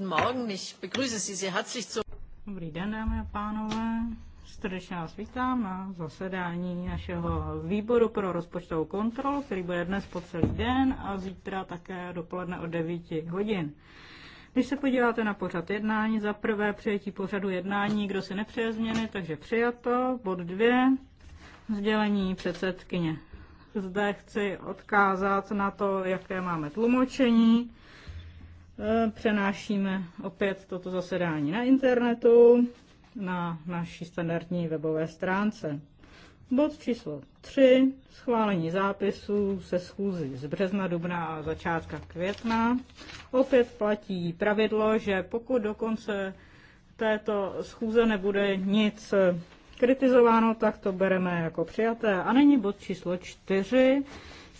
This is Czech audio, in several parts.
Guten Morgen, ich begrüße Sie sehr herzlich zu... Dobrý den, dámy a pánové. Srdečně vás vítám na zasedání našeho výboru pro rozpočtovou kontrolu, který bude dnes po celý den a zítra také dopoledne od 9 hodin. Když se podíváte na pořad jednání, za prvé přijetí pořadu jednání, kdo se nepřeje změny, takže přijato. Bod dvě, sdělení předsedkyně. Zde chci odkázat na to, jaké máme tlumočení. Eh, přenášíme opět toto zasedání na internetu, na naší standardní webové stránce. Bod číslo 3. Schválení zápisů se schůzy z března, dubna a začátka května. Opět platí pravidlo, že pokud do konce této schůze nebude nic eh, kritizováno, tak to bereme jako přijaté. A není bod číslo 4.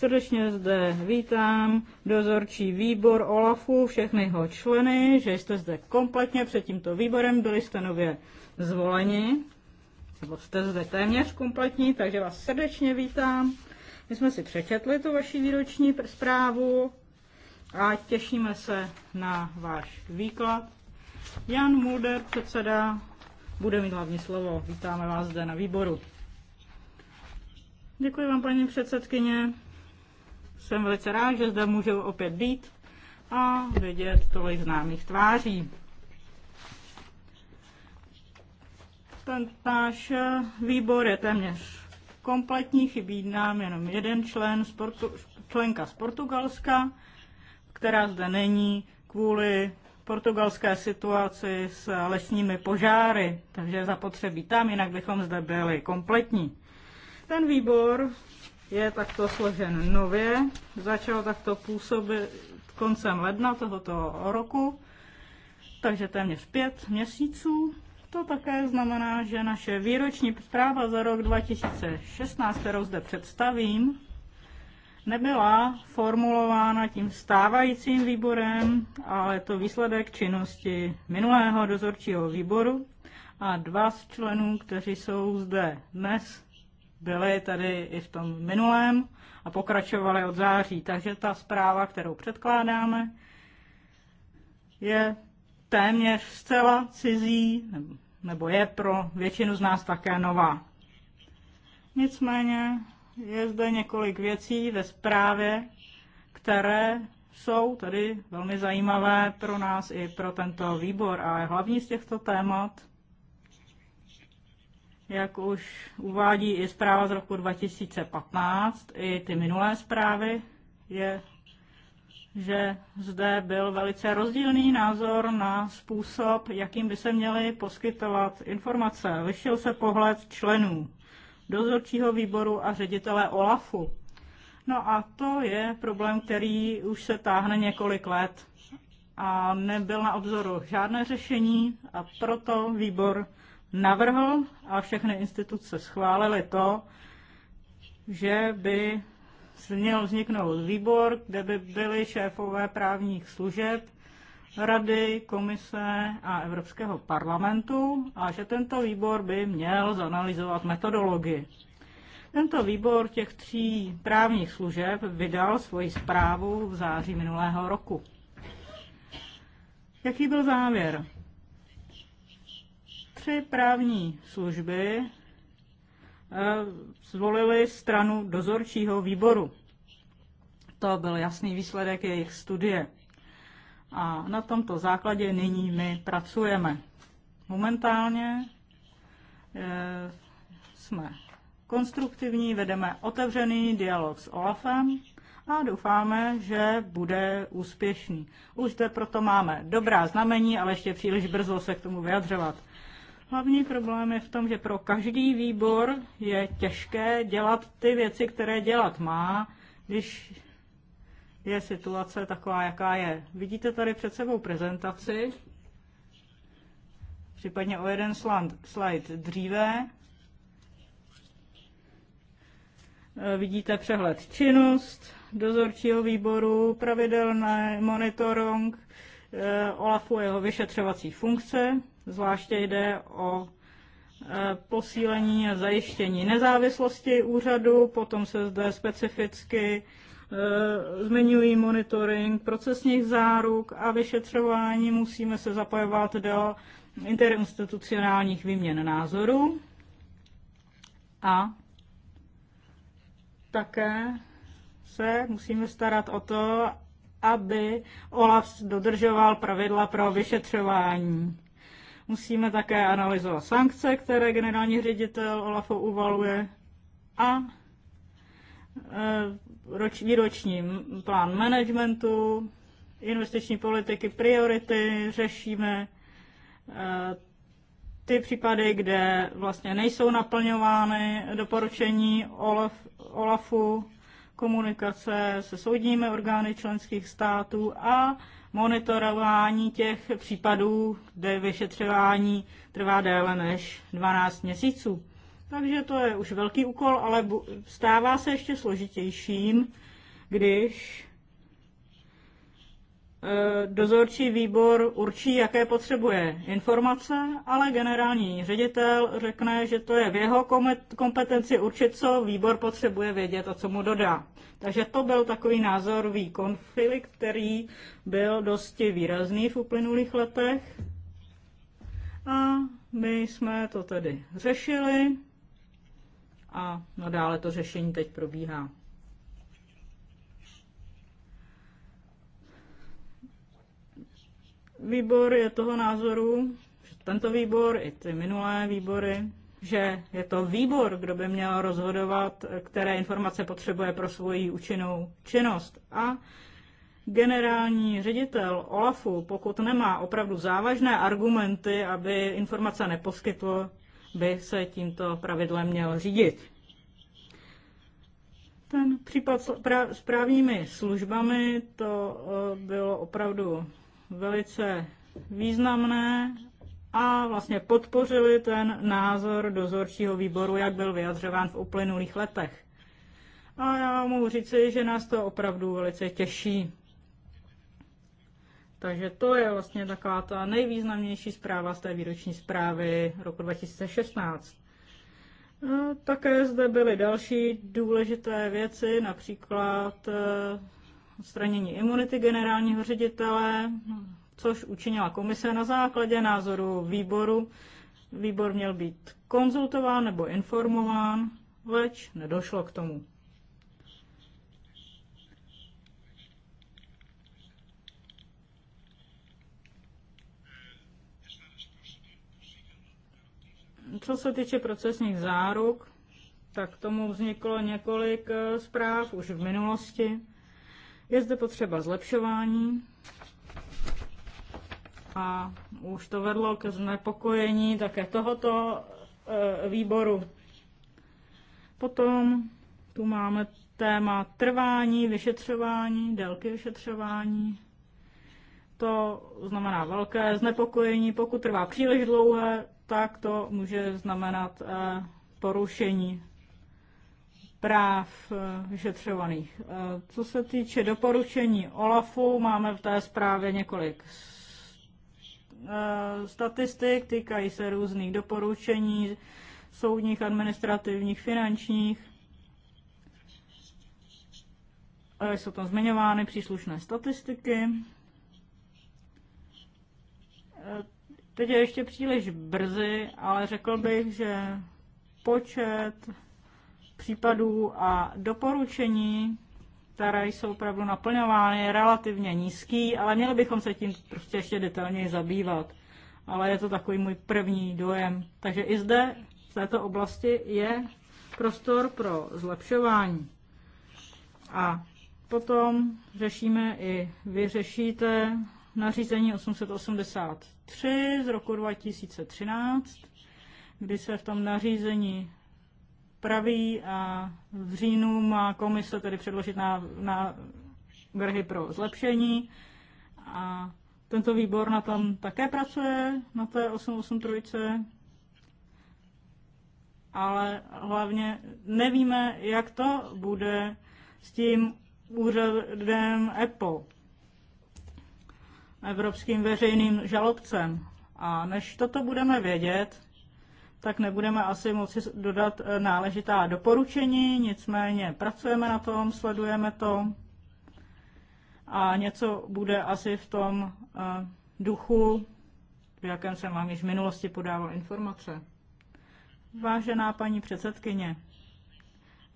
Srdečně zde vítám dozorčí výbor OLAFu, všechny jeho členy, že jste zde kompletně před tímto výborem, byli jste nově zvoleni, nebo jste zde téměř kompletní, takže vás srdečně vítám. My jsme si přečetli tu vaši výroční zprávu a těšíme se na váš výklad. Jan Mulder, předseda, bude mít hlavní slovo. Vítáme vás zde na výboru. Děkuji vám, paní předsedkyně jsem velice rád, že zde můžu opět být a vidět tolik známých tváří. Ten náš výbor je téměř kompletní, chybí nám jenom jeden člen, sportu, členka z Portugalska, která zde není kvůli portugalské situaci s lesními požáry, takže zapotřebí tam, jinak bychom zde byli kompletní. Ten výbor je takto složen nově. Začal takto působit koncem ledna tohoto roku, takže téměř pět měsíců. To také znamená, že naše výroční zpráva za rok 2016, kterou zde představím, nebyla formulována tím stávajícím výborem, ale to výsledek činnosti minulého dozorčího výboru a dva z členů, kteří jsou zde dnes, byly tady i v tom minulém a pokračovaly od září. Takže ta zpráva, kterou předkládáme, je téměř zcela cizí, nebo je pro většinu z nás také nová. Nicméně je zde několik věcí ve zprávě, které jsou tedy velmi zajímavé pro nás i pro tento výbor. A hlavní z těchto témat jak už uvádí i zpráva z roku 2015, i ty minulé zprávy, je, že zde byl velice rozdílný názor na způsob, jakým by se měly poskytovat informace. Lišil se pohled členů dozorčího výboru a ředitele OLAFu. No a to je problém, který už se táhne několik let a nebyl na obzoru žádné řešení a proto výbor navrhl a všechny instituce schválily to, že by měl vzniknout výbor, kde by byli šéfové právních služeb, Rady, Komise a Evropského parlamentu a že tento výbor by měl zanalizovat metodologii. Tento výbor těch tří právních služeb vydal svoji zprávu v září minulého roku. Jaký byl závěr? Tři právní služby eh, zvolili stranu dozorčího výboru. To byl jasný výsledek jejich studie. A na tomto základě nyní my pracujeme. Momentálně eh, jsme konstruktivní, vedeme otevřený dialog s Olafem a doufáme, že bude úspěšný. Už zde proto máme dobrá znamení, ale ještě příliš brzo se k tomu vyjadřovat. Hlavní problém je v tom, že pro každý výbor je těžké dělat ty věci, které dělat má, když je situace taková, jaká je. Vidíte tady před sebou prezentaci, případně o jeden slide dříve. E, vidíte přehled činnost dozorčího výboru, pravidelný monitoring, e, OLAFu jeho vyšetřovací funkce. Zvláště jde o e, posílení a zajištění nezávislosti úřadu, potom se zde specificky e, zmiňují monitoring procesních záruk a vyšetřování. Musíme se zapojovat do interinstitucionálních výměn názorů a také se musíme starat o to, aby OLAF dodržoval pravidla pro vyšetřování. Musíme také analyzovat sankce, které generální ředitel Olafu uvaluje a eh, roč, výroční plán managementu, investiční politiky, priority, řešíme eh, ty případy, kde vlastně nejsou naplňovány doporučení Olaf, Olafu, komunikace se soudními orgány členských států a monitorování těch případů, kde vyšetřování trvá déle než 12 měsíců. Takže to je už velký úkol, ale stává se ještě složitějším, když Eh, dozorčí výbor určí, jaké potřebuje informace, ale generální ředitel řekne, že to je v jeho kompetenci určit, co výbor potřebuje vědět a co mu dodá. Takže to byl takový názorový konflikt, který byl dosti výrazný v uplynulých letech. A my jsme to tedy řešili a nadále to řešení teď probíhá. výbor je toho názoru, že tento výbor i ty minulé výbory, že je to výbor, kdo by měl rozhodovat, které informace potřebuje pro svoji účinnou činnost. A generální ředitel OLAFu, pokud nemá opravdu závažné argumenty, aby informace neposkytlo, by se tímto pravidlem měl řídit. Ten případ s právními službami, to eh, bylo opravdu velice významné a vlastně podpořili ten názor dozorčího výboru, jak byl vyjadřován v uplynulých letech. A já mohu říci, že nás to opravdu velice těší. Takže to je vlastně taková ta nejvýznamnější zpráva z té výroční zprávy roku 2016. Také zde byly další důležité věci, například eh, odstranění imunity generálního ředitele, což učinila komise na základě názoru výboru. Výbor měl být konzultován nebo informován, leč nedošlo k tomu. Co se týče procesních záruk, tak tomu vzniklo několik eh, zpráv už v minulosti. Je zde potřeba zlepšování a už to vedlo ke znepokojení také tohoto e, výboru. Potom tu máme téma trvání, vyšetřování, délky vyšetřování. To znamená velké znepokojení. Pokud trvá příliš dlouhé, tak to může znamenat e, porušení práv eh, vyšetřovaných. Eh, co se týče doporučení OLAFu, máme v té zprávě několik eh, statistik, týkají se různých doporučení soudních, administrativních, finančních. Jsou tam zmiňovány příslušné statistiky. Teď je ještě příliš brzy, ale řekl bych, že počet případů a doporučení, které jsou opravdu naplňovány, je relativně nízký, ale měli bychom se tím prostě ještě detailněji zabývat. Ale je to takový můj první dojem. Takže i zde v této oblasti je prostor pro zlepšování. A potom řešíme i, vy řešíte nařízení 883 z roku 2013, kdy se v tom nařízení praví a v říjnu má komise tedy předložit na, na vrhy pro zlepšení a tento výbor na tom také pracuje, na té 883, ale hlavně nevíme, jak to bude s tím úřadem EPO, Evropským veřejným žalobcem. A než toto budeme vědět, tak nebudeme asi moci dodat eh, náležitá doporučení, nicméně pracujeme na tom, sledujeme to a něco bude asi v tom eh, duchu, v jakém jsem vám již v minulosti podával informace. Vážená paní předsedkyně,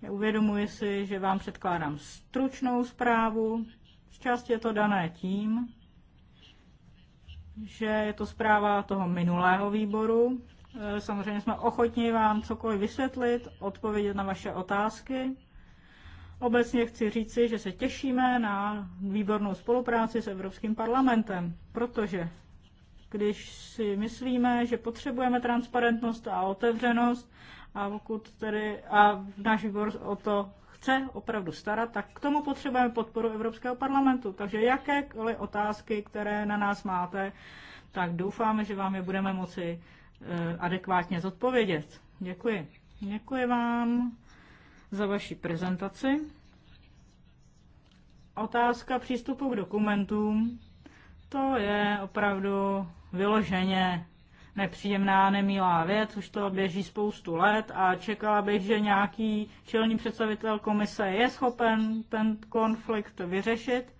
uvědomuji si, že vám předkládám stručnou zprávu. Z části je to dané tím, že je to zpráva toho minulého výboru, Eh, samozřejmě jsme ochotní vám cokoliv vysvětlit, odpovědět na vaše otázky. Obecně chci říci, že se těšíme na výbornou spolupráci s Evropským parlamentem, protože když si myslíme, že potřebujeme transparentnost a otevřenost a pokud tedy a náš výbor o to chce opravdu starat, tak k tomu potřebujeme podporu Evropského parlamentu. Takže jakékoliv otázky, které na nás máte, tak doufáme, že vám je budeme moci Eh, adekvátně zodpovědět. Děkuji. Děkuji vám za vaši prezentaci. Otázka přístupu k dokumentům. To je opravdu vyloženě nepříjemná, nemilá věc, už to běží spoustu let a čekala bych, že nějaký čelní představitel komise je schopen ten konflikt vyřešit.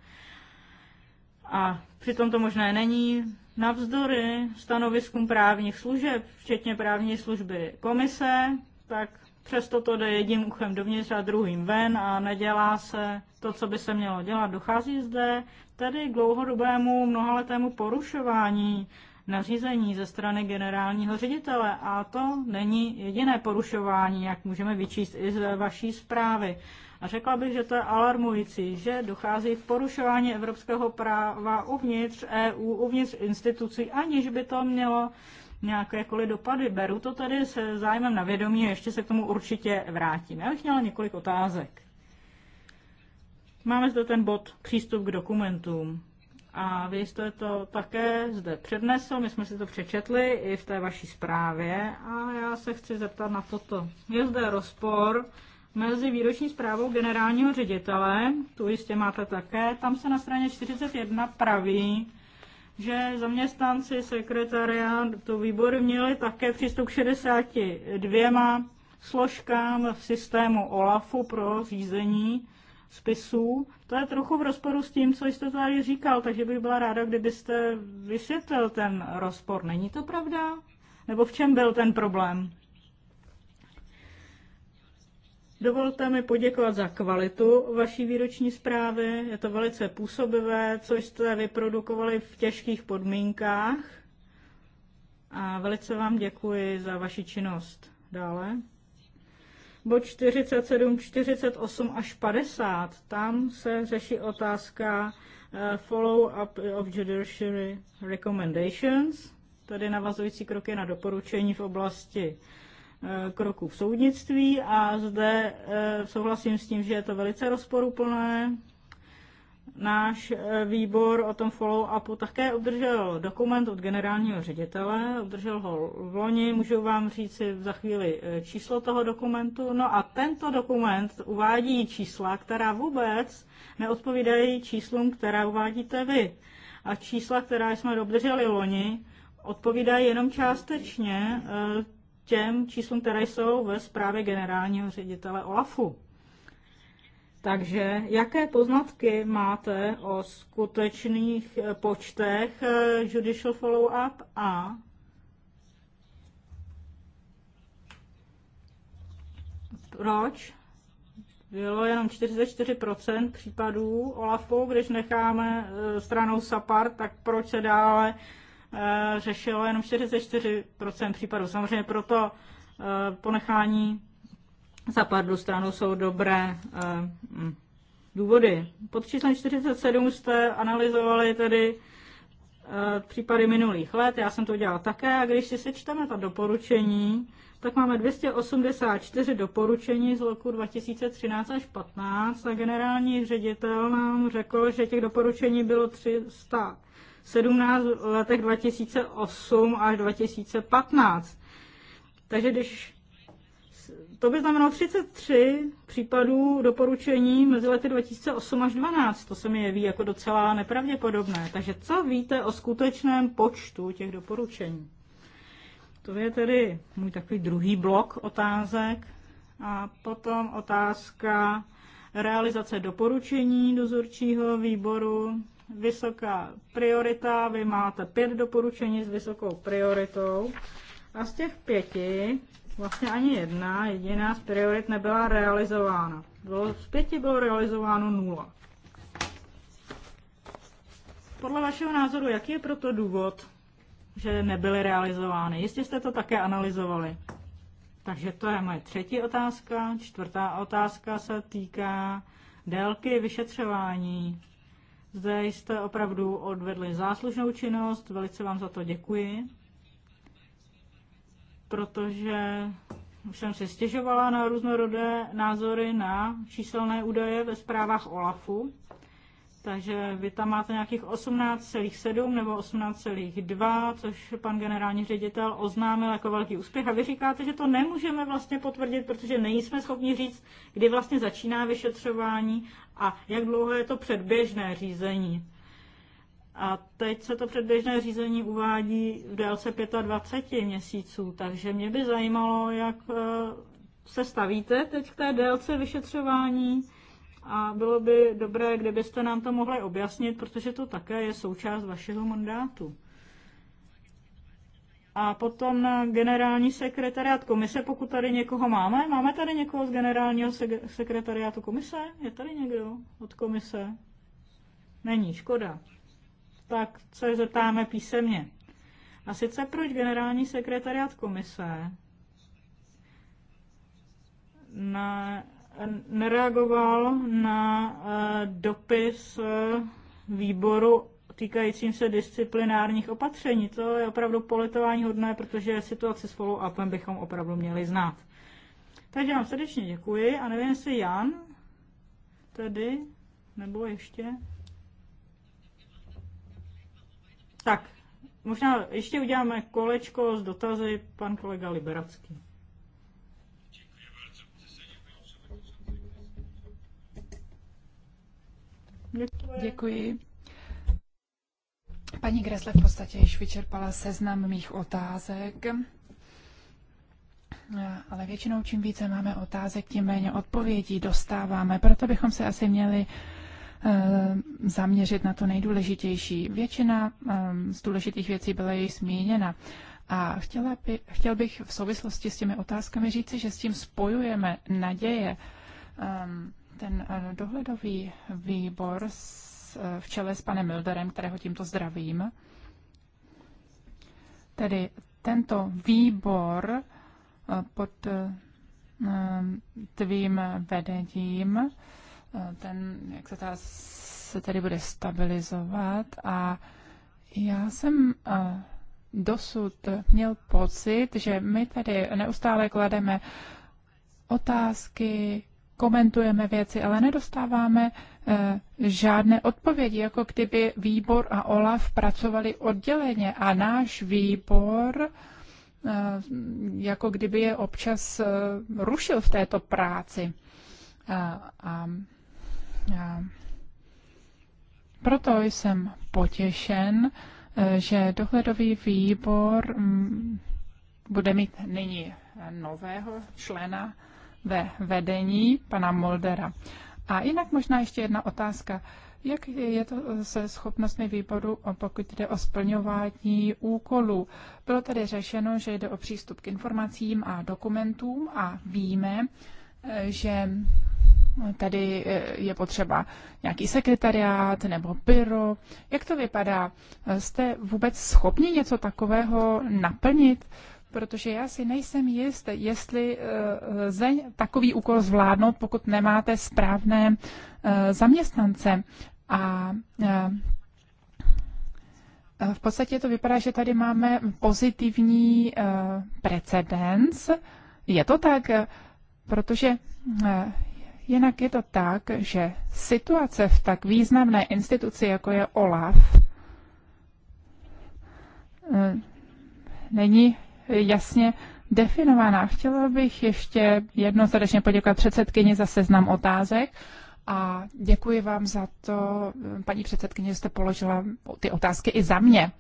A přitom to možné není, Navzdory stanoviskům právních služeb, včetně právní služby komise, tak přesto to jde jedním uchem dovnitř a druhým ven a nedělá se to, co by se mělo dělat. Dochází zde tedy k dlouhodobému mnohaletému porušování nařízení ze strany generálního ředitele a to není jediné porušování, jak můžeme vyčíst i z vaší zprávy. A řekla bych, že to je alarmující, že dochází k porušování evropského práva uvnitř EU, uvnitř institucí, aniž by to mělo nějakékoliv dopady. Beru to tady se zájmem na vědomí a ještě se k tomu určitě vrátím. Já bych měla několik otázek. Máme zde ten bod přístup k dokumentům. A vy jste to také zde přednesl, my jsme si to přečetli i v té vaší zprávě a já se chci zeptat na toto. Je zde rozpor mezi výroční zprávou generálního ředitele, tu jistě máte také, tam se na straně 41 praví, že zaměstnanci sekretariátu výboru měli také přístup k 62 složkám v systému OLAFu pro řízení spisů. To je trochu v rozporu s tím, co jste tady říkal, takže bych byla ráda, kdybyste vysvětlil ten rozpor. Není to pravda? Nebo v čem byl ten problém? Dovolte mi poděkovat za kvalitu vaší výroční zprávy. Je to velice působivé, co jste vyprodukovali v těžkých podmínkách. A velice vám děkuji za vaši činnost. Dále. Bod 47, 48 až 50. Tam se řeší otázka eh, follow-up of judiciary recommendations, tedy navazující kroky na doporučení v oblasti Eh, kroků v soudnictví a zde eh, souhlasím s tím, že je to velice rozporuplné. Náš eh, výbor o tom follow-upu také obdržel dokument od generálního ředitele, obdržel ho v loni, můžu vám říct si za chvíli číslo toho dokumentu. No a tento dokument uvádí čísla, která vůbec neodpovídají číslům, která uvádíte vy. A čísla, která jsme obdrželi loni, odpovídají jenom částečně těm číslům, které jsou ve zprávě generálního ředitele OLAFu. Takže jaké poznatky máte o skutečných počtech eh, judicial follow-up a proč bylo jenom 44% případů OLAFu, když necháme eh, stranou SAPAR, tak proč se dále Eh, řešilo jenom 44% případů. Samozřejmě proto eh, ponechání zapadlu stranou jsou dobré eh, mm, důvody. Pod číslem 47 jste analyzovali tedy případy minulých let, já jsem to dělal také, a když si sečteme ta doporučení, tak máme 284 doporučení z roku 2013 až 15 a generální ředitel nám řekl, že těch doporučení bylo 300 17 v letech 2008 až 2015. Takže když to by znamenalo 33 případů doporučení mezi lety 2008 až 2012. To se mi jeví jako docela nepravděpodobné. Takže co víte o skutečném počtu těch doporučení? To je tedy můj takový druhý blok otázek. A potom otázka realizace doporučení dozorčího výboru vysoká priorita, vy máte pět doporučení s vysokou prioritou a z těch pěti vlastně ani jedna jediná z priorit nebyla realizována. Bylo, z pěti bylo realizováno nula. Podle vašeho názoru, jaký je proto důvod, že nebyly realizovány? Jistě jste to také analyzovali. Takže to je moje třetí otázka. Čtvrtá otázka se týká délky vyšetřování zde jste opravdu odvedli záslužnou činnost, velice vám za to děkuji, protože už jsem si stěžovala na různorodé názory na číselné údaje ve zprávách OLAFu takže vy tam máte nějakých 18,7 nebo 18,2, což pan generální ředitel oznámil jako velký úspěch. A vy říkáte, že to nemůžeme vlastně potvrdit, protože nejsme schopni říct, kdy vlastně začíná vyšetřování a jak dlouho je to předběžné řízení. A teď se to předběžné řízení uvádí v délce 25 měsíců, takže mě by zajímalo, jak eh, se stavíte teď k té délce vyšetřování a bylo by dobré, kdybyste nám to mohli objasnit, protože to také je součást vašeho mandátu. A potom na generální sekretariát komise, pokud tady někoho máme. Máme tady někoho z generálního sekretariátu komise? Je tady někdo od komise? Není, škoda. Tak se zeptáme písemně. A sice proč generální sekretariát komise na nereagoval na eh, dopis eh, výboru týkajícím se disciplinárních opatření. To je opravdu politování hodné, protože situaci s follow-upem bychom opravdu měli znát. Takže vám srdečně děkuji a nevím, jestli Jan tedy, nebo ještě. Tak, možná ještě uděláme kolečko s dotazy pan kolega Liberacký. Děkuji. Paní Gresle v podstatě již vyčerpala seznam mých otázek, ale většinou čím více máme otázek, tím méně odpovědí dostáváme. Proto bychom se asi měli eh, zaměřit na to nejdůležitější. Většina eh, z důležitých věcí byla již zmíněna. A chtěla by, chtěl bych v souvislosti s těmi otázkami říci, že s tím spojujeme naděje. Um, ten eh, dohledový výbor eh, v čele s panem Milderem, kterého tímto zdravím, tedy tento výbor eh, pod tvým vedením, ten, jak se, ta, se tedy bude stabilizovat a já jsem dosud měl pocit, že my tady neustále klademe otázky, komentujeme věci, ale nedostáváme eh, žádné odpovědi, jako kdyby výbor a OLAF pracovali odděleně a náš výbor eh, jako kdyby je občas eh, rušil v této práci. A, a, a proto jsem potěšen, že dohledový výbor mm, bude mít nyní nového člena ve vedení pana Moldera. A jinak možná ještě jedna otázka. Jak je to se schopnostmi výboru, pokud jde o splňování úkolů? Bylo tady řešeno, že jde o přístup k informacím a dokumentům a víme, e, že tady e, je potřeba nějaký sekretariát nebo pyro. Jak to vypadá? Jste vůbec schopni něco takového naplnit? protože já si nejsem jist, jestli lze eh, takový úkol zvládnout, pokud nemáte správné eh, zaměstnance. A eh, v podstatě to vypadá, že tady máme pozitivní precedens. Je to tak, protože jinak je to tak, že situace v tak významné instituci, jako je OLAF, není jasně definovaná. Chtěla bych ještě jednou srdečně poděkovat předsedkyni za seznam otázek a děkuji vám za to, paní předsedkyně, že jste položila ty otázky i za mě.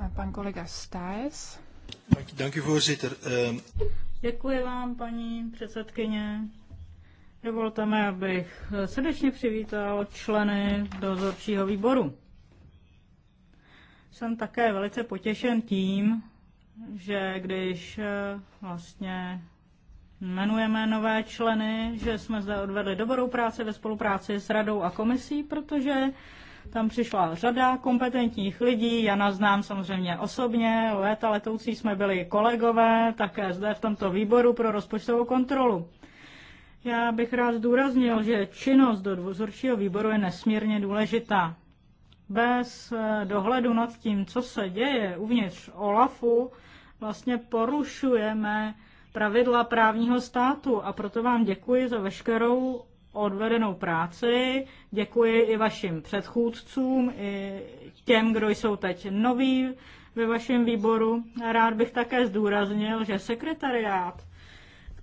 A pan kolega Stajs. Ehm, děkuji vám, paní předsedkyně. Dovolte mi, abych srdečně přivítal členy dozorčího výboru. Jsem také velice potěšen tím, že když eh, vlastně jmenujeme nové členy, že jsme zde odvedli dobrou práci ve spolupráci s radou a komisí, protože tam přišla řada kompetentních lidí, já nás znám samozřejmě osobně, léta letoucí jsme byli kolegové, také zde v tomto výboru pro rozpočtovou kontrolu. Já bych rád zdůraznil, že činnost do dvozorčího výboru je nesmírně důležitá bez eh, dohledu nad tím, co se děje uvnitř OLAFu, vlastně porušujeme pravidla právního státu a proto vám děkuji za veškerou odvedenou práci. Děkuji i vašim předchůdcům, i těm, kdo jsou teď noví ve vašem výboru. Rád bych také zdůraznil, že sekretariát,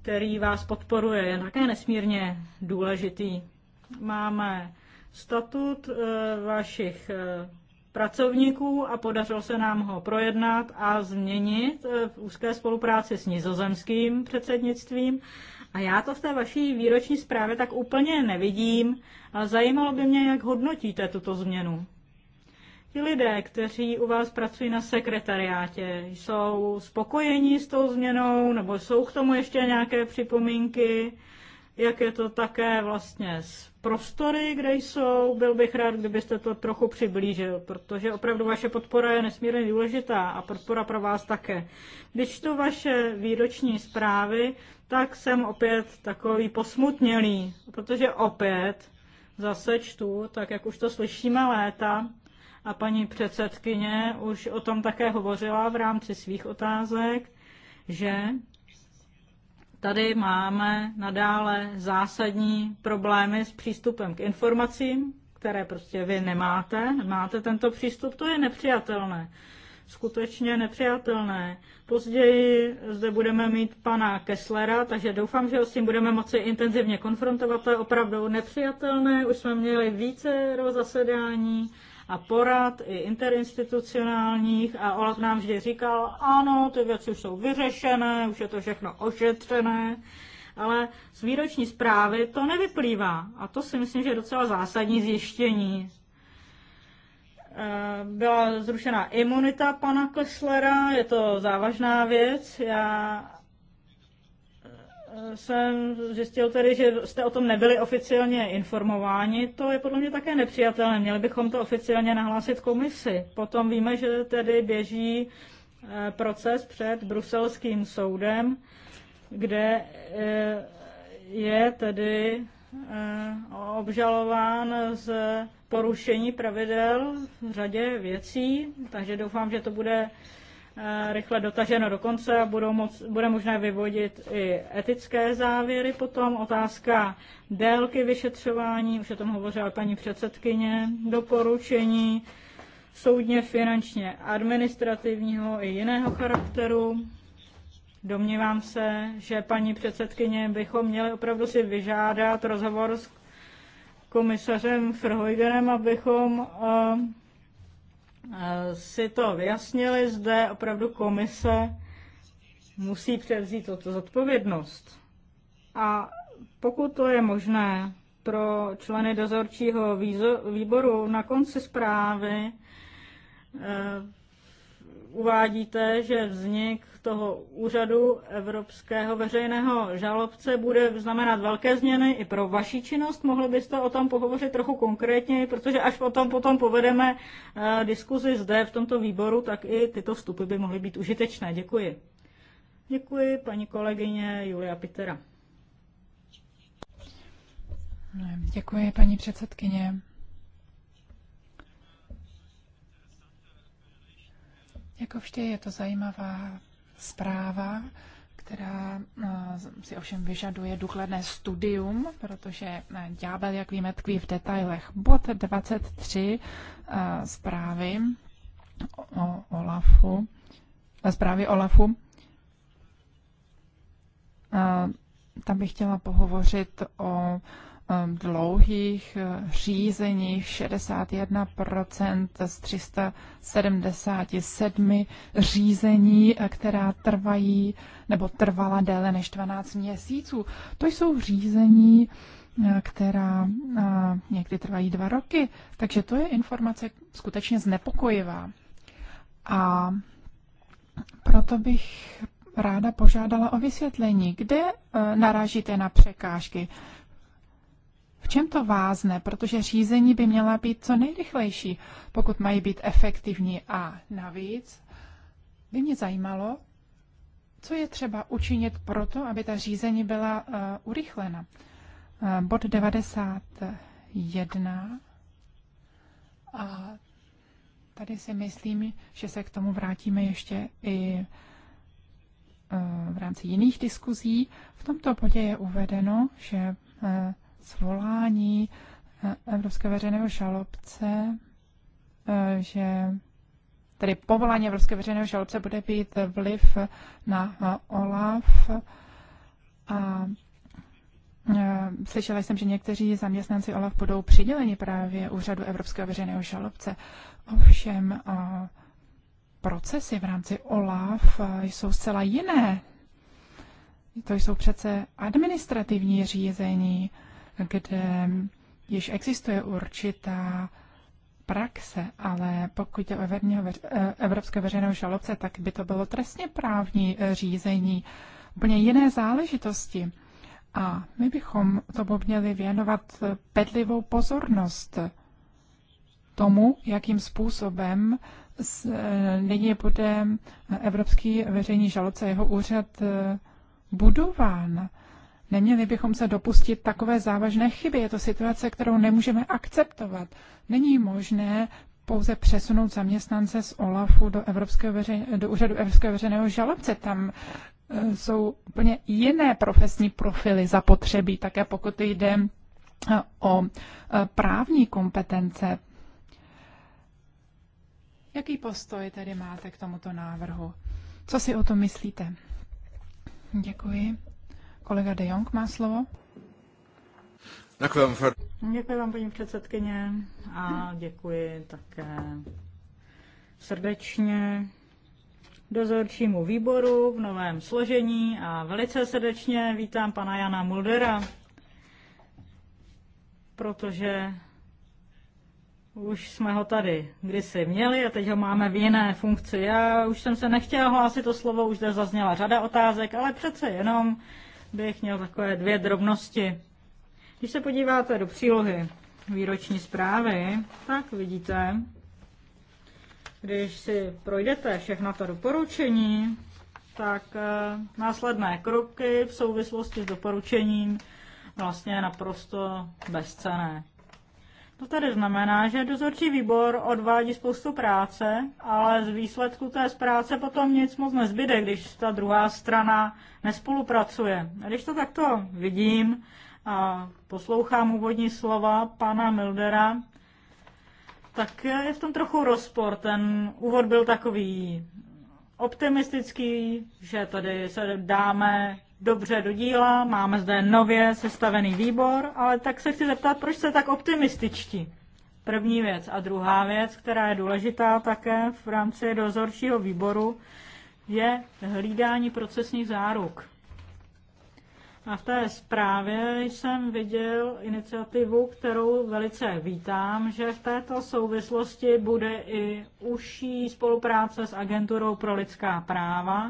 který vás podporuje, je také nesmírně důležitý. Máme statut eh, vašich eh, pracovníků a podařilo se nám ho projednat a změnit eh, v úzké spolupráci s nizozemským předsednictvím. A já to v té vaší výroční zprávě tak úplně nevidím, ale zajímalo by mě, jak hodnotíte tuto změnu. Ti lidé, kteří u vás pracují na sekretariátě, jsou spokojeni s tou změnou nebo jsou k tomu ještě nějaké připomínky? jak je to také vlastně s prostory, kde jsou. Byl bych rád, kdybyste to trochu přiblížil, protože opravdu vaše podpora je nesmírně důležitá a podpora pro vás také. Když tu vaše výroční zprávy, tak jsem opět takový posmutnělý, protože opět zase čtu, tak jak už to slyšíme léta, a paní předsedkyně už o tom také hovořila v rámci svých otázek, že Tady máme nadále zásadní problémy s přístupem k informacím, které prostě vy nemáte. Máte tento přístup, to je nepřijatelné. Skutečně nepřijatelné. Později zde budeme mít pana Kesslera, takže doufám, že ho s tím budeme moci intenzivně konfrontovat. To je opravdu nepřijatelné. Už jsme měli více zasedání a porad, i interinstitucionálních a Olaf nám vždy říkal, ano, ty věci už jsou vyřešené, už je to všechno ošetřené, ale z výroční zprávy to nevyplývá a to si myslím, že je docela zásadní zjištění. Eh, byla zrušena imunita pana Kesslera, je to závažná věc. Já jsem zjistil tedy, že jste o tom nebyli oficiálně informováni. To je podle mě také nepřijatelné. Měli bychom to oficiálně nahlásit komisi. Potom víme, že tedy běží eh, proces před bruselským soudem, kde eh, je tedy eh, obžalován z porušení pravidel v řadě věcí, takže doufám, že to bude Eh, rychle dotaženo do konce a budou moc, bude možné vyvodit i etické závěry. Potom otázka délky vyšetřování, už o tom hovořila paní předsedkyně, doporučení soudně, finančně, administrativního i jiného charakteru. Domnívám se, že paní předsedkyně bychom měli opravdu si vyžádat rozhovor s komisařem Frhojgenem, abychom uh, si to vyjasnili, zde opravdu komise musí převzít toto zodpovědnost. A pokud to je možné pro členy dozorčího výboru na konci zprávy, eh, uvádíte, že vznik toho úřadu Evropského veřejného žalobce bude znamenat velké změny i pro vaši činnost. Mohli byste o tom pohovořit trochu konkrétněji, protože až o tom potom povedeme eh, diskuzi zde v tomto výboru, tak i tyto vstupy by mohly být užitečné. Děkuji. Děkuji paní kolegyně Julia Pitera. Děkuji paní předsedkyně. Jako vždy je to zajímavá zpráva, která eh, si ovšem vyžaduje důkladné studium, protože eh, ďábel, jak víme, tkví v detailech. Bod 23 eh, zprávy o Olafu, zprávy Olafu, tam bych chtěla pohovořit o Um, dlouhých eh, řízeních 61% z 377 řízení, eh, která trvají nebo trvala déle než 12 měsíců. To jsou řízení, eh, která někdy trvají dva roky, takže to je informace skutečně znepokojivá. A proto bych ráda požádala o vysvětlení, kde narážíte na překážky čem to vázne? Protože řízení by měla být co nejrychlejší, pokud mají být efektivní. A navíc by mě zajímalo, co je třeba učinit proto, aby ta řízení byla uh, urychlena. Uh, bod 91. A tady si myslím, že se k tomu vrátíme ještě i eh, v rámci jiných diskuzí. V tomto bodě je uvedeno, že svolání eh, Evropské veřejného žalobce, eh, že tedy povolání Evropské veřejného žalobce bude být vliv na OLAF a eh, Slyšela jsem, že někteří zaměstnanci OLAF budou přiděleni právě úřadu Evropského veřejného žalobce. Ovšem, procesy v rámci OLAF jsou zcela jiné. To jsou přece administrativní řízení kde již existuje určitá praxe, ale pokud je o eh, Evropské veřejného žalobce, tak by to bylo trestně právní eh, řízení, úplně jiné záležitosti. A my bychom tomu měli věnovat pedlivou eh, pozornost tomu, jakým způsobem nyní bude Evropský veřejný žalobce jeho úřad budován. Neměli bychom se dopustit takové závažné chyby. Je to situace, kterou nemůžeme akceptovat. Není možné pouze přesunout zaměstnance z OLAFu do, Evropského veře, do úřadu Evropského veřejného žalobce. Tam eh, jsou úplně jiné profesní profily zapotřebí, také pokud jde eh, o eh, právní kompetence. Jaký postoj tedy máte k tomuto návrhu? Co si o tom myslíte? Děkuji. Kolega De Jong má slovo. Děkuji vám, paní předsedkyně, a děkuji také srdečně dozorčímu výboru v novém složení a velice srdečně vítám pana Jana Muldera, protože už jsme ho tady kdysi měli a teď ho máme v jiné funkci. Já už jsem se nechtěla hlásit to slovo, už zde zazněla řada otázek, ale přece jenom bych měl takové dvě drobnosti. Když se podíváte do přílohy výroční zprávy, tak vidíte, když si projdete všechna ta doporučení, tak eh, následné kroky v souvislosti s doporučením vlastně naprosto bezcené. To tedy znamená, že dozorčí výbor odvádí spoustu práce, ale z výsledku té z práce potom nic moc nezbyde, když ta druhá strana nespolupracuje. A když to takto vidím a poslouchám úvodní slova pana Mildera, tak je v tom trochu rozpor. Ten úvod byl takový optimistický, že tady se dáme dobře do díla, máme zde nově sestavený výbor, ale tak se chci zeptat, proč jste tak optimističtí? První věc. A druhá věc, která je důležitá také v rámci dozorčího výboru, je hlídání procesních záruk. A v té zprávě jsem viděl iniciativu, kterou velice vítám, že v této souvislosti bude i užší spolupráce s Agenturou pro lidská práva,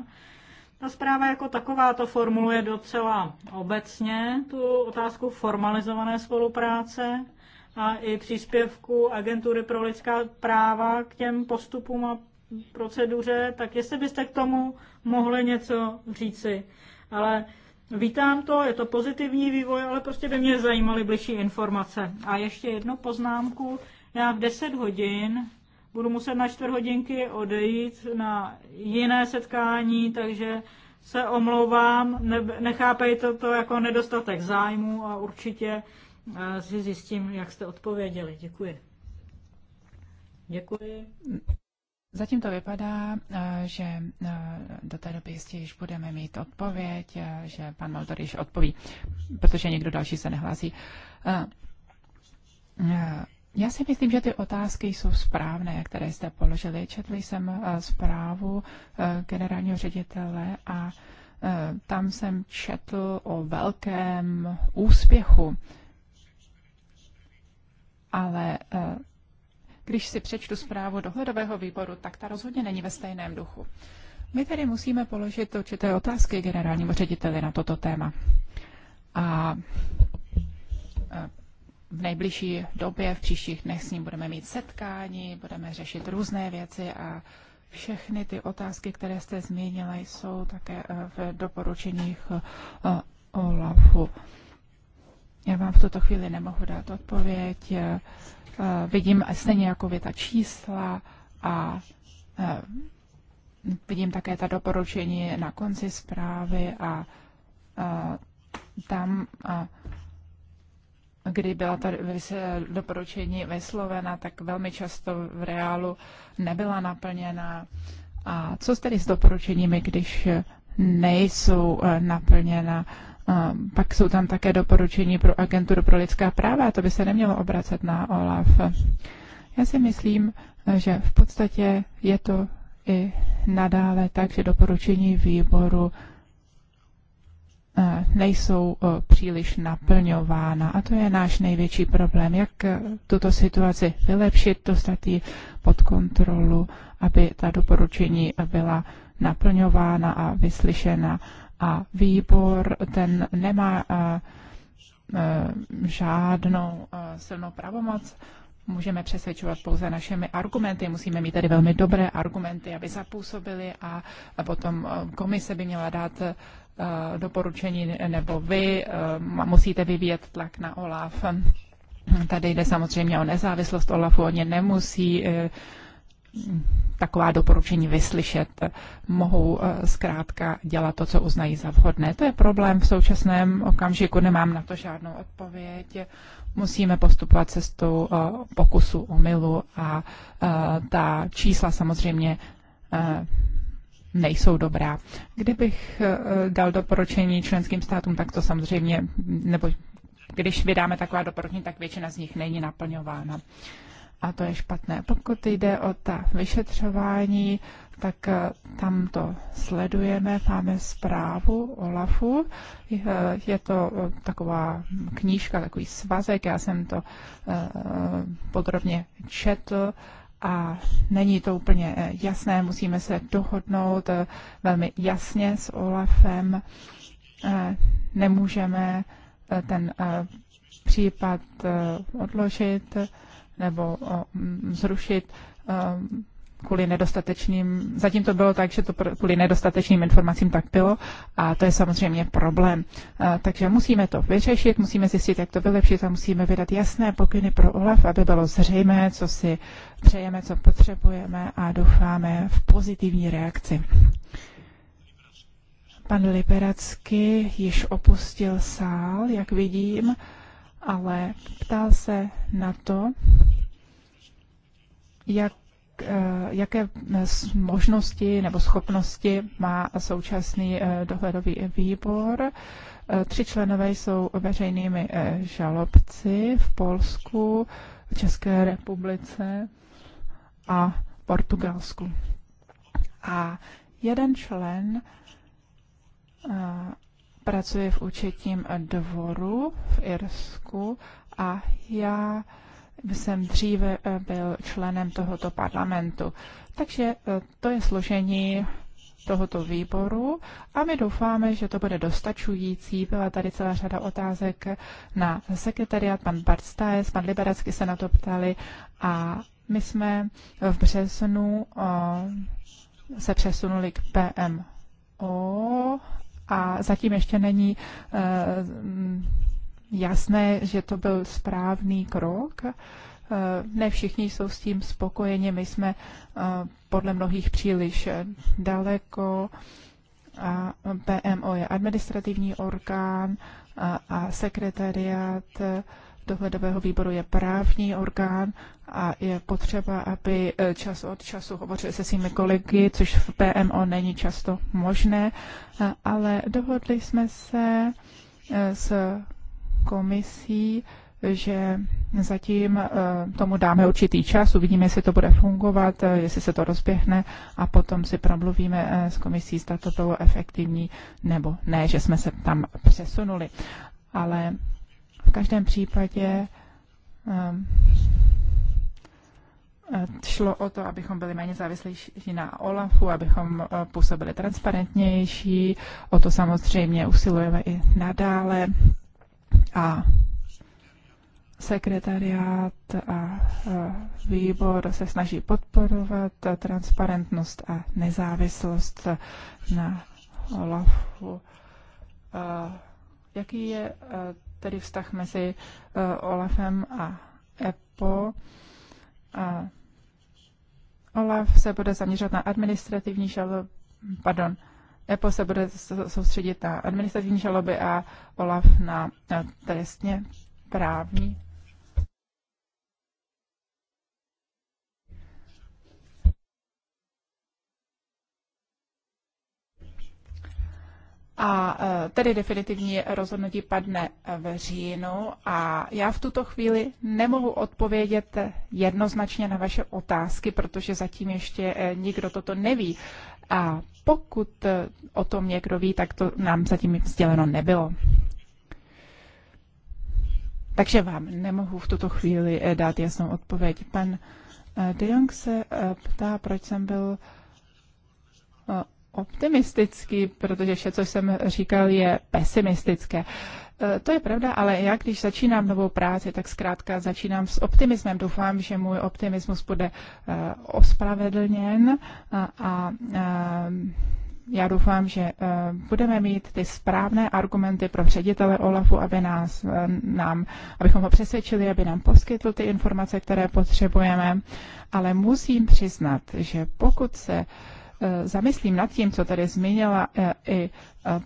ta zpráva jako taková to formuluje docela obecně, tu otázku formalizované spolupráce a i příspěvku Agentury pro lidská práva k těm postupům a proceduře, tak jestli byste k tomu mohli něco říci. Ale vítám to, je to pozitivní vývoj, ale prostě by mě zajímaly bližší informace. A ještě jednu poznámku. Já v 10 hodin budu muset na čtvrt hodinky odejít na jiné setkání, takže se omlouvám, ne, nechápejte to jako nedostatek zájmu a určitě eh, si zjistím, jak jste odpověděli. Děkuji. Děkuji. Zatím to vypadá, eh, že eh, do té doby jistě již budeme mít odpověď, že pan Maldor již odpoví, protože někdo další se nehlásí. Já si myslím, že ty otázky jsou správné, které jste položili. Četli jsem eh, zprávu eh, generálního ředitele a eh, tam jsem četl o velkém úspěchu. Ale když si přečtu zprávu dohledového výboru, tak ta rozhodně není ve stejném duchu. My tedy musíme položit určité otázky generálnímu řediteli na toto téma. A v nejbližší době, v příštích dnech s ním budeme mít setkání, budeme řešit různé věci a všechny ty otázky, které jste zmínila, jsou také eh, v doporučeních eh, OLAFu. Já vám v tuto chvíli nemohu dát odpověď. Eh, vidím stejně jako věta čísla a vidím také ta doporučení na konci zprávy a tam kdy byla ta doporučení vyslovena, tak velmi často v reálu nebyla naplněna. A co s tedy s doporučeními, když nejsou eh, naplněna? Eh, pak jsou tam také doporučení pro agenturu pro lidská práva, to by se nemělo obracet na OLAF. Já si myslím, že v podstatě je to i nadále tak, že doporučení výboru Eh, nejsou eh, příliš naplňována. A to je náš největší problém, jak eh, tuto situaci vylepšit, dostat ji pod kontrolu, aby ta doporučení byla naplňována a vyslyšena. A výbor ten nemá žádnou silnou pravomoc. Můžeme přesvědčovat pouze našimi argumenty. Musíme mít tady velmi dobré argumenty, aby zapůsobili a potom komise by měla dát Eh, doporučení nebo vy eh, musíte vyvíjet tlak na OLAF. Tady jde samozřejmě o nezávislost OLAFu, oni nemusí eh, taková doporučení vyslyšet, mohou zkrátka dělat to, co uznají za vhodné. To je problém v současném okamžiku, nemám na to žádnou odpověď. Musíme postupovat cestou pokusu o milu a ta čísla samozřejmě nejsou dobrá. Kdybych eh, dal doporučení členským státům, tak to samozřejmě, nebo když vydáme taková doporučení, tak většina z nich není naplňována. A to je špatné. Pokud jde o ta vyšetřování, tak eh, tam to sledujeme. Máme zprávu OLAFu. Eh, je to taková knížka, takový svazek. Já jsem to podrobně četl a není to úplně eh, jasné, musíme se dohodnout eh, velmi jasně s Olafem. Eh, nemůžeme ten případ odložit nebo mm, zrušit kvůli nedostatečným, zatím to bylo tak, že to kvůli nedostatečným informacím tak bylo a to je samozřejmě problém. Takže musíme to vyřešit, musíme zjistit, jak to vylepšit a musíme vydat jasné pokyny pro OLAF, aby bylo zřejmé, co si přejeme, co potřebujeme a doufáme v pozitivní reakci. Pan Liberacky již opustil sál, jak vidím, ale ptal se na to, jak Eh, jaké eh, možnosti nebo schopnosti má současný eh, dohledový výbor. Tři členové jsou veřejnými žalobci v Polsku, České republice a Portugalsku. A jeden člen pracuje v účetním dvoru v Irsku a já jsem dříve eh, byl členem tohoto parlamentu. Takže eh, to je složení tohoto výboru a my doufáme, že to bude dostačující. Byla tady celá řada otázek na sekretariat, pan Barstajes, pan Liberacky se na to ptali a my jsme v březnu eh, se přesunuli k PMO a zatím ještě není jasné, že to byl správný krok. Eh, ne všichni jsou s tím spokojeni, my jsme eh, podle mnohých příliš eh, daleko a PMO je administrativní orgán a, sekretariat sekretariát dohledového výboru je právní orgán a je potřeba, aby čas od času hovořil se svými kolegy, což v PMO není často možné, ale dohodli jsme se s komisí, že zatím eh, tomu dáme určitý čas, uvidíme, jestli to bude fungovat, eh, jestli se to rozběhne a potom si promluvíme eh, s komisí, zda to bylo efektivní nebo ne, že jsme se tam přesunuli. Ale v každém případě šlo o to, abychom byli méně závislejší na OLAFu, abychom působili transparentnější. O to samozřejmě usilujeme i nadále a sekretariát a výbor se snaží podporovat transparentnost a nezávislost na OLAFu. Jaký je tedy vztah mezi OLAFem a EPO? OLAF se bude zaměřovat na administrativní žalobu, pardon, EPO se bude soustředit na administrativní žaloby a OLAF na, na trestně právní. A e, tedy definitivní rozhodnutí padne v říjnu a já v tuto chvíli nemohu odpovědět jednoznačně na vaše otázky, protože zatím ještě e, nikdo toto neví. A pokud eh, o tom někdo ví, tak to nám zatím vzděleno nebylo. Takže vám nemohu v tuto chvíli eh, dát jasnou odpověď. Pan eh, De Jong se ptá, proč jsem byl optimistický, protože vše, co jsem říkal, je pesimistické. Eh, to je pravda, ale já když začínám novou práci, tak zkrátka začínám s optimismem. Doufám, že můj optimismus bude eh, ospravedlněn eh, a, a já doufám, že budeme mít ty správné argumenty pro ředitele Olafu, aby nás, nám, abychom ho přesvědčili, aby nám poskytl ty informace, které potřebujeme. Ale musím přiznat, že pokud se zamyslím nad tím, co tady zmínila i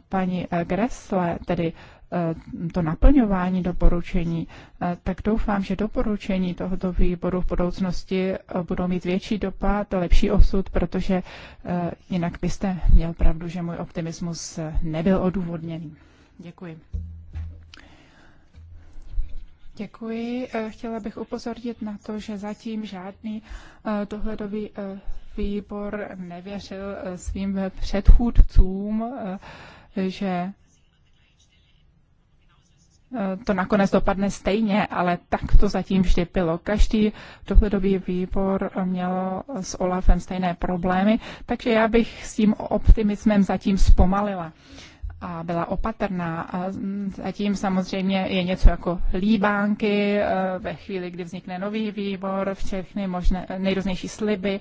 paní Gressle, tedy Eh, to naplňování doporučení, eh, tak doufám, že doporučení tohoto výboru v budoucnosti eh, budou mít větší dopad, lepší osud, protože jinak byste měl pravdu, že můj optimismus nebyl odůvodněný. Děkuji. Děkuji. Chtěla bych upozornit na to, že zatím žádný dohledový výbor nevěřil svým předchůdcům, že Eh, to nakonec dopadne stejně, ale tak to zatím vždy bylo. Každý dohledový výbor měl s Olafem stejné problémy, takže já bych s tím optimismem zatím zpomalila a byla opatrná. A zatím samozřejmě je něco jako líbánky, eh, ve chvíli, kdy vznikne nový výbor, všechny možné, nejrůznější sliby.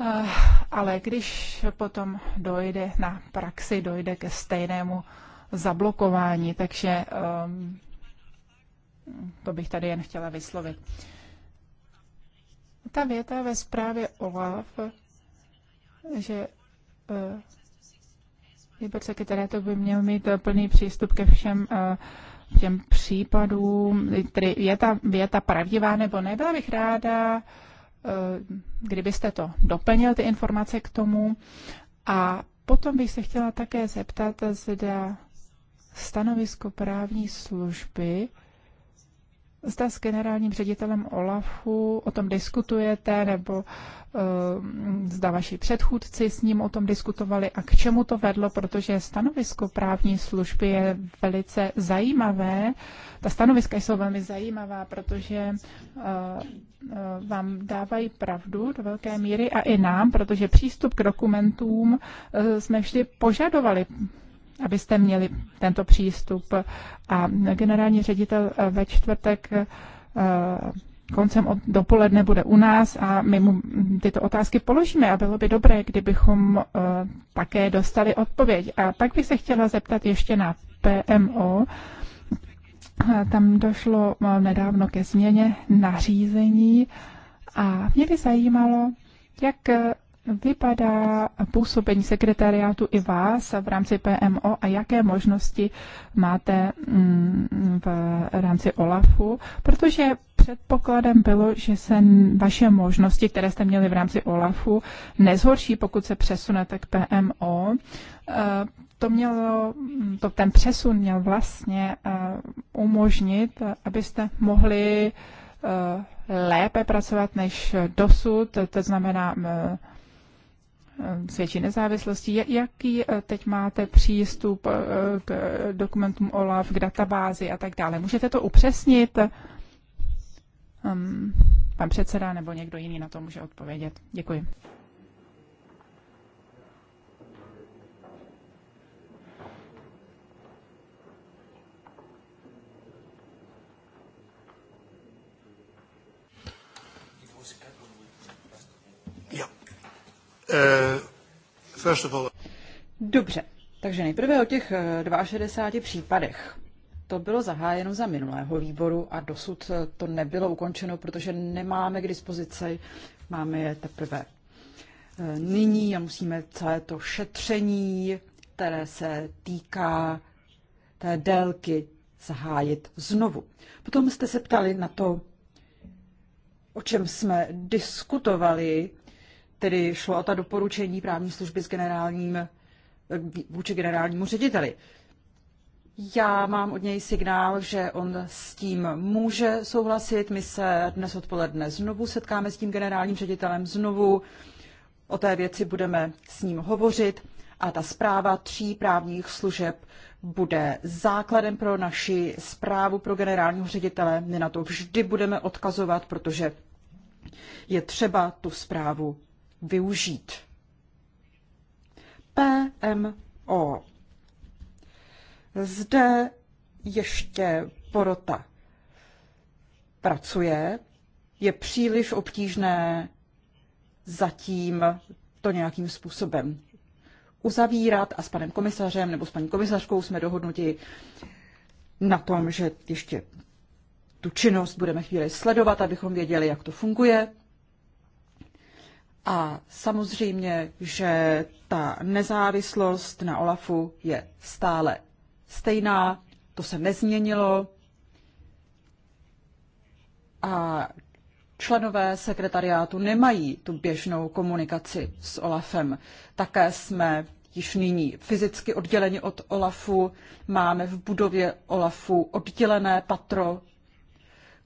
Eh, ale když potom dojde na praxi, dojde ke stejnému zablokování, takže um, to bych tady jen chtěla vyslovit. Ta věta ve zprávě OLAF, že uh, které to by měl mít plný přístup ke všem uh, těm případům, tedy je ta věta pravdivá nebo ne, byla bych ráda, eh, kdybyste to doplnil, ty informace k tomu. A potom bych se chtěla také zeptat, zda stanovisko právní služby. Zda s generálním ředitelem OLAFu o tom diskutujete, nebo uh, zda vaši předchůdci s ním o tom diskutovali a k čemu to vedlo, protože stanovisko právní služby je velice zajímavé. Ta stanoviska jsou velmi zajímavá, protože uh, uh, vám dávají pravdu do velké míry a i nám, protože přístup k dokumentům uh, jsme vždy požadovali abyste měli tento přístup. A generální ředitel eh, ve čtvrtek eh, koncem od dopoledne bude u nás a my mu tyto otázky položíme a bylo by dobré, kdybychom eh, také dostali odpověď. A pak bych se chtěla zeptat ještě na PMO. Tam došlo nedávno ke změně nařízení a mě by zajímalo, jak vypadá působení sekretariátu i vás v rámci PMO a jaké možnosti máte mm, v rámci OLAFu, protože předpokladem bylo, že se vaše možnosti, které jste měli v rámci OLAFu, nezhorší, pokud se přesunete k PMO. Eh, to mělo, mm, to ten přesun měl vlastně eh, umožnit, abyste mohli eh, lépe pracovat než dosud, to znamená s větší nezávislostí. Jaký eh, teď máte přístup eh, k dokumentům OLAF, k databázi a tak dále? Můžete to upřesnit? Ehm, pan předseda nebo někdo jiný na to může odpovědět. Děkuji. Eh, Dobře, takže nejprve o těch 62 eh, případech. To bylo zahájeno za minulého výboru a dosud eh, to nebylo ukončeno, protože nemáme k dispozici, máme je teprve nyní a musíme celé to šetření, které se týká té délky, zahájit znovu. Potom jste se ptali na to, o čem jsme diskutovali tedy šlo o ta doporučení právní služby s generálním, vůči generálnímu řediteli. Já mám od něj signál, že on s tím může souhlasit. My se dnes odpoledne znovu setkáme s tím generálním ředitelem znovu. O té věci budeme s ním hovořit a ta zpráva tří právních služeb bude základem pro naši zprávu pro generálního ředitele. My na to vždy budeme odkazovat, protože je třeba tu zprávu využít. PMO. Zde ještě porota pracuje, je příliš obtížné zatím to nějakým způsobem uzavírat a s panem komisařem nebo s paní komisařkou jsme dohodnuti na tom, že ještě tu činnost budeme chvíli sledovat, abychom věděli, jak to funguje. A samozřejmě, že ta nezávislost na Olafu je stále stejná, to se nezměnilo. A členové sekretariátu nemají tu běžnou komunikaci s Olafem. Také jsme již nyní fyzicky odděleni od Olafu, máme v budově Olafu oddělené patro,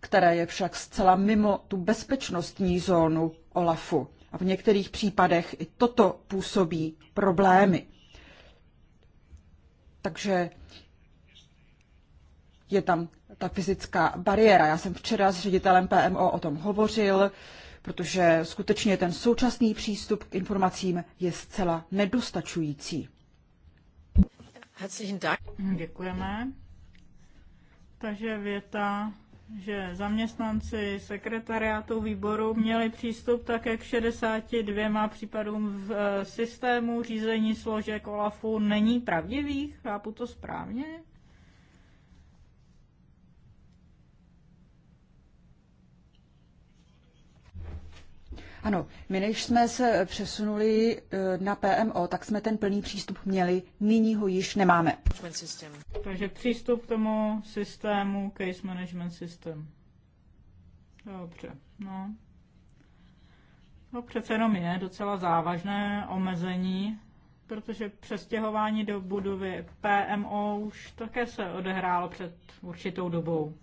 které je však zcela mimo tu bezpečnostní zónu Olafu. A v některých případech i toto působí problémy. Takže je tam ta fyzická bariéra. Já jsem včera s ředitelem PMO o tom hovořil, protože skutečně ten současný přístup k informacím je zcela nedostačující. Děkujeme. Takže věta že zaměstnanci sekretariátu výboru měli přístup také k 62 případům v eh, systému řízení složek OLAFu není pravdivých? Chápu to správně? Ano, my než jsme se přesunuli eh, na PMO, tak jsme ten plný přístup měli, nyní ho již nemáme. Takže přístup k tomu systému, case management System. Dobře, no. To no, přece jenom je docela závažné omezení, protože přestěhování do budovy PMO už také se odehrálo před určitou dobou.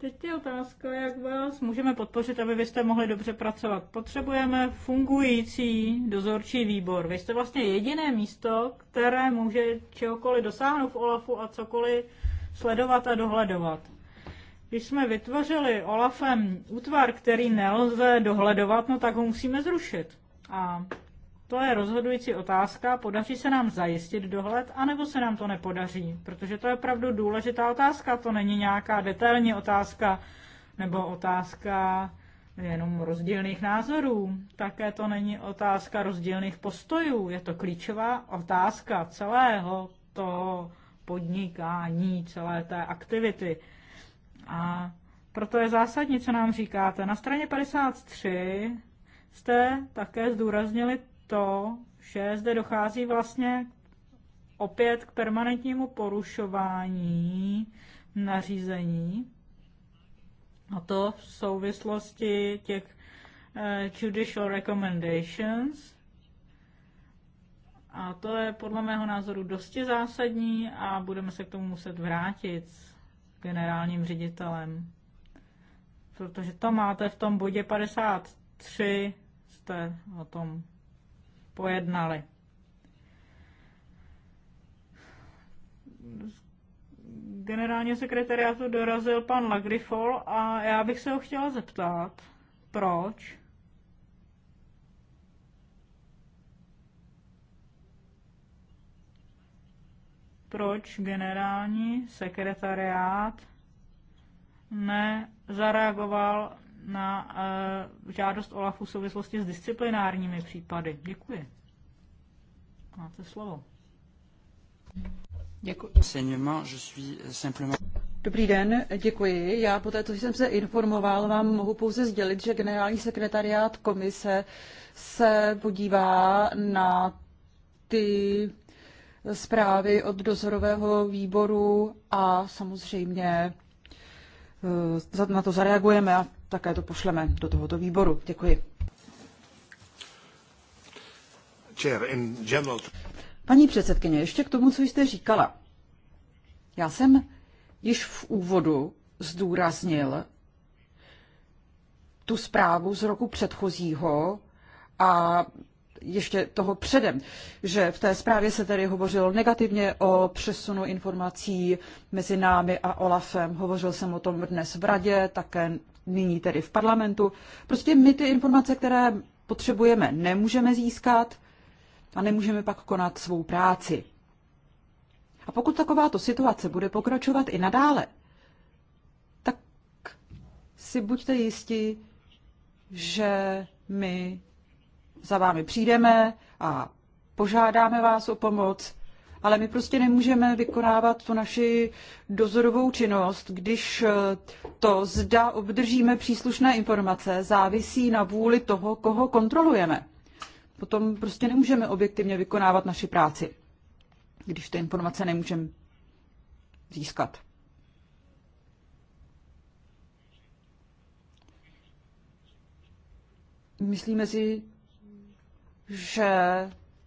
Teď je otázka, jak vás můžeme podpořit, aby vy jste mohli dobře pracovat. Potřebujeme fungující dozorčí výbor. Vy jste vlastně jediné místo, které může čehokoliv dosáhnout v OLAFu a cokoliv sledovat a dohledovat. Když jsme vytvořili OLAFem útvar, který nelze dohledovat, no tak ho musíme zrušit. A to je rozhodující otázka, podaří se nám zajistit dohled, anebo se nám to nepodaří, protože to je opravdu důležitá otázka, to není nějaká detailní otázka nebo otázka jenom rozdílných názorů. Také to není otázka rozdílných postojů, je to klíčová otázka celého toho podnikání, celé té aktivity. A proto je zásadní, co nám říkáte. Na straně 53 jste také zdůraznili to, že zde dochází vlastně opět k permanentnímu porušování nařízení. A to v souvislosti těch eh, judicial recommendations. A to je podle mého názoru dosti zásadní a budeme se k tomu muset vrátit s generálním ředitelem. Protože to máte v tom bodě 53, jste o tom pojednali. Generálně sekretariátu dorazil pan Lagrifol a já bych se ho chtěla zeptat, proč? Proč generální sekretariát nezareagoval na eh, žádost OLAFu v souvislosti s disciplinárními případy. Děkuji. Máte slovo. Děkuji. Eh, Dobrý den, děkuji. Já po té, co jsem se informoval, vám mohu pouze sdělit, že generální sekretariát komise se podívá na ty zprávy od dozorového výboru a samozřejmě eh, na to zareagujeme a také to pošleme do tohoto výboru. Děkuji. Paní předsedkyně, ještě k tomu, co jste říkala. Já jsem již v úvodu zdůraznil tu zprávu z roku předchozího a ještě toho předem, že v té zprávě se tedy hovořilo negativně o přesunu informací mezi námi a Olafem. Hovořil jsem o tom dnes v radě, také nyní tedy v parlamentu. Prostě my ty informace, které potřebujeme, nemůžeme získat a nemůžeme pak konat svou práci. A pokud takováto situace bude pokračovat i nadále, tak si buďte jisti, že my za vámi přijdeme a požádáme vás o pomoc ale my prostě nemůžeme vykonávat tu naši dozorovou činnost, když eh, to, zda obdržíme příslušné informace, závisí na vůli toho, koho kontrolujeme. Potom prostě nemůžeme objektivně vykonávat naši práci, když ty informace nemůžeme získat. Myslíme si, že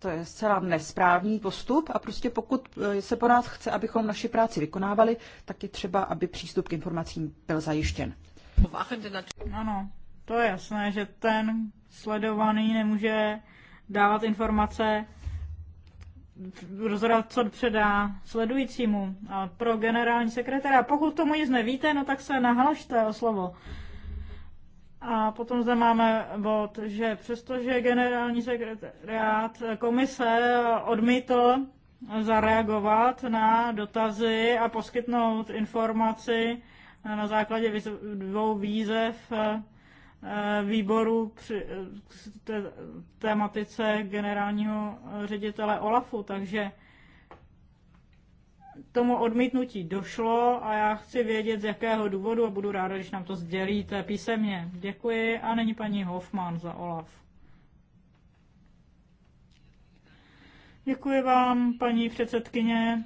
to je zcela nesprávný postup a prostě pokud eh, se po nás chce, abychom naši práci vykonávali, tak je třeba, aby přístup k informacím byl zajištěn. Ano, to je jasné, že ten sledovaný nemůže dávat informace rozhodat, co předá sledujícímu a pro generální sekretára. Pokud tomu nic nevíte, no tak se nahlašte o slovo. A potom zde máme bod, že přestože generální sekretariát komise odmítl zareagovat na dotazy a poskytnout informaci na základě dvou výzev eh, výboru při eh, tématice generálního ředitele OLAFu. Takže tomu odmítnutí došlo a já chci vědět, z jakého důvodu a budu ráda, když nám to sdělíte písemně. Děkuji a není paní Hoffman za OLAF. Děkuji vám, paní předsedkyně.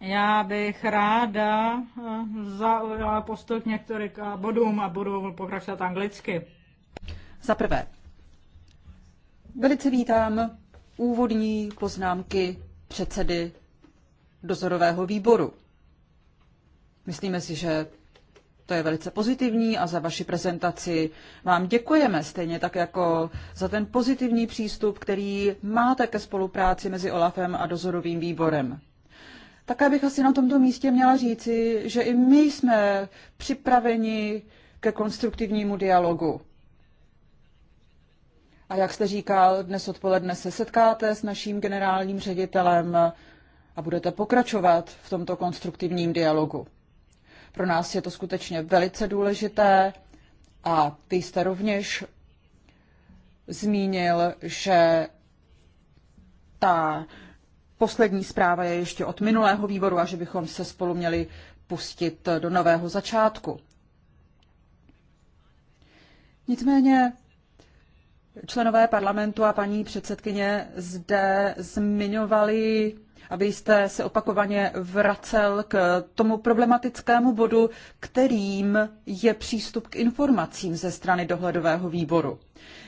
Já bych ráda eh, zaujala postup některých bodům a budu pokračovat anglicky. Za prvé, velice vítám úvodní poznámky předsedy dozorového výboru. Myslíme si, že to je velice pozitivní a za vaši prezentaci vám děkujeme, stejně tak jako za ten pozitivní přístup, který máte ke spolupráci mezi OLAFem a dozorovým výborem. Také bych asi na tomto místě měla říci, že i my jsme připraveni ke konstruktivnímu dialogu. A jak jste říkal, dnes odpoledne se setkáte s naším generálním ředitelem a budete pokračovat v tomto konstruktivním dialogu. Pro nás je to skutečně velice důležité a ty jste rovněž zmínil, že ta poslední zpráva je ještě od minulého výboru a že bychom se spolu měli pustit do nového začátku. Nicméně členové parlamentu a paní předsedkyně zde zmiňovali abyste se opakovaně vracel k tomu problematickému bodu, kterým je přístup k informacím ze strany dohledového výboru.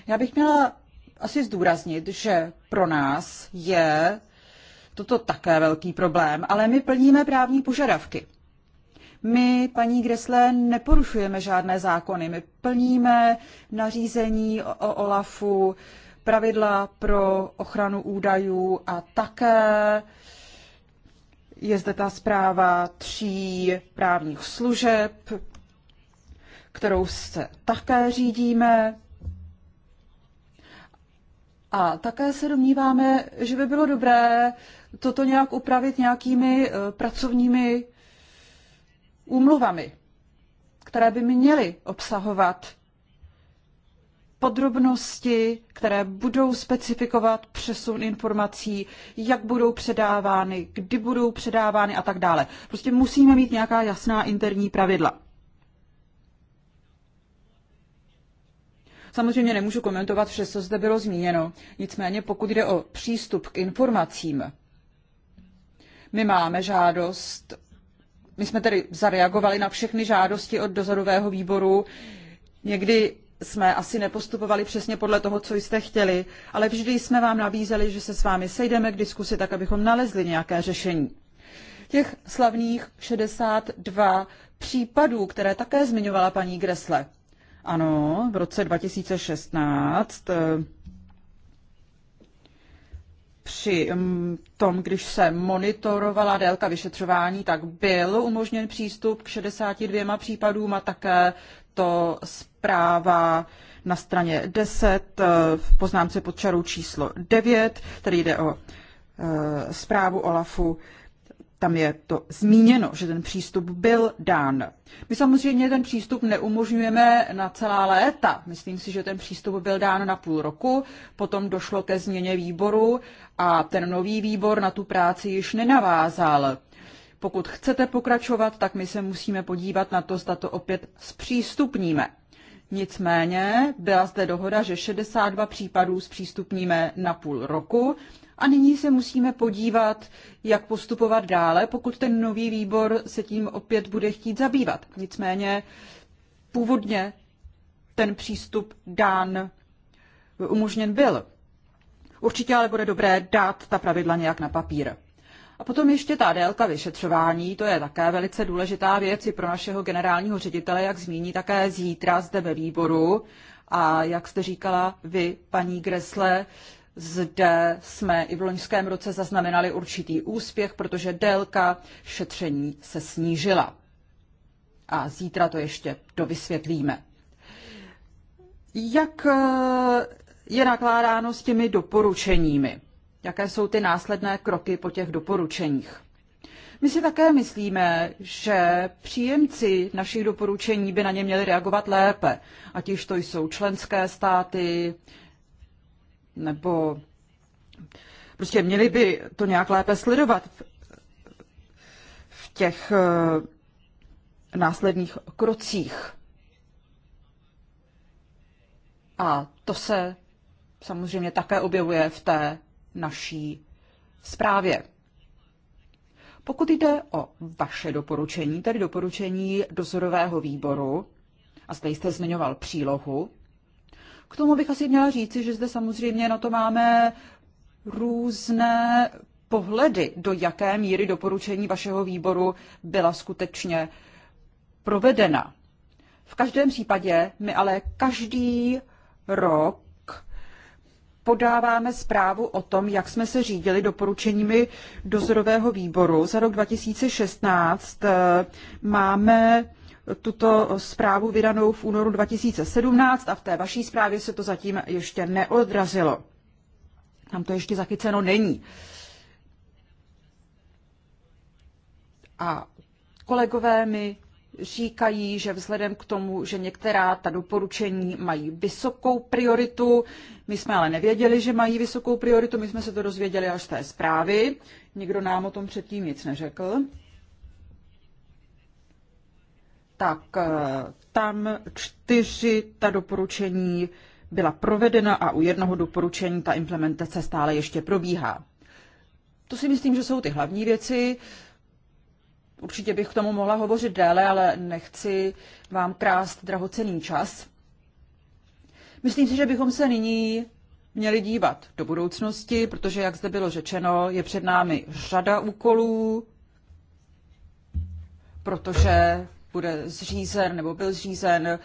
Já bych měla asi zdůraznit, že pro nás je toto také velký problém, ale my plníme právní požadavky. My, paní Gresle, neporušujeme žádné zákony. My plníme nařízení o OLAFu, pravidla pro ochranu údajů a také je zde ta zpráva tří právních služeb, kterou se také řídíme. A také se domníváme, že by bylo dobré toto nějak upravit nějakými eh, pracovními úmluvami, které by měly obsahovat podrobnosti, které budou specifikovat přesun informací, jak budou předávány, kdy budou předávány a tak dále. Prostě musíme mít nějaká jasná interní pravidla. Samozřejmě nemůžu komentovat vše, co zde bylo zmíněno. Nicméně pokud jde o přístup k informacím, my máme žádost, my jsme tedy zareagovali na všechny žádosti od dozorového výboru. Někdy jsme asi nepostupovali přesně podle toho, co jste chtěli, ale vždy jsme vám nabízeli, že se s vámi sejdeme k diskusi, tak abychom nalezli nějaké řešení. Těch slavných 62 případů, které také zmiňovala paní Gresle. Ano, v roce 2016 eh, při mm, tom, když se monitorovala délka vyšetřování, tak byl umožněn přístup k 62 případům a také to práva na straně 10 eh, v poznámce pod čarou číslo 9, tady jde o eh, zprávu OLAFu, tam je to zmíněno, že ten přístup byl dán. My samozřejmě ten přístup neumožňujeme na celá léta. Myslím si, že ten přístup byl dán na půl roku, potom došlo ke změně výboru a ten nový výbor na tu práci již nenavázal. Pokud chcete pokračovat, tak my se musíme podívat na to, zda to opět zpřístupníme. Nicméně byla zde dohoda, že 62 případů zpřístupníme na půl roku a nyní se musíme podívat, jak postupovat dále, pokud ten nový výbor se tím opět bude chtít zabývat. Nicméně původně ten přístup dán e, umožněn byl. Určitě ale bude dobré dát ta pravidla nějak na papír. A potom ještě ta délka vyšetřování, to je také velice důležitá věc i pro našeho generálního ředitele, jak zmíní také zítra zde ve výboru. A jak jste říkala vy, paní Gresle, zde jsme i v loňském roce zaznamenali určitý úspěch, protože délka šetření se snížila. A zítra to ještě dovysvětlíme. Jak eh, je nakládáno s těmi doporučeními? jaké jsou ty následné kroky po těch doporučeních. My si také myslíme, že příjemci našich doporučení by na ně měli reagovat lépe, ať již to jsou členské státy, nebo prostě měli by to nějak lépe sledovat v, v těch eh, následných krocích. A to se samozřejmě také objevuje v té naší zprávě. Pokud jde o vaše doporučení, tedy doporučení dozorového výboru, a zde jste zmiňoval přílohu, k tomu bych asi měla říci, že zde samozřejmě na to máme různé pohledy, do jaké míry doporučení vašeho výboru byla skutečně provedena. V každém případě my ale každý rok podáváme zprávu o tom, jak jsme se řídili doporučeními dozorového výboru. Za rok 2016 eh, máme tuto zprávu vydanou v únoru 2017 a v té vaší zprávě se to zatím ještě neodrazilo. Tam to ještě zachyceno není. A kolegové mi říkají, že vzhledem k tomu, že některá ta doporučení mají vysokou prioritu, my jsme ale nevěděli, že mají vysokou prioritu, my jsme se to dozvěděli až z té zprávy, nikdo nám o tom předtím nic neřekl. Tak eh, tam čtyři ta doporučení byla provedena a u jednoho doporučení ta implementace stále ještě probíhá. To si myslím, že jsou ty hlavní věci. Uh, Určitě bych k tomu mohla hovořit déle, ale nechci vám krást drahocený čas. Myslím si, že bychom se nyní měli dívat do budoucnosti, protože, jak zde bylo řečeno, je před námi řada úkolů, protože bude zřízen nebo byl zřízen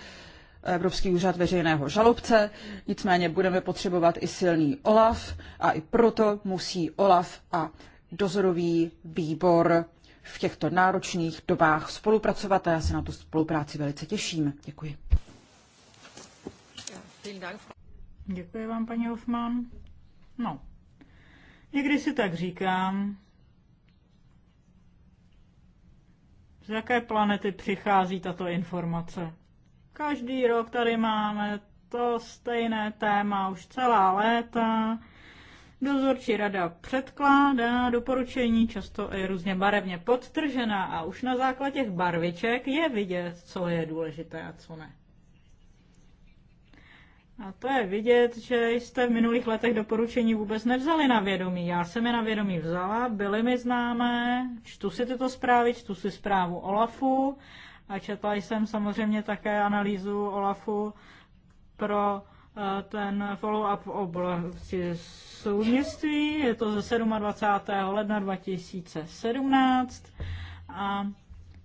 Evropský úřad veřejného žalobce, nicméně budeme potřebovat i silný OLAF a i proto musí OLAF a dozorový výbor v těchto náročných dobách spolupracovat a já se na tu spolupráci velice těším. Děkuji. Děkuji vám, paní Hoffman. No, někdy si tak říkám, z jaké planety přichází tato informace. Každý rok tady máme to stejné téma už celá léta Dozorčí rada předkládá doporučení, často i různě barevně podtržená a už na základě těch barviček je vidět, co je důležité a co ne. A to je vidět, že jste v minulých letech doporučení vůbec nevzali na vědomí. Já jsem je na vědomí vzala, byly mi známé, čtu si tyto zprávy, čtu si zprávu OLAFu a četla jsem samozřejmě také analýzu OLAFu pro ten follow-up v oblasti souměství, Je to ze 27. ledna 2017. A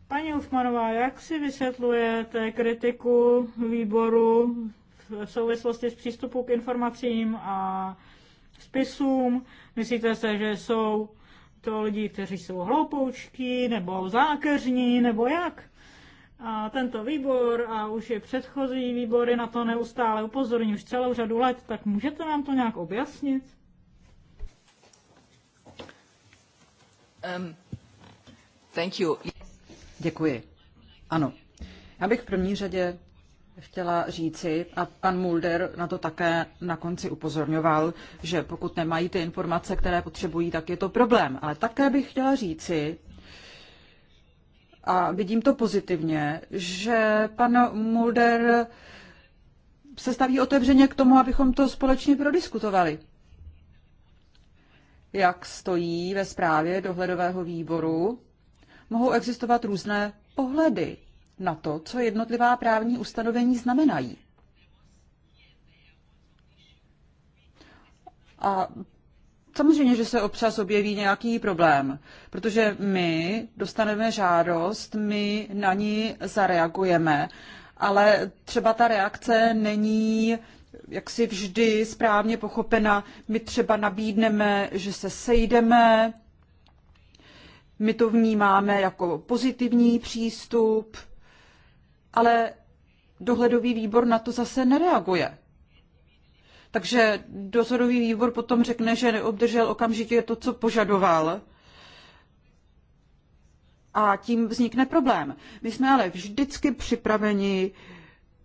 paní Ufmanová, jak si vysvětlujete kritiku výboru v souvislosti s přístupu k informacím a spisům? Myslíte se, že jsou to lidi, kteří jsou hloupoučtí nebo zákeřní, nebo jak? A tento výbor a už je předchozí výbory na to neustále upozorní už celou řadu let, tak můžete nám to nějak objasnit? Um, thank you. Děkuji. Ano. Já bych v první řadě chtěla říci, a pan Mulder na to také na konci upozorňoval, že pokud nemají ty informace, které potřebují, tak je to problém. Ale také bych chtěla říci, a vidím to pozitivně, že pan Mulder se staví otevřeně k tomu, abychom to společně prodiskutovali. Jak stojí ve zprávě dohledového výboru, mohou existovat různé pohledy na to, co jednotlivá právní ustanovení znamenají. A Samozřejmě, že se občas objeví nějaký problém, protože my dostaneme žádost, my na ní zareagujeme, ale třeba ta reakce není jak si vždy správně pochopena. My třeba nabídneme, že se sejdeme, my to vnímáme jako pozitivní přístup, ale dohledový výbor na to zase nereaguje. Takže dozorový výbor potom řekne, že neobdržel okamžitě to, co požadoval. A tím vznikne problém. My jsme ale vždycky připraveni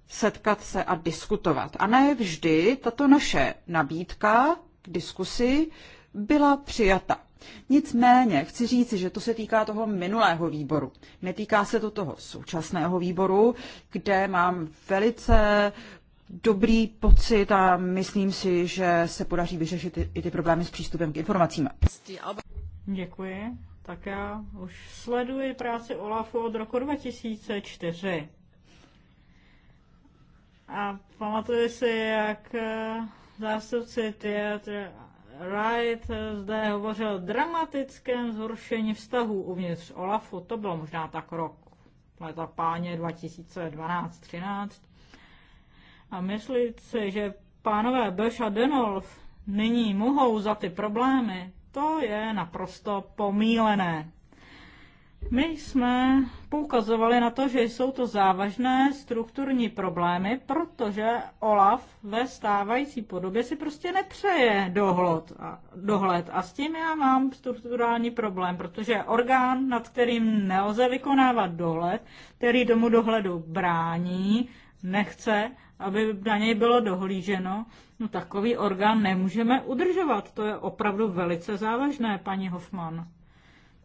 setkat se a diskutovat. A ne vždy tato naše nabídka k diskusi byla přijata. Nicméně chci říct, že to se týká toho minulého výboru. Netýká se to toho současného výboru, kde mám velice dobrý pocit a myslím si, že se podaří vyřešit i ty problémy s přístupem k informacím. Děkuji. Tak já už sleduji práci Olafu od roku 2004. A pamatuju si, jak eh, zástupci Theatre Wright eh, zde hovořil o dramatickém zhoršení vztahů uvnitř Olafu. To bylo možná tak rok leta páně 2012-13. A myslit si, že pánové Bösch a Denolf nyní mohou za ty problémy, to je naprosto pomílené. My jsme poukazovali na to, že jsou to závažné strukturní problémy, protože OLAF ve stávající podobě si prostě nepřeje dohled a, dohled. a s tím já mám strukturální problém, protože orgán, nad kterým nelze vykonávat dohled, který tomu dohledu brání, nechce, aby na něj bylo dohlíženo, no takový orgán nemůžeme udržovat. To je opravdu velice závažné, paní Hoffman.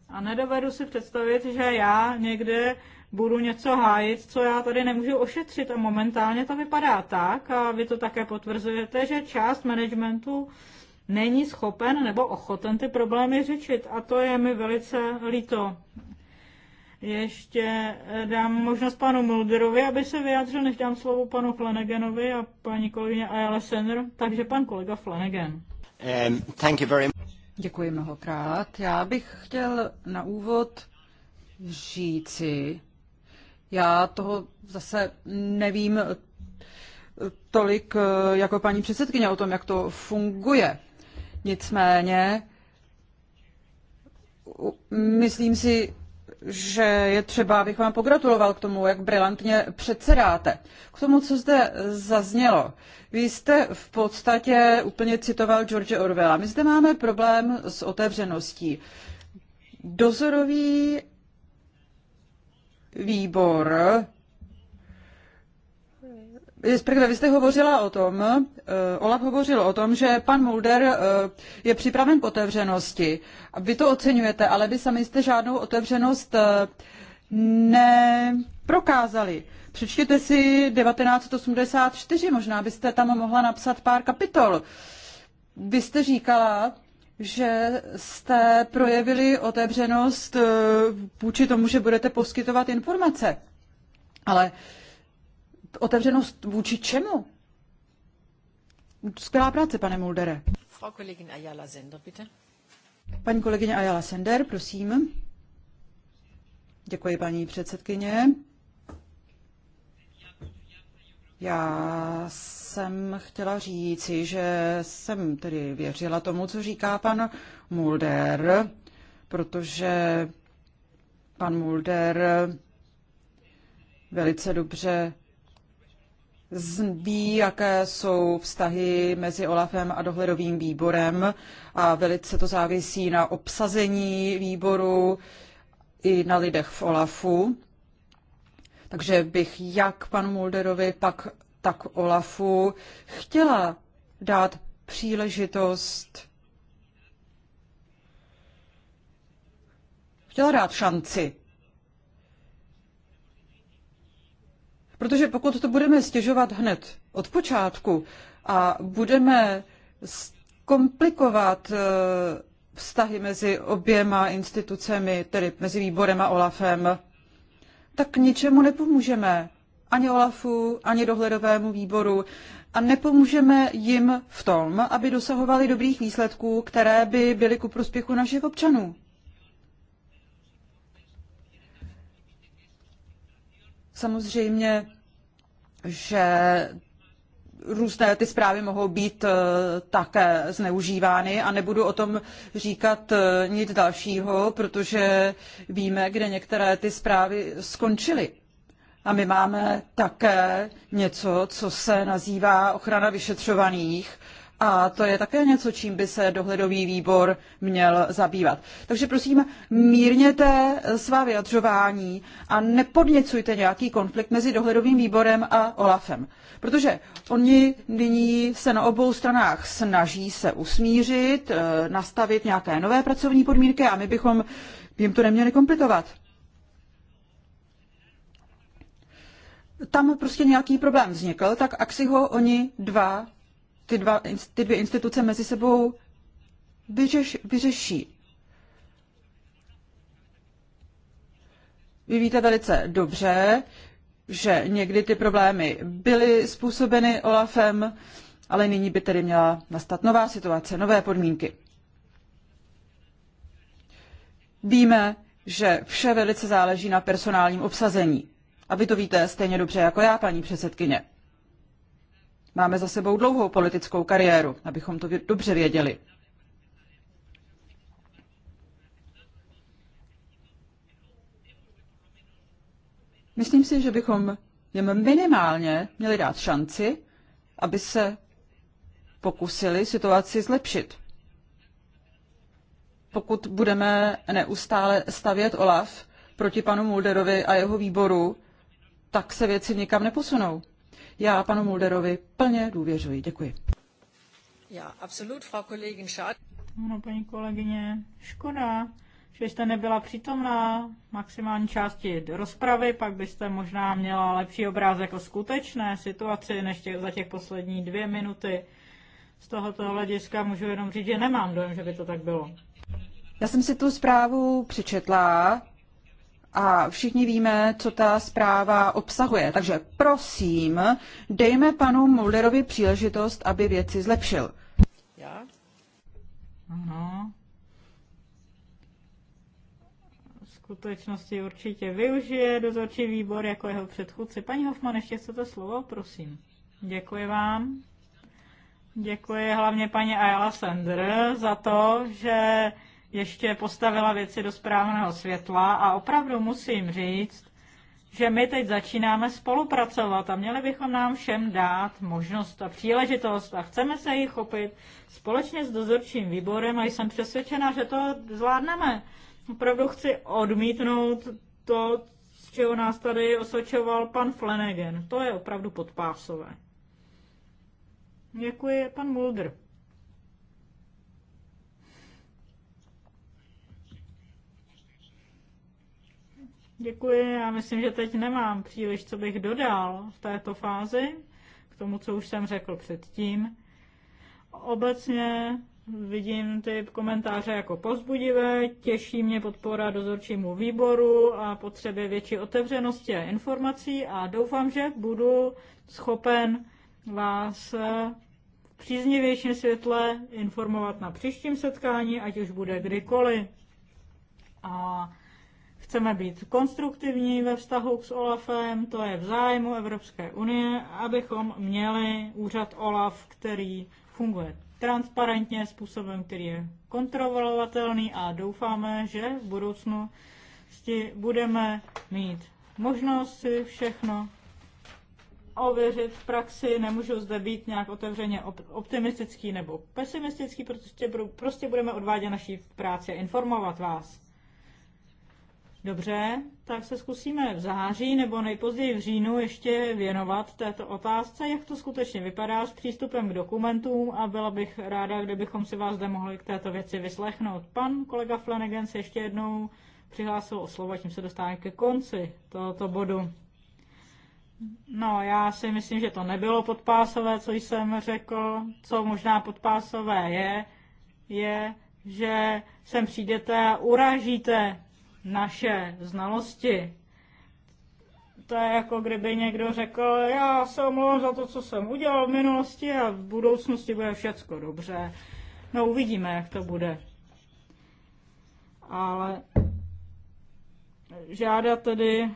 A nedovedu si představit, že já někde budu něco hájit, co já tady nemůžu ošetřit. A momentálně to vypadá tak, a vy to také potvrzujete, že část managementu není schopen nebo ochoten ty problémy řešit. A to je mi velice líto ještě eh, dám možnost panu Mulderovi, aby se vyjádřil, než dám slovo panu Flanaganovi a paní kolegyně Ayala Senner. Takže pan kolega Flanagan. Um, thank you very much. Děkuji mnohokrát. Já bych chtěl na úvod říci, já toho zase nevím eh, tolik eh, jako paní předsedkyně o tom, jak to funguje. Nicméně, myslím si, že je třeba, abych vám pogratuloval k tomu, jak brilantně předsedáte. K tomu, co zde zaznělo. Vy jste v podstatě úplně citoval George Orwella. My zde máme problém s otevřeností. Dozorový výbor Respektive vy jste hovořila o tom, eh, Olaf hovořil o tom, že pan Mulder eh, je připraven k otevřenosti. Vy to oceňujete, ale vy sami jste žádnou otevřenost eh, neprokázali. Přečtěte si 1984, možná byste tam mohla napsat pár kapitol. Vy jste říkala, že jste projevili otevřenost vůči tomu, že budete poskytovat informace. Ale otevřenost vůči čemu? Skvělá práce, pane Muldere. Frau Kollegin Ayala Sender, bitte. Paní kolegyně Ayala Sender, prosím. Děkuji, paní předsedkyně. Já jsem chtěla říci, že jsem tedy věřila tomu, co říká pan Mulder, protože pan Mulder velice dobře ví, jaké jsou vztahy mezi OLAFem a dohledovým výborem a velice to závisí na obsazení výboru i na lidech v OLAFu. Takže bych jak panu Mulderovi, pak tak OLAFu chtěla dát příležitost, chtěla dát šanci Protože pokud to budeme stěžovat hned od počátku a budeme komplikovat eh, vztahy mezi oběma institucemi, tedy mezi výborem a OLAFem, tak ničemu nepomůžeme. Ani OLAFu, ani dohledovému výboru. A nepomůžeme jim v tom, aby dosahovali dobrých výsledků, které by byly ku prospěchu našich občanů. Samozřejmě, že různé ty zprávy mohou být eh, také zneužívány a nebudu o tom říkat eh, nic dalšího, protože víme, kde některé ty zprávy skončily. A my máme také něco, co se nazývá ochrana vyšetřovaných a to je také něco, čím by se dohledový výbor měl zabývat. Takže prosím, mírněte svá vyjadřování a nepodněcujte nějaký konflikt mezi dohledovým výborem a Olafem. Protože oni nyní se na obou stranách snaží se usmířit, eh, nastavit nějaké nové pracovní podmínky a my bychom jim to neměli komplikovat. Tam prostě nějaký problém vznikl, tak ak si ho oni dva ty, dva, ty dvě instituce mezi sebou vyřeš, vyřeší. Vy víte velice dobře, že někdy ty problémy byly způsobeny Olafem, ale nyní by tedy měla nastat nová situace, nové podmínky. Víme, že vše velice záleží na personálním obsazení. A vy to víte stejně dobře jako já, paní předsedkyně. Máme za sebou dlouhou politickou kariéru, abychom to dobře věděli. Myslím si, že bychom jim minimálně měli dát šanci, aby se pokusili situaci zlepšit. Pokud budeme neustále stavět Olaf proti panu Mulderovi a jeho výboru, tak se věci nikam neposunou. Já panu Mulderovi plně důvěřuji. Děkuji. Já, absolut, Frau Kollegin Schad. No, paní kolegyně, škoda, že jste nebyla přítomná maximální části rozpravy, pak byste možná měla lepší obrázek o skutečné situaci než těch, za těch poslední dvě minuty. Z tohoto hlediska můžu jenom říct, že nemám dojem, že by to tak bylo. Já jsem si tu zprávu přečetla a všichni víme, co ta zpráva obsahuje. Takže prosím, dejme panu Mulderovi příležitost, aby věci zlepšil. Já? No. V skutečnosti určitě využije dozorčí výbor jako jeho předchůdce. Paní Hofman, ještě chcete slovo? Prosím. Děkuji vám. Děkuji hlavně paní Ayala Sender za to, že ještě postavila věci do správného světla a opravdu musím říct, že my teď začínáme spolupracovat a měli bychom nám všem dát možnost a příležitost a chceme se jich chopit společně s dozorčím výborem a jsem přesvědčena, že to zvládneme. Opravdu chci odmítnout to, z čeho nás tady osočoval pan Flanagan. To je opravdu podpásové. Děkuji, pan Mulder. Děkuji, já myslím, že teď nemám příliš, co bych dodal v této fázi k tomu, co už jsem řekl předtím. Obecně vidím ty komentáře jako pozbudivé, těší mě podpora dozorčímu výboru a potřeby větší otevřenosti a informací a doufám, že budu schopen vás v příznivějším světle informovat na příštím setkání, ať už bude kdykoliv. A Chceme být konstruktivní ve vztahu s OLAFem, to je v zájmu Evropské unie, abychom měli úřad OLAF, který funguje transparentně, způsobem, který je kontrolovatelný a doufáme, že v budoucnu budeme mít možnost si všechno ověřit v praxi, nemůžu zde být nějak otevřeně optimistický nebo pesimistický, protože prostě budeme odvádět naší práci a informovat vás. Dobře, tak se zkusíme v září nebo nejpozději v říjnu ještě věnovat této otázce, jak to skutečně vypadá s přístupem k dokumentům a byla bych ráda, kdybychom si vás zde mohli k této věci vyslechnout. Pan kolega Flanagan se ještě jednou přihlásil o slovo, tím se dostáváme ke konci tohoto bodu. No, já si myslím, že to nebylo podpásové, co jsem řekl. Co možná podpásové je, je, že sem přijdete a uražíte naše znalosti. To je jako kdyby někdo řekl, já se omlouvám za to, co jsem udělal v minulosti a v budoucnosti bude všecko dobře. No uvidíme, jak to bude. Ale žádá tedy eh,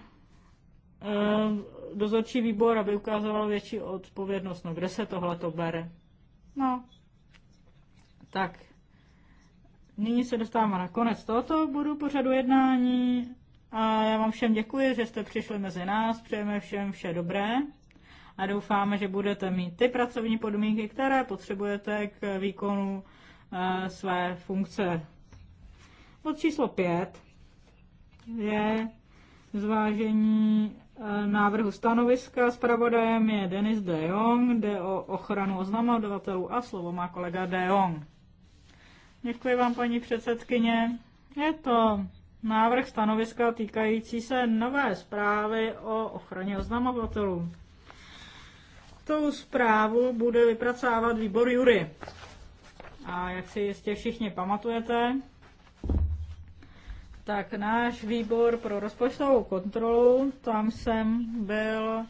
dozorčí výbor, aby ukázal větší odpovědnost. No kde se tohle to bere? No, tak Nyní se dostáváme na konec tohoto bodu pořadu jednání a já vám všem děkuji, že jste přišli mezi nás, přejeme všem vše dobré a doufáme, že budete mít ty pracovní podmínky, které potřebujete k výkonu e, své funkce. Bod číslo 5 je zvážení e, návrhu stanoviska. s pravodajem je Denis De Jong, jde o ochranu oznamovatelů a slovo má kolega De Jong. Děkuji vám, paní předsedkyně. Je to návrh stanoviska týkající se nové zprávy o ochraně oznamovatelů. Tou zprávu bude vypracávat výbor Jury. A jak si jistě všichni pamatujete, tak náš výbor pro rozpočtovou kontrolu, tam jsem byl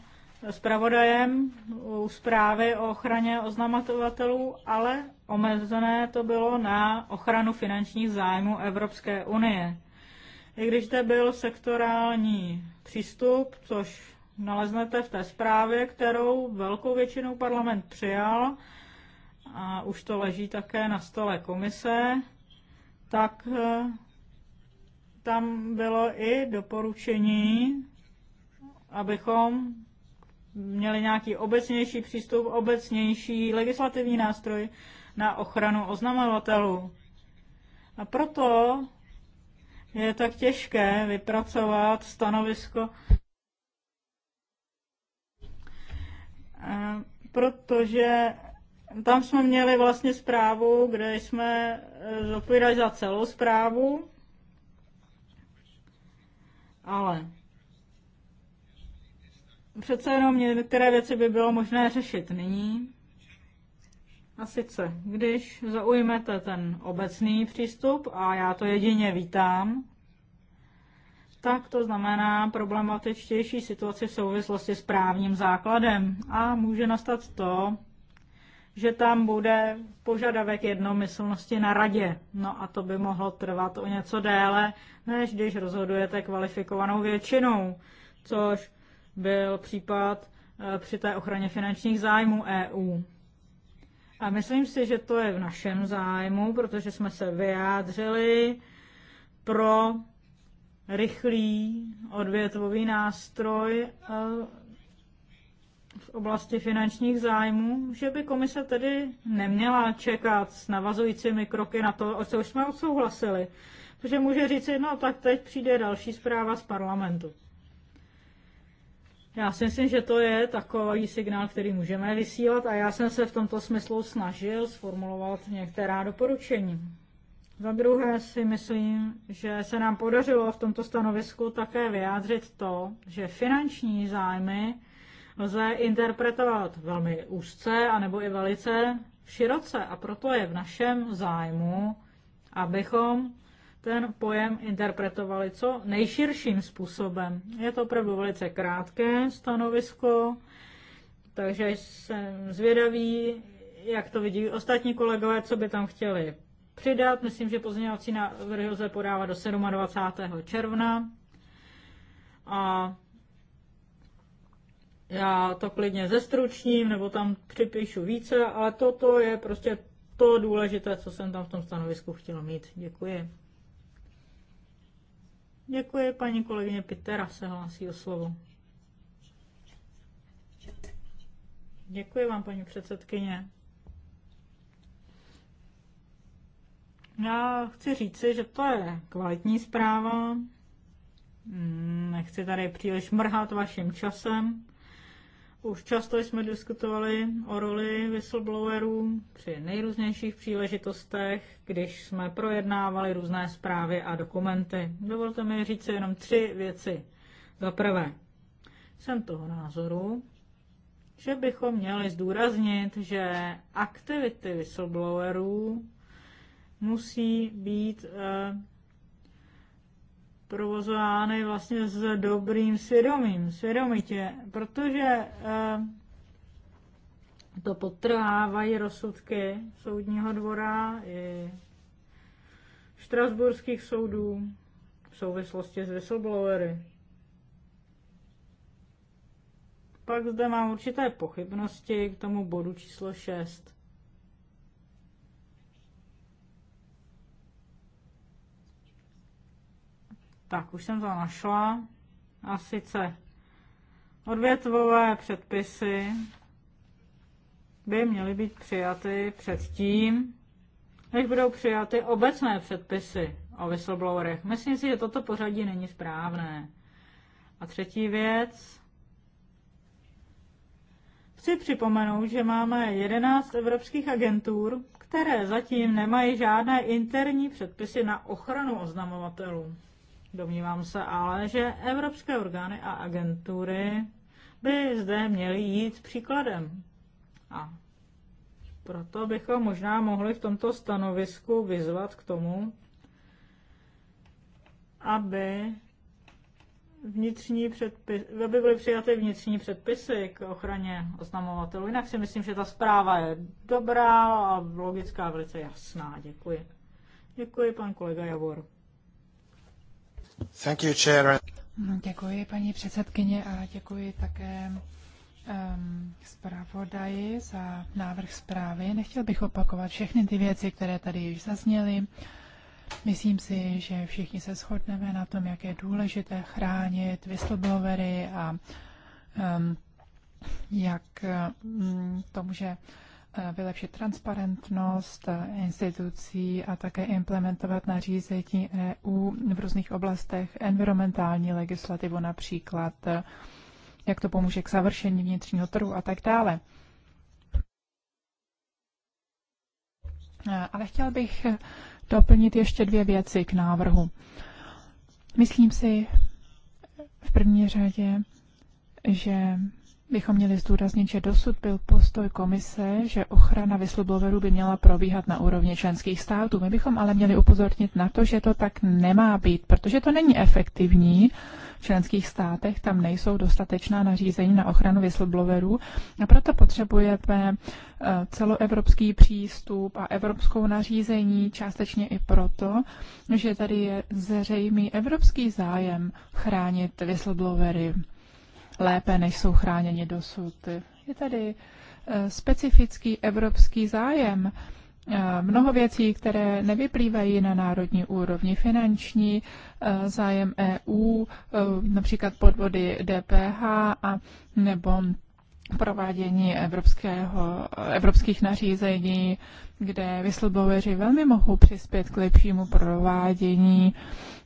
zpravodajem u zprávy o ochraně oznamovatelů, ale omezené to bylo na ochranu finančních zájmů Evropské unie. I když zde byl sektorální přístup, což naleznete v té zprávě, kterou velkou většinou parlament přijal, a už to leží také na stole komise, tak eh, tam bylo i doporučení, abychom měli nějaký obecnější přístup, obecnější legislativní nástroj, na ochranu oznamovatelů. A proto je tak těžké vypracovat stanovisko, eh, protože tam jsme měli vlastně zprávu, kde jsme eh, zodpovídali za celou zprávu, ale přece jenom některé věci by bylo možné řešit nyní. A sice, když zaujmete ten obecný přístup, a já to jedině vítám, tak to znamená problematičtější situaci v souvislosti s právním základem. A může nastat to, že tam bude požadavek jednomyslnosti na radě. No a to by mohlo trvat o něco déle, než když rozhodujete kvalifikovanou většinou, což byl případ eh, při té ochraně finančních zájmů EU. A myslím si, že to je v našem zájmu, protože jsme se vyjádřili pro rychlý odvětvový nástroj eh, v oblasti finančních zájmů, že by komise tedy neměla čekat s navazujícími kroky na to, o co už jsme odsouhlasili. Protože může říct, no tak teď přijde další zpráva z parlamentu. Já si myslím, že to je takový signál, který můžeme vysílat a já jsem se v tomto smyslu snažil sformulovat některá doporučení. Za druhé si myslím, že se nám podařilo v tomto stanovisku také vyjádřit to, že finanční zájmy lze interpretovat velmi úzce anebo i velice široce a proto je v našem zájmu, abychom ten pojem interpretovali co nejširším způsobem. Je to opravdu velice krátké stanovisko, takže jsem zvědavý, jak to vidí ostatní kolegové, co by tam chtěli přidat. Myslím, že pozměňovací návrhy lze podávat do 27. června. A já to klidně zestručním, nebo tam připíšu více, ale toto je prostě to důležité, co jsem tam v tom stanovisku chtěl mít. Děkuji. Děkuji, paní kolegyně Pitera se hlásí o slovo. Děkuji vám, paní předsedkyně. Já chci říci, že to je kvalitní zpráva. Nechci tady příliš mrhat vaším časem. Už často jsme diskutovali o roli whistleblowerů při nejrůznějších příležitostech, když jsme projednávali různé zprávy a dokumenty. Dovolte mi říct jenom tři věci. Za prvé, jsem toho názoru, že bychom měli zdůraznit, že aktivity whistleblowerů musí být eh, provozovány vlastně s dobrým svědomím, svědomitě, protože eh, to potrhávají rozsudky soudního dvora i štrasburských soudů v souvislosti s whistleblowery. Pak zde mám určité pochybnosti k tomu bodu číslo 6. Tak, už jsem to našla. A sice odvětvové předpisy by měly být přijaty předtím, než budou přijaty obecné předpisy o whistleblowerech. Myslím si, že toto pořadí není správné. A třetí věc. Chci připomenout, že máme 11 evropských agentur, které zatím nemají žádné interní předpisy na ochranu oznamovatelů. Domnívám se ale, že evropské orgány a agentury by zde měly jít příkladem. A proto bychom možná mohli v tomto stanovisku vyzvat k tomu, aby, vnitřní předpis, aby byly přijaty vnitřní předpisy k ochraně oznamovatelů. Jinak si myslím, že ta zpráva je dobrá a logická, velice jasná. Děkuji. Děkuji, pan kolega Javor. Thank you, chair. No, děkuji, paní předsedkyně, a děkuji také um, zpravodaji za návrh zprávy. Nechtěl bych opakovat všechny ty věci, které tady již zazněly. Myslím si, že všichni se shodneme na tom, jak je důležité chránit whistleblowery a um, jak um, to může vylepšit transparentnost institucí a také implementovat nařízení EU v různých oblastech, environmentální legislativu například, jak to pomůže k završení vnitřního trhu a tak dále. Ale chtěl bych doplnit ještě dvě věci k návrhu. Myslím si v první řadě, že bychom měli zdůraznit, že dosud byl postoj komise, že ochrana whistleblowerů by měla probíhat na úrovni členských států. My bychom ale měli upozornit na to, že to tak nemá být, protože to není efektivní. V členských státech tam nejsou dostatečná nařízení na ochranu whistleblowerů a proto potřebujeme eh, celoevropský přístup a evropskou nařízení, částečně i proto, že tady je zřejmý evropský zájem chránit whistleblowery lépe, než jsou chráněni dosud. Je tady eh, specifický evropský zájem. Eh, mnoho věcí, které nevyplývají na národní úrovni, finanční eh, zájem EU, například podvody DPH a nebo provádění evropského, evropských nařízení, kde whistlebloweri velmi mohou přispět k lepšímu provádění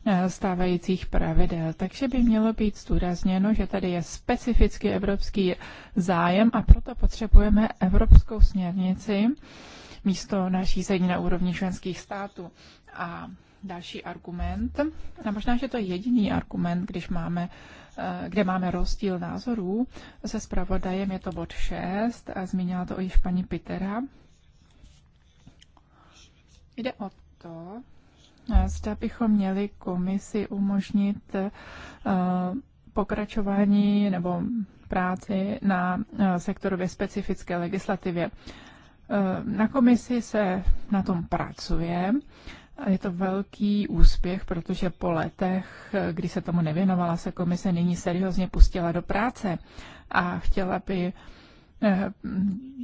Eh, stávajících pravidel. Takže by mělo být zdůrazněno, že tady je specifický evropský zájem a proto potřebujeme evropskou směrnici místo nařízení na úrovni členských států. A další argument, a možná, že to je jediný argument, když máme eh, kde máme rozdíl názorů. Se zpravodajem je to bod 6 a zmínila to již paní Pitera. Jde o to, zda bychom měli komisi umožnit eh, pokračování nebo práci na eh, sektorově specifické legislativě. Eh, na komisi se na tom pracuje. Je to velký úspěch, protože po letech, kdy se tomu nevěnovala, se komise nyní seriózně pustila do práce a chtěla by uh, Eh,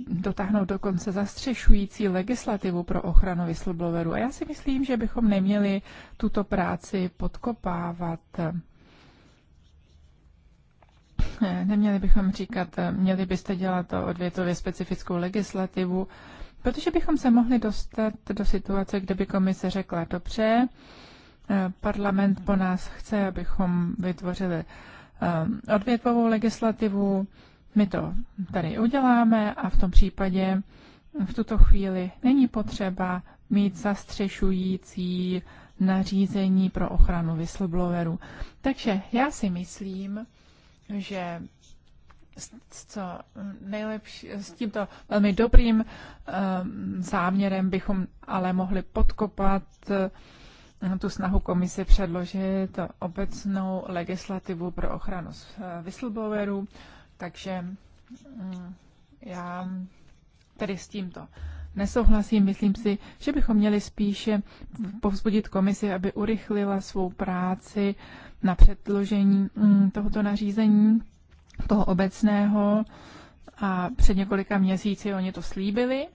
dotáhnout dokonce zastřešující legislativu pro ochranu whistleblowerů. A já si myslím, že bychom neměli tuto práci podkopávat. Eh, neměli bychom říkat, eh, měli byste dělat to odvětově specifickou legislativu, protože bychom se mohli dostat do situace, kde by komise řekla, dobře, parlament po nás chce, abychom vytvořili odvětovou legislativu, my to tady uděláme a v tom případě v tuto chvíli není potřeba mít zastřešující nařízení pro ochranu whistleblowerů. Takže já si myslím, že s, co nejlepší, s tímto velmi dobrým um, záměrem bychom ale mohli podkopat eh, tu snahu komise předložit obecnou legislativu pro ochranu eh, whistleblowerů. Takže mm, já tedy s tímto nesouhlasím. Myslím si, že bychom měli spíše povzbudit komisi, aby urychlila svou práci na předložení mm, tohoto nařízení, toho obecného. A před několika měsíci oni to slíbili,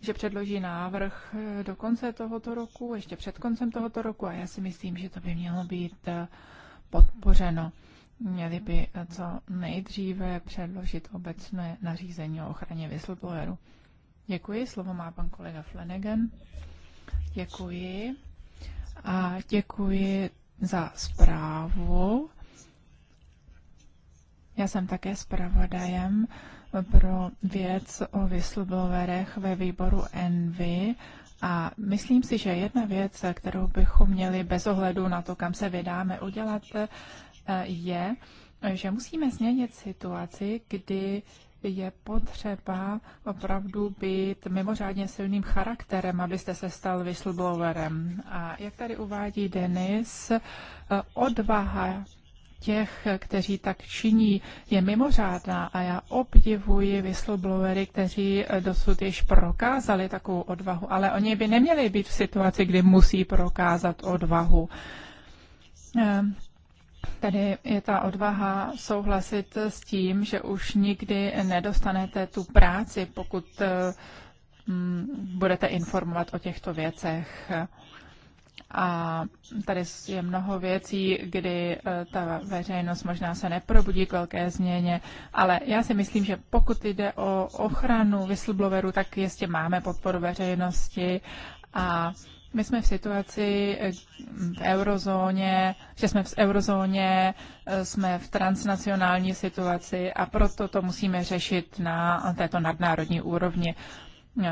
že předloží návrh eh, do konce tohoto roku, ještě před koncem tohoto roku a já si myslím, že to by mělo být eh, podpořeno měli by eh, co nejdříve předložit obecné nařízení o ochraně whistlebloweru. Děkuji, slovo má pan kolega Flanagan. Děkuji. A děkuji za zprávu. Já jsem také zpravodajem pro věc o whistleblowerech ve výboru Envy a myslím si, že jedna věc, kterou bychom měli bez ohledu na to, kam se vydáme, udělat, je, že musíme změnit situaci, kdy je potřeba opravdu být mimořádně silným charakterem, abyste se stal whistleblowerem. A jak tady uvádí Denis, odvaha těch, kteří tak činí, je mimořádná a já obdivuji whistleblowery, kteří dosud již prokázali takovou odvahu, ale oni by neměli být v situaci, kdy musí prokázat odvahu. Tady je ta odvaha souhlasit s tím, že už nikdy nedostanete tu práci, pokud eh, mm, budete informovat o těchto věcech. A tady je mnoho věcí, kdy eh, ta veřejnost možná se neprobudí k velké změně, ale já si myslím, že pokud jde o ochranu whistleblowerů, tak jistě máme podporu veřejnosti a my jsme v situaci eh, v eurozóně, že jsme v eurozóně, eh, jsme v transnacionální situaci a proto to musíme řešit na této nadnárodní úrovni, eh,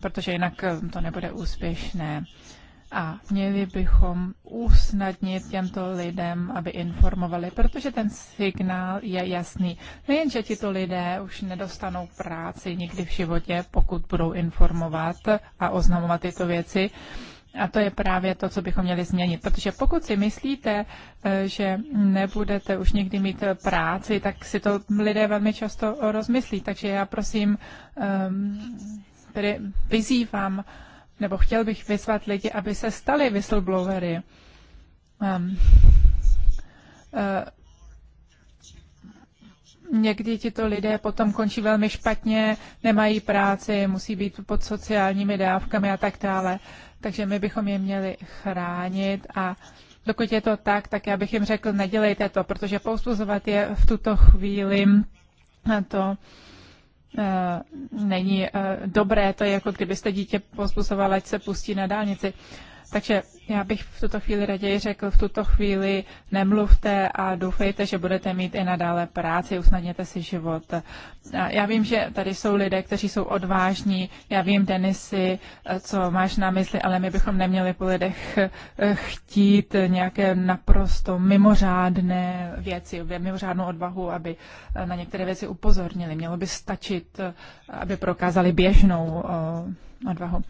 protože jinak to nebude úspěšné a měli bychom usnadnit těmto lidem, aby informovali, protože ten signál je jasný. Nejen, že tito lidé už nedostanou práci nikdy v životě, pokud budou informovat a oznamovat tyto věci, a to je právě to, co bychom měli změnit. Protože pokud si myslíte, eh, že nebudete už nikdy mít práci, tak si to lidé velmi často rozmyslí. Takže já prosím, ehm, tedy vyzývám nebo chtěl bych vyzvat lidi, aby se stali whistleblowery. Um, uh, někdy to lidé potom končí velmi špatně, nemají práci, musí být pod sociálními dávkami a tak dále. Takže my bychom je měli chránit a dokud je to tak, tak já bych jim řekl, nedělejte to, protože pouzbuzovat je v tuto chvíli eh, to Eh, není eh, dobré. To je jako kdybyste dítě pozbuzoval, ať se pustí na dálnici. Takže já bych v tuto chvíli raději řekl, v tuto chvíli nemluvte a doufejte, že budete mít i nadále práci, usnadněte si život. Já vím, že tady jsou lidé, kteří jsou odvážní, já vím, Denisy, co máš na mysli, ale my bychom neměli po lidech eh, chtít nějaké naprosto mimořádné věci, mimořádnou odvahu, aby eh, na některé věci upozornili. Mělo by stačit, eh, aby prokázali běžnou odvahu.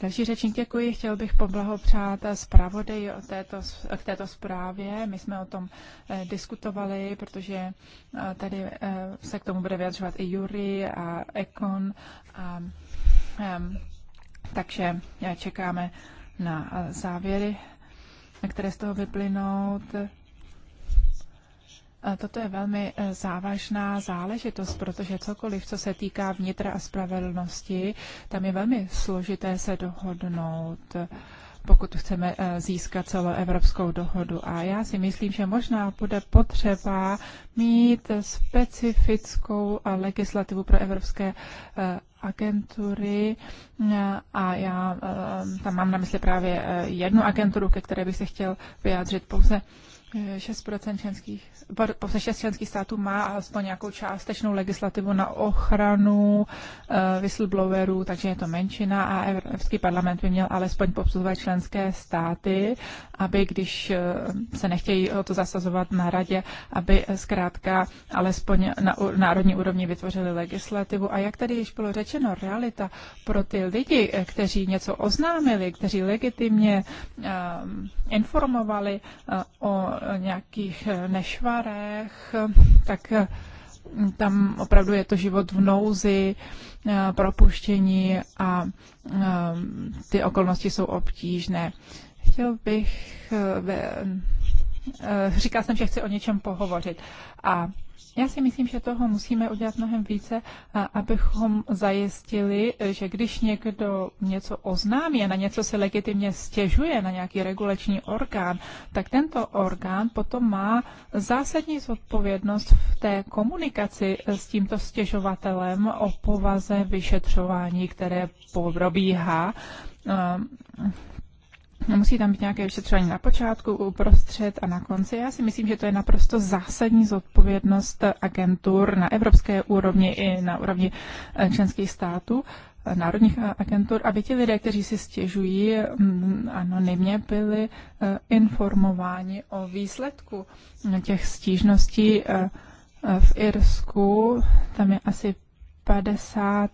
Další řečník děkuji. Chtěl bych poblahopřát zpravodaji o této, k této zprávě. My jsme o tom eh, diskutovali, protože eh, tady eh, se k tomu bude vyjadřovat i Jury a Ekon. A, um, takže čekáme na závěry, které z toho vyplynout. Toto je velmi e, závažná záležitost, protože cokoliv, co se týká vnitra a spravedlnosti, tam je velmi složité se dohodnout pokud chceme e, získat celoevropskou dohodu. A já si myslím, že možná bude potřeba mít specifickou e, legislativu pro evropské agentury a já tam mám na mysli právě jednu agenturu, ke které bych se chtěl vyjádřit pouze 6 členských, po 6 členských států má alespoň nějakou částečnou legislativu na ochranu eh, whistleblowerů, takže je to menšina a Evropský parlament by měl alespoň popsuzovat členské státy, aby když eh, se nechtějí o to zasazovat na radě, aby eh, zkrátka alespoň na národní úrovni vytvořili legislativu. A jak tady již bylo řečeno, realita pro ty lidi, kteří něco oznámili, kteří legitimně informovali o nějakých eh, nešvarech, tak eh, tam opravdu je to život v nouzi, eh, propuštění a ty okolnosti jsou obtížné. Chtěl bych Eh, říkal jsem, že chci o něčem pohovořit. A já si myslím, že toho musíme udělat mnohem více, abychom zajistili, že když někdo něco oznámí a na něco se legitimně stěžuje, na nějaký regulační orgán, tak tento orgán potom má zásadní zodpovědnost v té komunikaci s tímto stěžovatelem o povaze vyšetřování, které probíhá ehm, Musí tam být nějaké vyšetřování na počátku, uprostřed a na konci. Já si myslím, že to je naprosto zásadní zodpovědnost agentur na evropské úrovni i na úrovni eh, členských států, eh, národních eh, agentur, aby ti lidé, kteří si stěžují mm, anonymně, byli informováni o výsledku těch stížností v Irsku. Tam je asi 50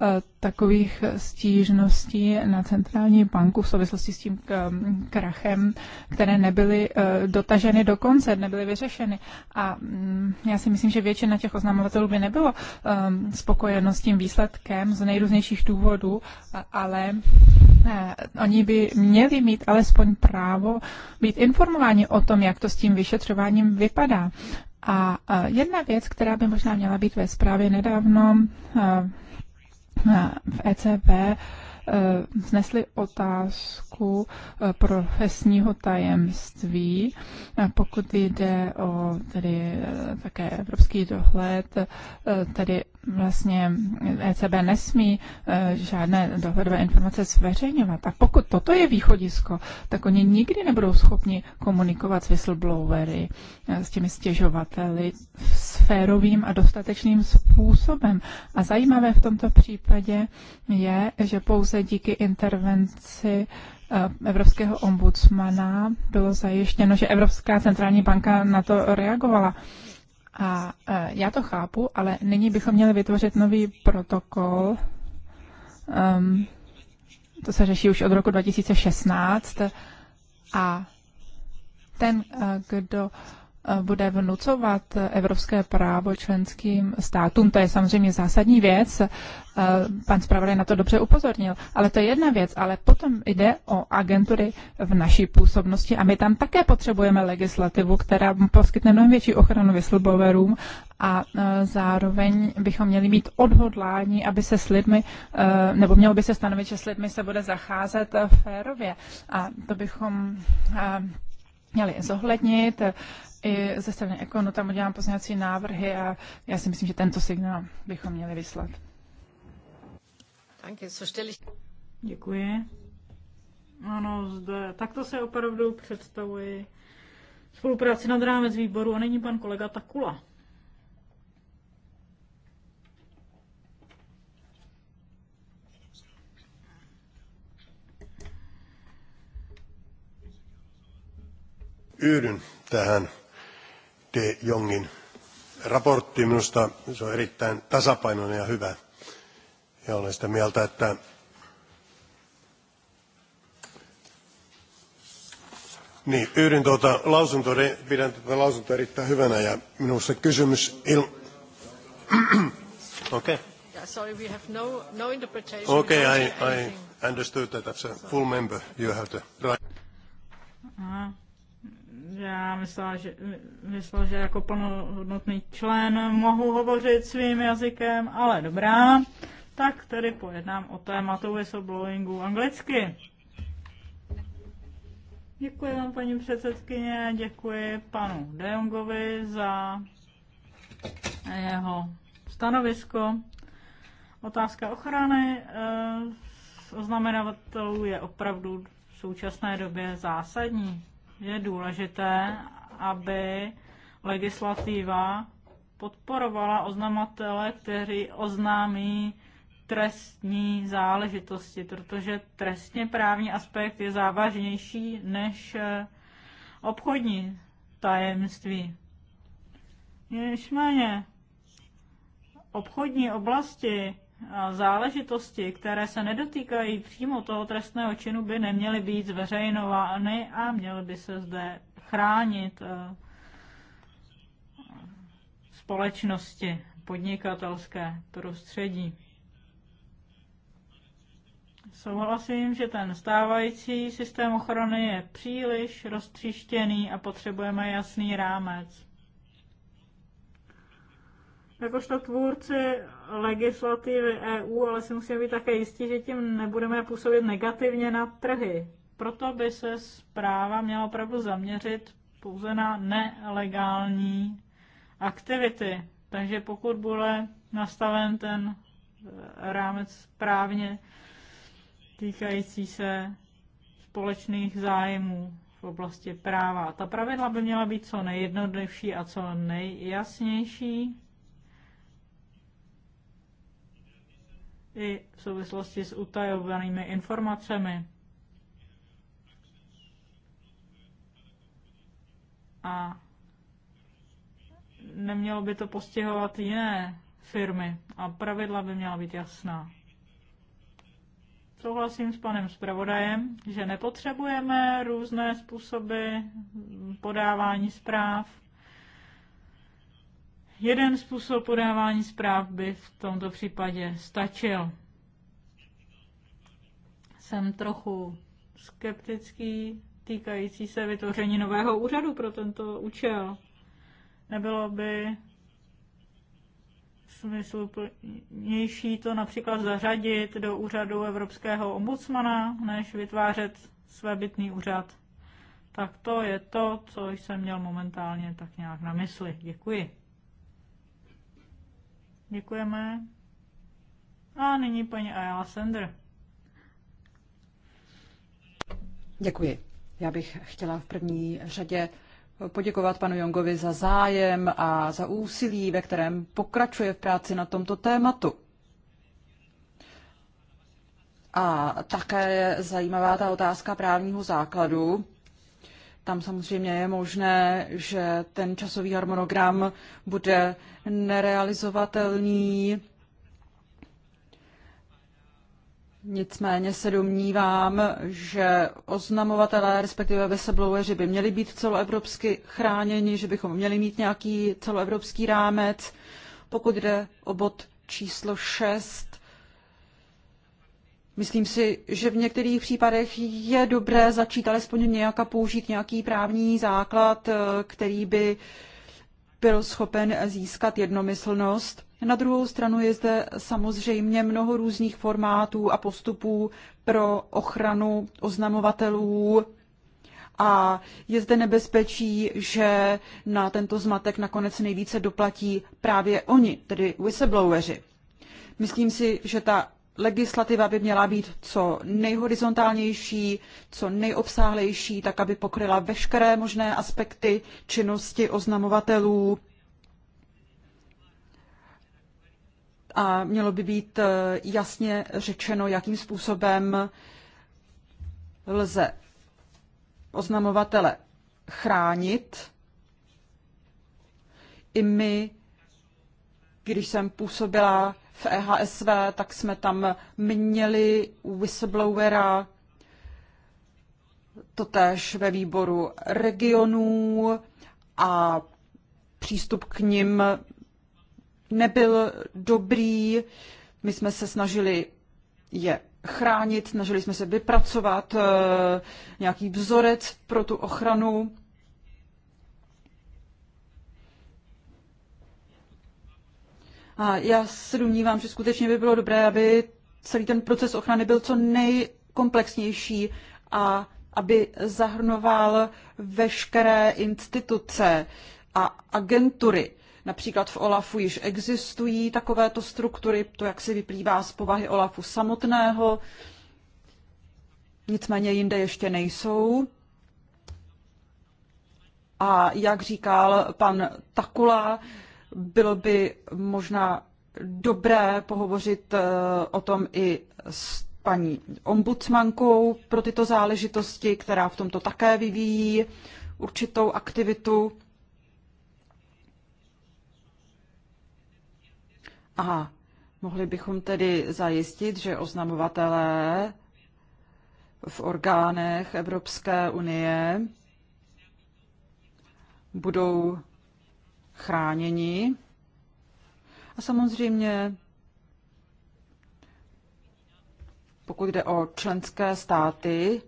Eh, takových stížností na centrální banku v souvislosti s tím eh, krachem, které nebyly eh, dotaženy do konce, nebyly vyřešeny. A mm, já si myslím, že většina těch oznamovatelů by nebylo spokojeno s tím výsledkem z nejrůznějších důvodů, ale oni by měli mít alespoň právo být informováni o tom, jak to s tím vyšetřováním vypadá. A jedna věc, která by možná měla být ve zprávě nedávno v ECB eh, vznesli otázku eh, profesního tajemství, pokud jde o tedy eh, také evropský dohled, tedy vlastně ECB nesmí eh, žádné dohledové informace zveřejňovat. A pokud toto je východisko, tak oni nikdy nebudou schopni komunikovat s whistleblowery, eh, s těmi stěžovateli, sférovým a dostatečným způsobem. A zajímavé v tomto případě je, že pouze díky intervenci eh, evropského ombudsmana bylo zajištěno, že Evropská centrální banka na to reagovala. A e, já to chápu, ale nyní bychom měli vytvořit nový protokol. Um, to se řeší už od roku 2016. A ten, e, kdo bude vnucovat evropské právo členským státům. To je samozřejmě zásadní věc. Eh, pan zpravodaj na to dobře upozornil. Ale to je jedna věc. Ale potom jde o agentury v naší působnosti a my tam také potřebujeme legislativu, která poskytne mnohem větší ochranu whistleblowerům a eh, zároveň bychom měli mít odhodlání, aby se s lidmi, eh, nebo mělo by se stanovit, že s lidmi se bude zacházet férově. A to bychom měli zohlednit i ze strany Ekonu, tam udělám pozměňovací návrhy a já si myslím, že tento signál bychom měli vyslat. Děkuji. Ano, zde. Takto se opravdu představuji spolupráci nad rámec výboru a není pan kolega Takula. yhdyn tähän De Jongin raportti. Minusta se on erittäin tasapainoinen ja hyvä. Ja olen sitä mieltä, että Niin, yhden tuota lausuntoa, pidän tätä lausuntoa erittäin hyvänä ja minusta kysymys il... Okei. Okay. No, no okay, no, I, I understood that as a full member you have the right. Uh mm-hmm. -huh já myslela, že, myslel, že jako plnohodnotný člen mohu hovořit svým jazykem, ale dobrá, tak tedy pojednám o tématu whistleblowingu anglicky. Děkuji vám, paní předsedkyně, děkuji panu Deongovi za jeho stanovisko. Otázka ochrany eh, oznamenavatelů je opravdu v současné době zásadní je důležité, aby legislativa podporovala oznamatele, kteří oznámí trestní záležitosti, protože trestně právní aspekt je závažnější než eh, obchodní tajemství. Nicméně obchodní oblasti záležitosti, které se nedotýkají přímo toho trestného činu, by neměly být zveřejnovány a měly by se zde chránit eh, společnosti, podnikatelské prostředí. Souhlasím, že ten stávající systém ochrany je příliš roztříštěný a potřebujeme jasný rámec jakožto tvůrci legislativy EU, ale si musíme být také jistí, že tím nebudeme působit negativně na trhy. Proto by se zpráva měla opravdu zaměřit pouze na nelegální aktivity. Takže pokud bude nastaven ten eh, rámec právně týkající se společných zájmů v oblasti práva. Ta pravidla by měla být co nejjednodušší a co nejjasnější i v souvislosti s utajovanými informacemi. A nemělo by to postihovat jiné firmy a pravidla by měla být jasná. Souhlasím s panem zpravodajem, že nepotřebujeme různé způsoby podávání zpráv, Jeden způsob podávání zpráv by v tomto případě stačil. Jsem trochu skeptický týkající se vytvoření nového úřadu pro tento účel. Nebylo by smysluplnější to například zařadit do úřadu evropského ombudsmana, než vytvářet svébytný úřad. Tak to je to, co jsem měl momentálně tak nějak na mysli. Děkuji. Děkujeme. A nyní paní Ayala Sender. Děkuji. Já bych chtěla v první řadě poděkovat panu Jongovi za zájem a za úsilí, ve kterém pokračuje v práci na tomto tématu. A také je zajímavá ta otázka právního základu. Tam samozřejmě je možné, že ten časový harmonogram bude nerealizovatelný. Nicméně se domnívám, že oznamovatelé, respektive whistlebloweri, by měli být celoevropsky chráněni, že bychom měli mít nějaký celoevropský rámec. Pokud jde o bod číslo 6, Myslím si, že v některých případech je dobré začít alespoň nějak a použít nějaký právní základ, eh, který by byl schopen získat jednomyslnost. Na druhou stranu je zde samozřejmě mnoho různých formátů a postupů pro ochranu oznamovatelů a je zde nebezpečí, že na tento zmatek nakonec nejvíce doplatí právě oni, tedy whistlebloweri. Myslím si, že ta legislativa by měla být co nejhorizontálnější, co nejobsáhlejší, tak aby pokryla veškeré možné aspekty činnosti oznamovatelů. A mělo by být eh, jasně řečeno, jakým způsobem lze oznamovatele chránit. I my, když jsem působila v EHSV, tak jsme tam měli whistleblowera, totéž ve výboru regionů a přístup k ním nebyl dobrý. My jsme se snažili je chránit, snažili jsme se vypracovat eh, nějaký vzorec pro tu ochranu A já se domnívám, že skutečně by bylo dobré, aby celý ten proces ochrany byl co nejkomplexnější a aby zahrnoval veškeré instituce a agentury. Například v OLAFu již existují takovéto struktury, to jak si vyplývá z povahy OLAFu samotného, nicméně jinde ještě nejsou. A jak říkal pan Takula, bylo by možná dobré pohovořit eh, o tom i s paní ombudsmankou pro tyto záležitosti, která v tomto také vyvíjí určitou aktivitu. A mohli bychom tedy zajistit, že oznamovatelé v orgánech Evropské unie budou chráněni. A samozřejmě, pokud jde o členské státy,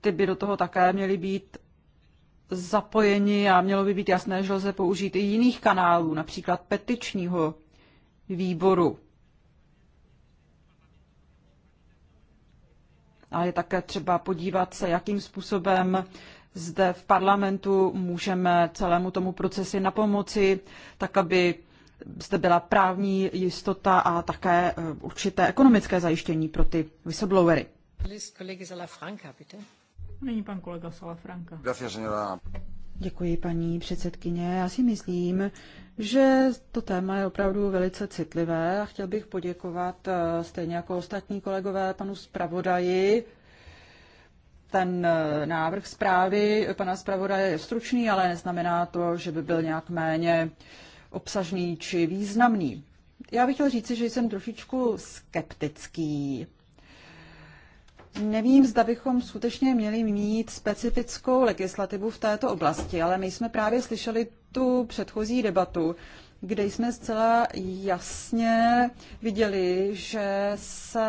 ty by do toho také měly být zapojeni a mělo by být jasné, že lze použít i jiných kanálů, například petičního výboru. A je také třeba podívat se, jakým způsobem zde v parlamentu můžeme celému tomu procesu napomoci, tak aby zde byla právní jistota a také eh, určité ekonomické zajištění pro ty whistleblowery. Nyní pan kolega Salafranca. Děkuji, paní předsedkyně. Já si myslím, že to téma je opravdu velice citlivé a chtěl bych poděkovat eh, stejně jako ostatní kolegové panu zpravodaji ten eh, návrh zprávy pana zpravodaje je stručný, ale neznamená to, že by byl nějak méně obsažný či významný. Já bych chtěl říci, že jsem trošičku skeptický. Nevím, zda bychom skutečně měli mít specifickou legislativu v této oblasti, ale my jsme právě slyšeli tu předchozí debatu, kde jsme zcela jasně viděli, že se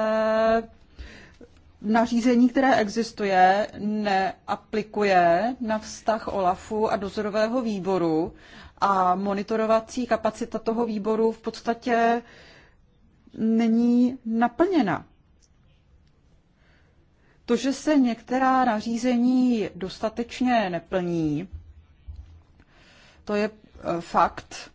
nařízení, které existuje, neaplikuje na vztah OLAFu a dozorového výboru a monitorovací kapacita toho výboru v podstatě není naplněna. To, že se některá nařízení dostatečně neplní, to je e, fakt.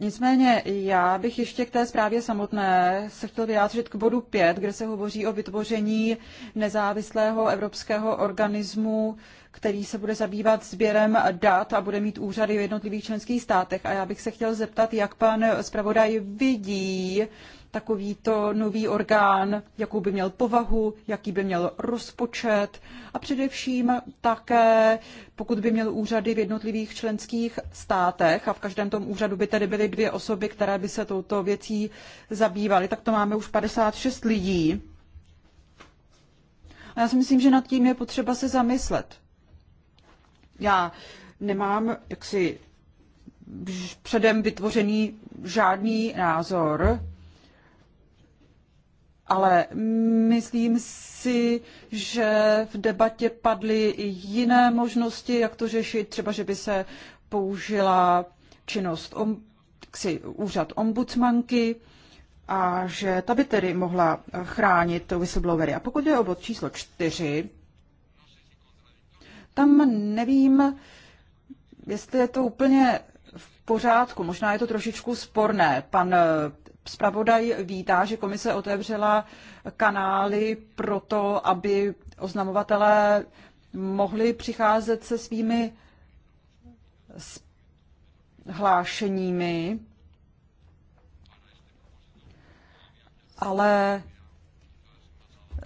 Nicméně já bych ještě k té zprávě samotné se chtěl vyjádřit k bodu 5, kde se hovoří o vytvoření nezávislého evropského organismu, který se bude zabývat sběrem dat a bude mít úřady v jednotlivých členských státech. A já bych se chtěl zeptat, jak pan zpravodaj vidí takovýto nový orgán, jakou by měl povahu, jaký by měl rozpočet a především také, pokud by měl úřady v jednotlivých členských státech a v každém tom úřadu by tedy byly dvě osoby, které by se touto věcí zabývaly, tak to máme už 56 lidí. A já si myslím, že nad tím je potřeba se zamyslet. Já nemám jaksi předem vytvořený žádný názor, ale myslím si, že v debatě padly i jiné možnosti, jak to řešit, třeba, že by se použila činnost om, ksi, úřad ombudsmanky a že ta by tedy mohla chránit whistleblowery. A pokud je o bod číslo čtyři, tam nevím, jestli je to úplně v pořádku, možná je to trošičku sporné. Pan zpravodaj vítá, že komise otevřela kanály pro to, aby oznamovatelé mohli přicházet se svými hlášeními, ale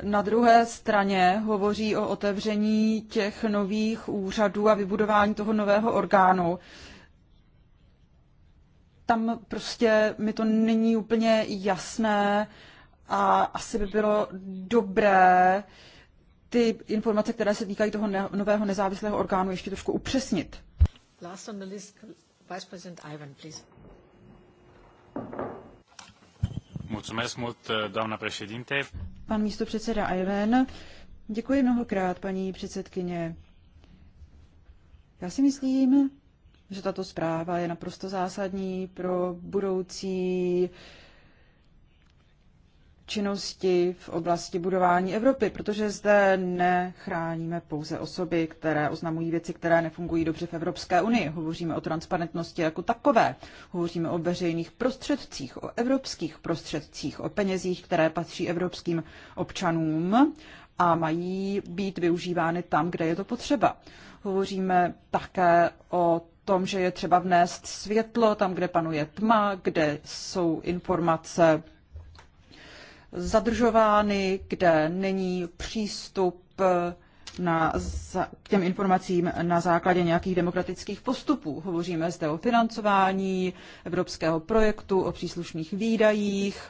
na druhé straně hovoří o otevření těch nových úřadů a vybudování toho nového orgánu, tam prostě mi to není úplně jasné a asi by bylo dobré ty informace, které se týkají toho ne- nového nezávislého orgánu, ještě trošku upřesnit. Last on the list, Vice President Ivan, please. Mulțumesc mult, doamna președinte. Pan předseda Ivan, děkuji mnohokrát, paní předsedkyně. Já si myslím, že tato zpráva je naprosto zásadní pro budoucí činnosti v oblasti budování Evropy, protože zde nechráníme pouze osoby, které oznamují věci, které nefungují dobře v Evropské unii. Hovoříme o transparentnosti jako takové, hovoříme o veřejných prostředcích, o evropských prostředcích, o penězích, které patří evropským občanům a mají být využívány tam, kde je to potřeba. Hovoříme také o tom, že je třeba vnést světlo tam, kde panuje tma, kde jsou informace zadržovány, kde není přístup eh, na, k těm informacím na základě nějakých demokratických postupů. Hovoříme zde o financování evropského projektu, o příslušných výdajích.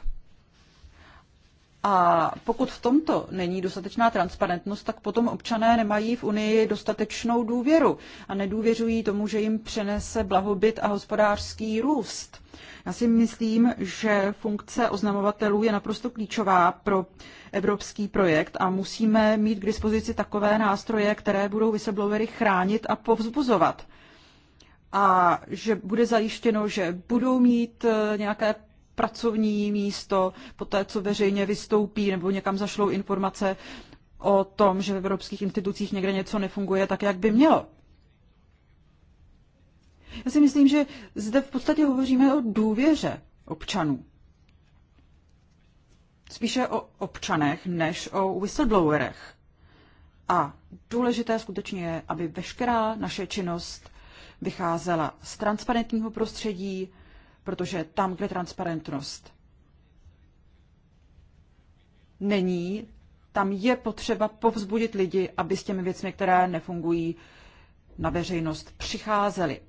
A pokud v tomto není dostatečná transparentnost, tak potom občané nemají v Unii dostatečnou důvěru a nedůvěřují tomu, že jim přenese blahobyt a hospodářský růst. Já si myslím, že funkce oznamovatelů je naprosto klíčová pro evropský projekt a musíme mít k dispozici takové nástroje, které budou whistleblowery chránit a povzbuzovat. A že bude zajištěno, že budou mít eh, nějaké pracovní místo, po té, co veřejně vystoupí nebo někam zašlou informace o tom, že v evropských institucích někde něco nefunguje tak, jak by mělo. Já si myslím, že zde v podstatě hovoříme o důvěře občanů. Spíše o občanech než o whistleblowerech. A důležité skutečně je, aby veškerá naše činnost vycházela z transparentního prostředí, protože tam, kde transparentnost není, tam je potřeba povzbudit lidi, aby s těmi věcmi, které nefungují, na veřejnost přicházeli.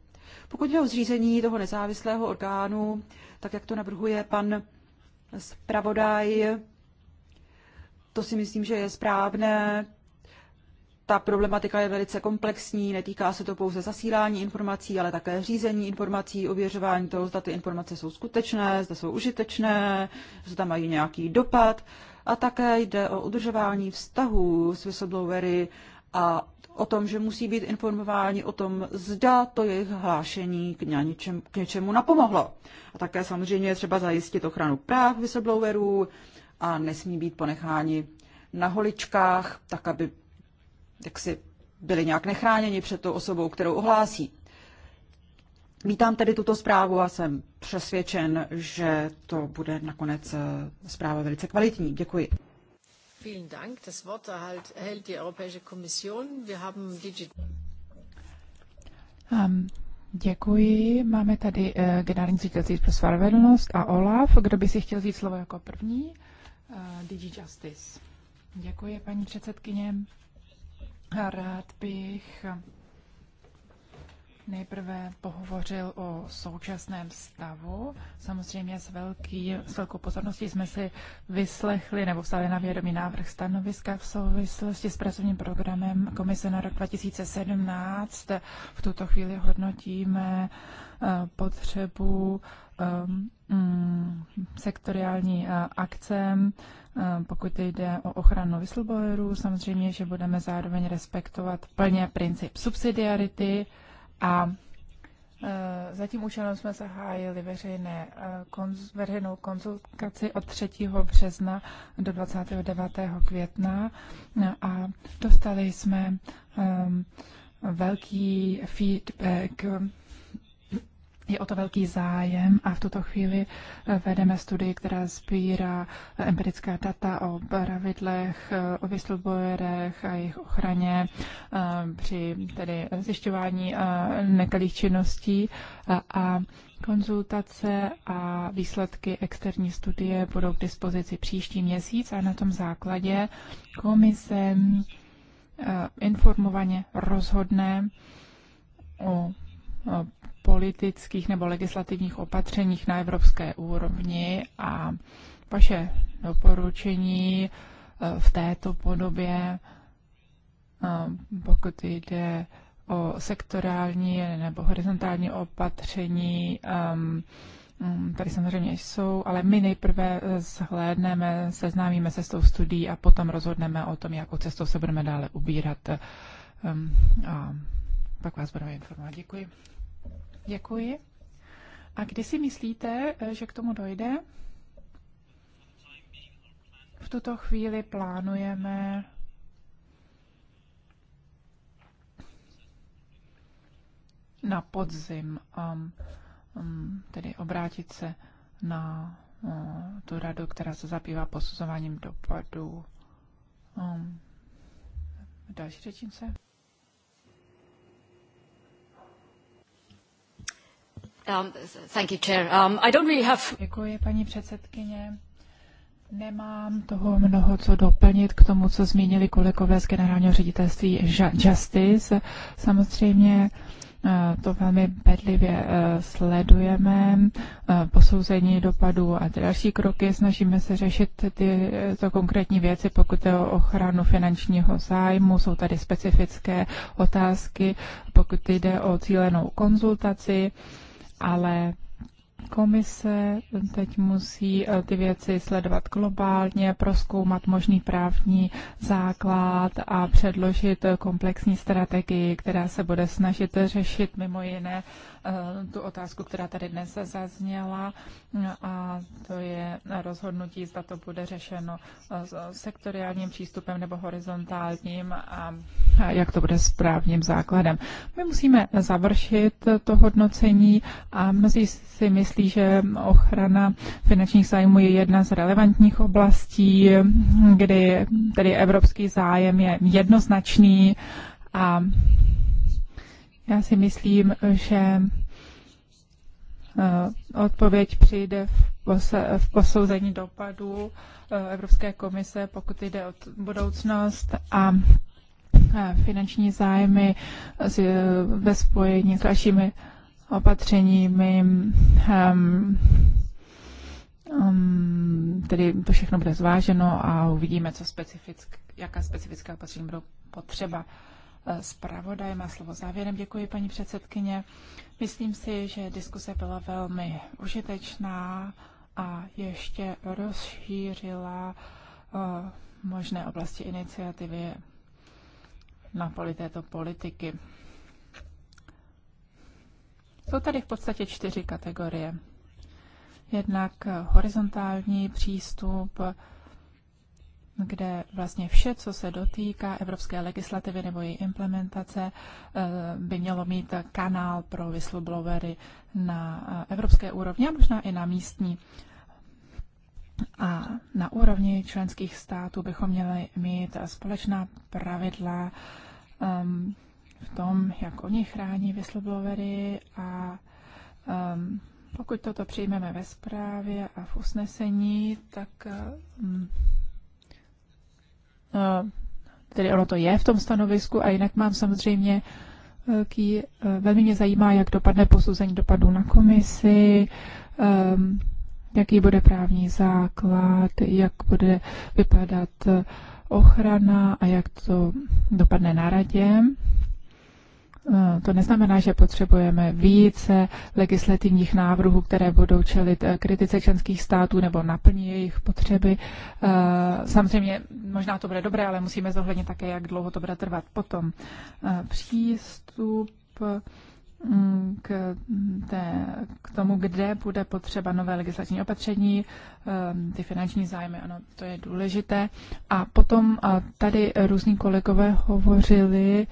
Pokud jde o zřízení toho nezávislého orgánu, tak jak to navrhuje pan zpravodaj, to si myslím, že je správné ta problematika je velice komplexní, netýká se to pouze zasílání informací, ale také řízení informací, ověřování toho, zda ty informace jsou skutečné, zda jsou užitečné, zda mají nějaký dopad. A také jde o udržování vztahů s whistleblowery a o tom, že musí být informováni o tom, zda to jejich hlášení k, něčem, k něčemu napomohlo. A také samozřejmě je třeba zajistit ochranu práv whistleblowerů a nesmí být ponecháni na holičkách, tak aby jaksi byli nějak nechráněni před tou osobou, kterou ohlásí. Vítám tedy tuto zprávu a jsem přesvědčen, že to bude nakonec eh, zpráva velice kvalitní. Děkuji. Ehm, děkuji. Máme tady uh, generální ředitelství pro spravedlnost a OLAF. Kdo by si chtěl říct slovo jako první? Uh, Digi Justice. Děkuji, paní předsedkyně. Rád bych nejprve pohovořil o současném stavu. Samozřejmě s, velký, s velkou pozorností jsme si vyslechli nebo vzali na vědomí návrh stanoviska v souvislosti s pracovním programem Komise na rok 2017. V tuto chvíli hodnotíme eh, potřebu Um, mm, sektoriální uh, akce, um, pokud jde o ochranu whistleblowerů. Samozřejmě, že budeme zároveň respektovat plně princip subsidiarity a uh, za tím účelem jsme zahájili veřejné, uh, veřejnou konzultaci od 3. března do 29. května a dostali jsme um, velký feedback je o to velký zájem a v tuto chvíli eh, vedeme studii, která sbírá eh, empirická data o pravidlech, eh, o whistleblowerech a jejich ochraně při tedy zjišťování nekalých činností a Konzultace a výsledky externí studie budou k dispozici příští měsíc a na tom základě komise informovaně rozhodne o politických nebo legislativních opatřeních na evropské úrovni a vaše doporučení eh, v této podobě, eh, pokud jde o sektorální nebo horizontální opatření, ehm, mm, tady samozřejmě jsou, ale my nejprve zhlédneme, seznámíme se s tou studií a potom rozhodneme o tom, jakou cestou se budeme dále ubírat. Ehm, a pak vás budeme informovat. Děkuji. Děkuji. A kdy si myslíte, eh, že k tomu dojde? V tuto chvíli plánujeme na podzim, um, um, tedy obrátit se na um, tu radu, která se zabývá posuzováním dopadů. Um, další řečnice. Um, um, Děkuji, paní předsedkyně. Nemám toho mnoho co doplnit k tomu, co zmínili kolegové z generálního ředitelství Justice. Samozřejmě eh, to velmi bedlivě eh, sledujeme, eh, posouzení dopadů a další kroky. Snažíme se řešit tyto konkrétní věci, pokud je o ochranu finančního zájmu. Jsou tady specifické otázky, pokud jde o cílenou konzultaci ale komise teď musí eh, ty věci sledovat globálně, proskoumat možný právní základ a předložit eh, komplexní strategii, která se bude snažit řešit mimo jiné Eh, tu otázku, která tady dnes zazněla, a to je rozhodnutí, zda to bude řešeno eh, sektoriálním přístupem nebo horizontálním a jak to bude s právním základem. My musíme završit to hodnocení a mnozí si myslí, že ochrana finančních zájmů je jedna z relevantních oblastí, kdy tedy evropský zájem je jednoznačný a já si myslím, že eh, odpověď přijde v posouzení dopadů eh, Evropské komise, pokud jde o budoucnost a eh, finanční zájmy ve spojení s dalšími opatřeními. Um, tedy to všechno bude zváženo a uvidíme, co specifick, jaká specifická opatření budou potřeba zpravodajem a slovo závěrem. Děkuji, paní předsedkyně. Myslím si, že diskuse byla velmi užitečná a ještě rozšířila eh, možné oblasti iniciativy na poli této politiky. Jsou tady v podstatě čtyři kategorie. Jednak horizontální přístup, kde vlastně vše, co se dotýká evropské legislativy nebo její implementace, eh, by mělo mít kanál pro whistleblowery na eh, evropské úrovni a možná i na místní. A na úrovni členských států bychom měli mít společná pravidla um, v tom, jak oni chrání whistleblowery a um, pokud toto přijmeme ve zprávě a v usnesení, tak um, Eh, tedy ono to je v tom stanovisku a jinak mám samozřejmě velký, eh, eh, velmi mě zajímá, jak dopadne posouzení dopadů na komisi, ehm, jaký bude právní základ, jak bude vypadat ochrana a jak to dopadne na radě. Eh, to neznamená, že potřebujeme více legislativních návrhů, které budou čelit eh, kritice členských států nebo naplní jejich potřeby. Eh, samozřejmě možná to bude dobré, ale musíme zohlednit také, jak dlouho to bude trvat. Potom přístup mm, k, mm, té, k tomu, kde bude potřeba nové legislativní opatření, ty finanční zájmy, ano, to je důležité. A potom tady různí kolegové hovořili,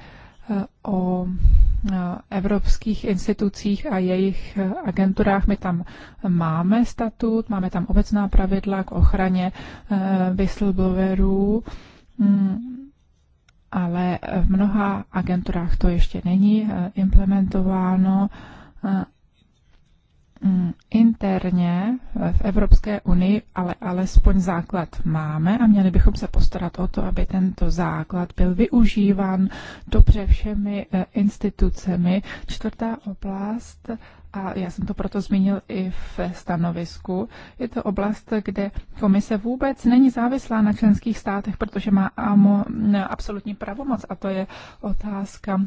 o e, evropských institucích a jejich agenturách. My tam máme statut, máme tam obecná pravidla k ochraně e, whistleblowerů, mm, ale v mnoha agenturách to ještě není e, implementováno Mm, interně eh, v Evropské unii, ale alespoň základ máme a měli bychom se postarat o to, aby tento základ byl využíván dobře všemi eh, institucemi. Čtvrtá oblast, a já jsem to proto zmínil i v stanovisku, je to oblast, kde komise vůbec není závislá na členských státech, protože má AMO absolutní pravomoc a to je otázka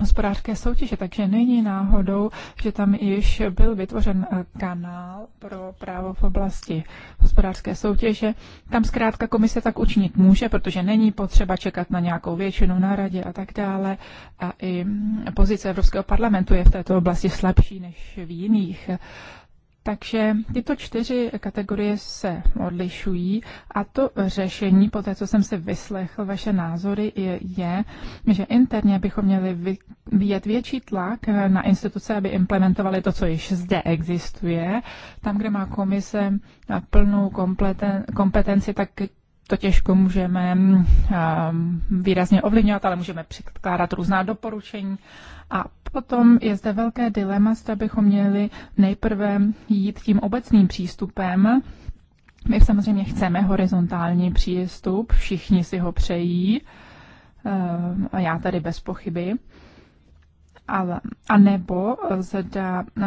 hospodářské soutěže, takže není náhodou, že tam již byl vytvořen eh, kanál pro právo v oblasti hospodářské soutěže. Tam zkrátka komise tak učinit může, protože není potřeba čekat na nějakou většinu na radě a tak dále. A i pozice Evropského parlamentu je v této oblasti slabší než v jiných. Takže tyto čtyři kategorie se odlišují a to řešení, po té, co jsem si vyslechl vaše názory, je, je že interně bychom měli vyjet větší tlak na instituce, aby implementovali to, co již zde existuje. Tam, kde má komise plnou kompetenci, tak to těžko můžeme mm, výrazně ovlivňovat, ale můžeme předkládat různá doporučení a Potom je zde velké dilema, zda bychom měli nejprve jít tím obecným přístupem. My samozřejmě chceme horizontální přístup, všichni si ho přejí, eh, a já tady bez pochyby. Ale, a nebo zda eh,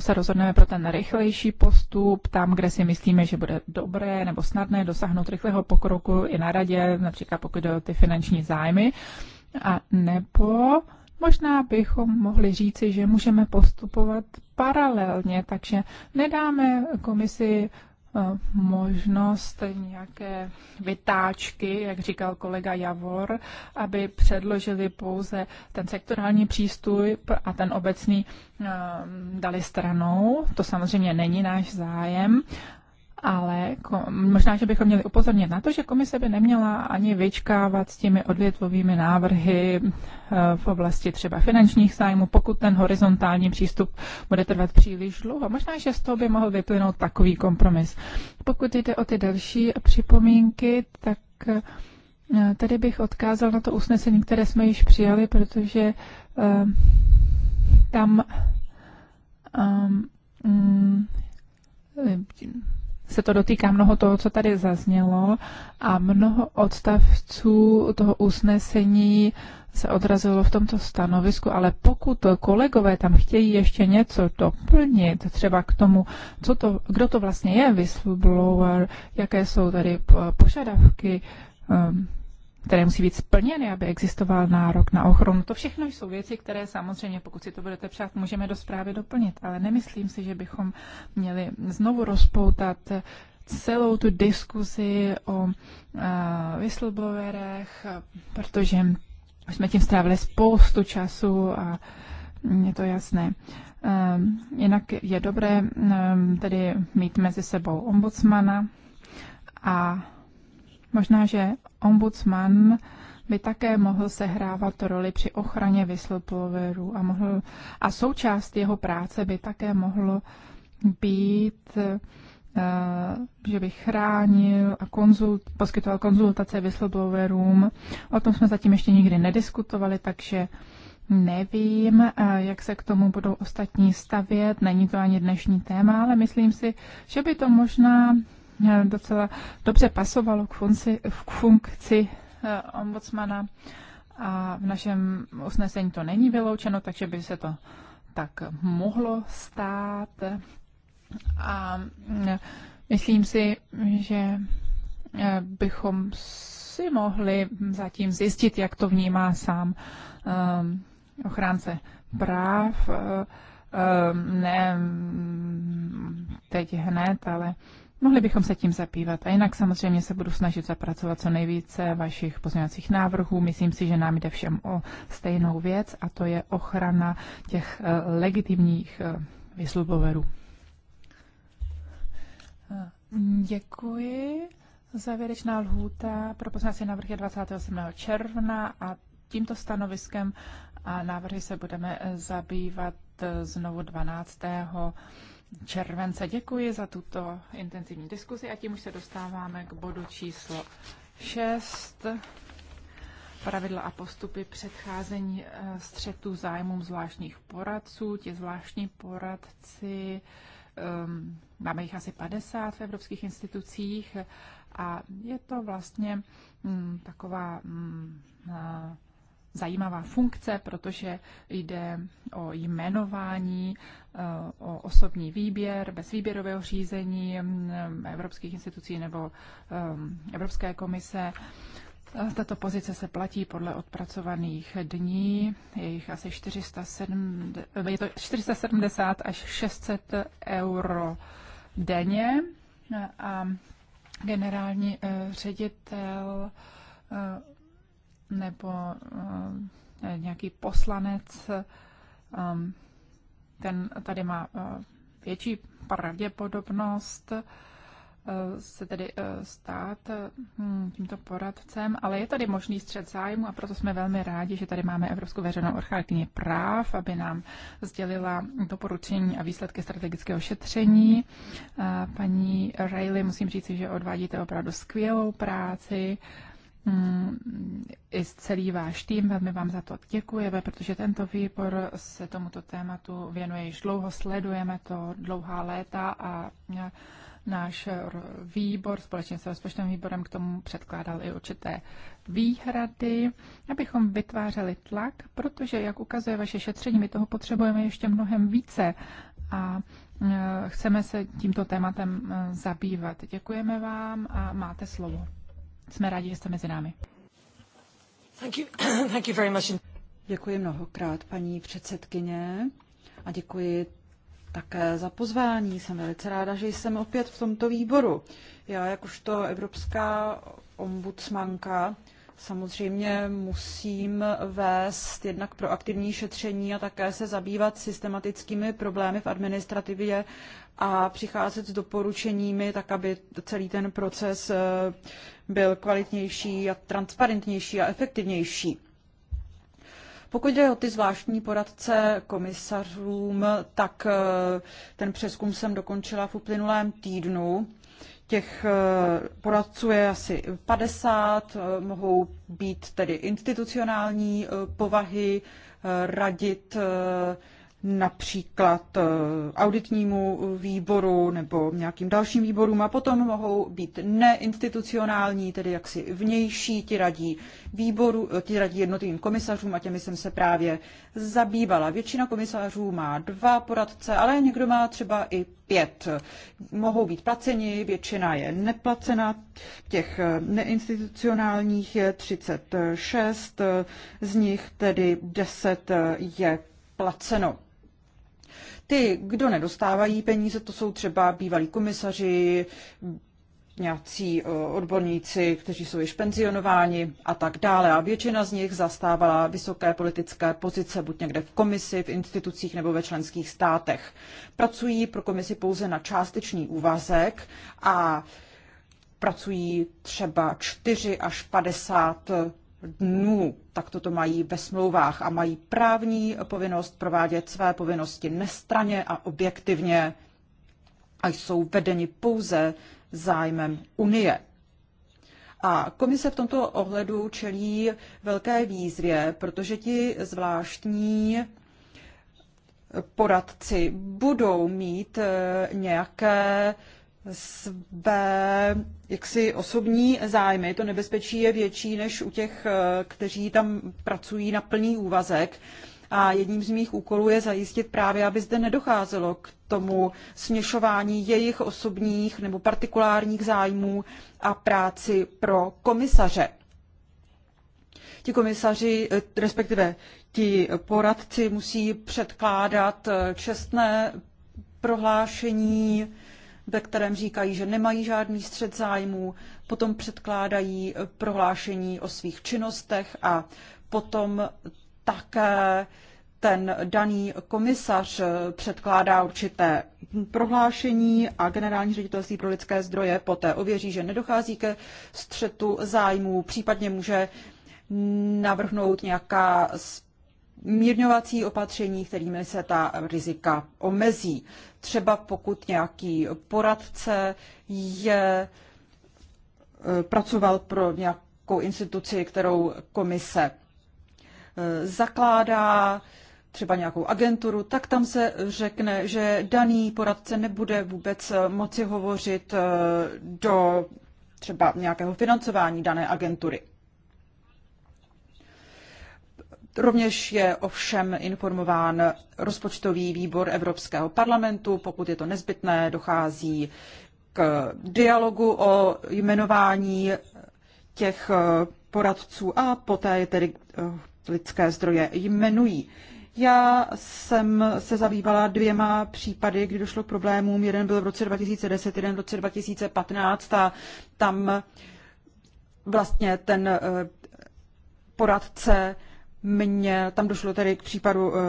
se rozhodneme pro ten rychlejší postup, tam, kde si myslíme, že bude dobré nebo snadné dosáhnout rychlého pokroku i na radě, například pokud jde o ty finanční zájmy, a nebo Možná bychom mohli říci, že můžeme postupovat paralelně, takže nedáme komisi eh, možnost nějaké vytáčky, jak říkal kolega Javor, aby předložili pouze ten sektorální přístup a ten obecný eh, dali stranou. To samozřejmě není náš zájem, ale možná, že bychom měli upozornit na to, že komise by neměla ani vyčkávat s těmi odvětvovými návrhy eh, v oblasti třeba finančních zájmů, pokud ten horizontální přístup bude trvat příliš dlouho. Možná, že z toho by mohl vyplynout takový kompromis. Pokud jde o ty další připomínky, tak eh, tady bych odkázal na to usnesení, které jsme již přijali, protože eh, tam um, um, se to dotýká mnoho toho, co tady zaznělo a mnoho odstavců toho usnesení se odrazilo v tomto stanovisku, ale pokud kolegové tam chtějí ještě něco doplnit, třeba k tomu, co to, kdo to vlastně je whistleblower, jaké jsou tady požadavky, um, které musí být splněny, aby existoval nárok na ochranu. To všechno jsou věci, které samozřejmě, pokud si to budete přát, můžeme do zprávy doplnit, ale nemyslím si, že bychom měli znovu rozpoutat celou tu diskuzi o uh, whistleblowerech, protože jsme tím strávili spoustu času a je to jasné. Eh, jinak je dobré eh, tedy mít mezi sebou ombudsmana a Možná, že ombudsman by také mohl sehrávat roli při ochraně whistleblowerů a, mohl, a součást jeho práce by také mohlo být, eh, že by chránil a konzult, poskytoval konzultace whistleblowerům. O tom jsme zatím ještě nikdy nediskutovali, takže Nevím, eh, jak se k tomu budou ostatní stavět, není to ani dnešní téma, ale myslím si, že by to možná docela dobře pasovalo k funkci, k funkci eh, ombudsmana a v našem usnesení to není vyloučeno, takže by se to tak mohlo stát. A mm, myslím si, že eh, bychom si mohli zatím zjistit, jak to vnímá sám ehm, ochránce práv. Eh, ehm, ne mm, teď hned, ale Mohli bychom se tím zabývat. A jinak samozřejmě se budu snažit zapracovat co nejvíce vašich pozměňovacích návrhů. Myslím si, že nám jde všem o stejnou věc a to je ochrana těch eh, legitimních eh, whistleblowerů. Eh, děkuji. Závěrečná lhůta pro poslanecí návrh je 27. června a tímto stanoviskem a návrhy se budeme zabývat znovu 12 července. Děkuji za tuto intenzivní diskuzi a tím už se dostáváme k bodu číslo 6. Pravidla a postupy předcházení eh, střetu zájmům zvláštních poradců. Ti zvláštní poradci, ehm, máme jich asi 50 v evropských institucích a je to vlastně hm, taková hm, eh, zajímavá funkce, protože jde o jmenování o osobní výběr, bez výběrového řízení mm, eh, evropských institucí nebo eh, Evropské komise. Tato pozice se platí podle odpracovaných dní, je jich asi 407, je to 470 až 600 euro denně a generální eh, ředitel nebo nějaký poslanec ten tady má eh, větší pravděpodobnost eh, se tedy eh, stát hmm, tímto poradcem, ale je tady možný střed zájmu a proto jsme velmi rádi, že tady máme Evropskou veřejnou orchárkyni práv, aby nám sdělila doporučení a výsledky strategického šetření. Paní Rayleigh, musím říct, že odvádíte opravdu skvělou práci Mm, i celý váš tým. Velmi vám za to děkujeme, protože tento výbor se tomuto tématu věnuje již dlouho, sledujeme to dlouhá léta a náš výbor společně s rozpočtovým výborem k tomu předkládal i určité výhrady, abychom vytvářeli tlak, protože, jak ukazuje vaše šetření, my toho potřebujeme ještě mnohem více a e, chceme se tímto tématem e, zabývat. Děkujeme vám a máte slovo. Jsme rádi, že jste mezi námi. Děkuji mnohokrát, paní předsedkyně, a děkuji také za pozvání. Jsem velice ráda, že jsem opět v tomto výboru. Já jakožto evropská ombudsmanka samozřejmě musím vést jednak proaktivní šetření a také se zabývat systematickými problémy v administrativě a přicházet s doporučeními, tak aby celý ten proces eh, byl kvalitnější a transparentnější a efektivnější. Pokud jde o ty zvláštní poradce komisařům, tak eh, ten přeskum jsem dokončila v uplynulém týdnu. Těch eh, poradců je asi 50, eh, mohou být tedy institucionální povahy, radit například eh, auditnímu výboru nebo nějakým dalším výborům a potom mohou být neinstitucionální, tedy jaksi vnější, ti radí výboru, eh, ti radí jednotlivým komisařům a těmi jsem se právě zabývala. Většina komisařů má dva poradce, ale někdo má třeba i pět. Mohou být placeni, většina je neplacena, těch eh, neinstitucionálních je 36, z nich tedy 10 je placeno. Ty, kdo nedostávají peníze, to jsou třeba bývalí komisaři, nějací eh, odborníci, kteří jsou již penzionováni a tak dále. A většina z nich zastávala vysoké politické pozice, buď někde v komisi, v institucích nebo ve členských státech. Pracují pro komisi pouze na částečný úvazek a pracují třeba 4 až 50 dnů. Tak toto mají ve smlouvách a mají právní povinnost provádět své povinnosti nestraně a objektivně a jsou vedeni pouze zájmem Unie. A komise v tomto ohledu čelí velké výzvě, protože ti zvláštní poradci budou mít eh, nějaké své jaksi osobní zájmy. To nebezpečí je větší než u těch, eh, kteří tam pracují na plný úvazek. A jedním z mých úkolů je zajistit právě, aby zde nedocházelo k tomu směšování jejich osobních nebo partikulárních zájmů a práci pro komisaře. Ti komisaři, eh, respektive ti poradci musí předkládat eh, čestné prohlášení, ve kterém říkají, že nemají žádný střed zájmů, potom předkládají prohlášení o svých činnostech a potom také ten daný komisař předkládá určité prohlášení a generální ředitelství pro lidské zdroje poté ověří, že nedochází ke střetu zájmů, případně může navrhnout nějaká mírňovací opatření, kterými se ta rizika omezí třeba pokud nějaký poradce je e, pracoval pro nějakou instituci, kterou komise e, zakládá, třeba nějakou agenturu, tak tam se řekne, že daný poradce nebude vůbec moci hovořit e, do třeba nějakého financování dané agentury. Rovněž je ovšem informován rozpočtový výbor Evropského parlamentu. Pokud je to nezbytné, dochází k dialogu o jmenování těch eh, poradců a poté tedy eh, lidské zdroje jmenují. Já jsem se zabývala dvěma případy, kdy došlo k problémům. Jeden byl v roce 2010, jeden v roce 2015 a tam vlastně ten eh, poradce mě tam došlo tedy k případu eh,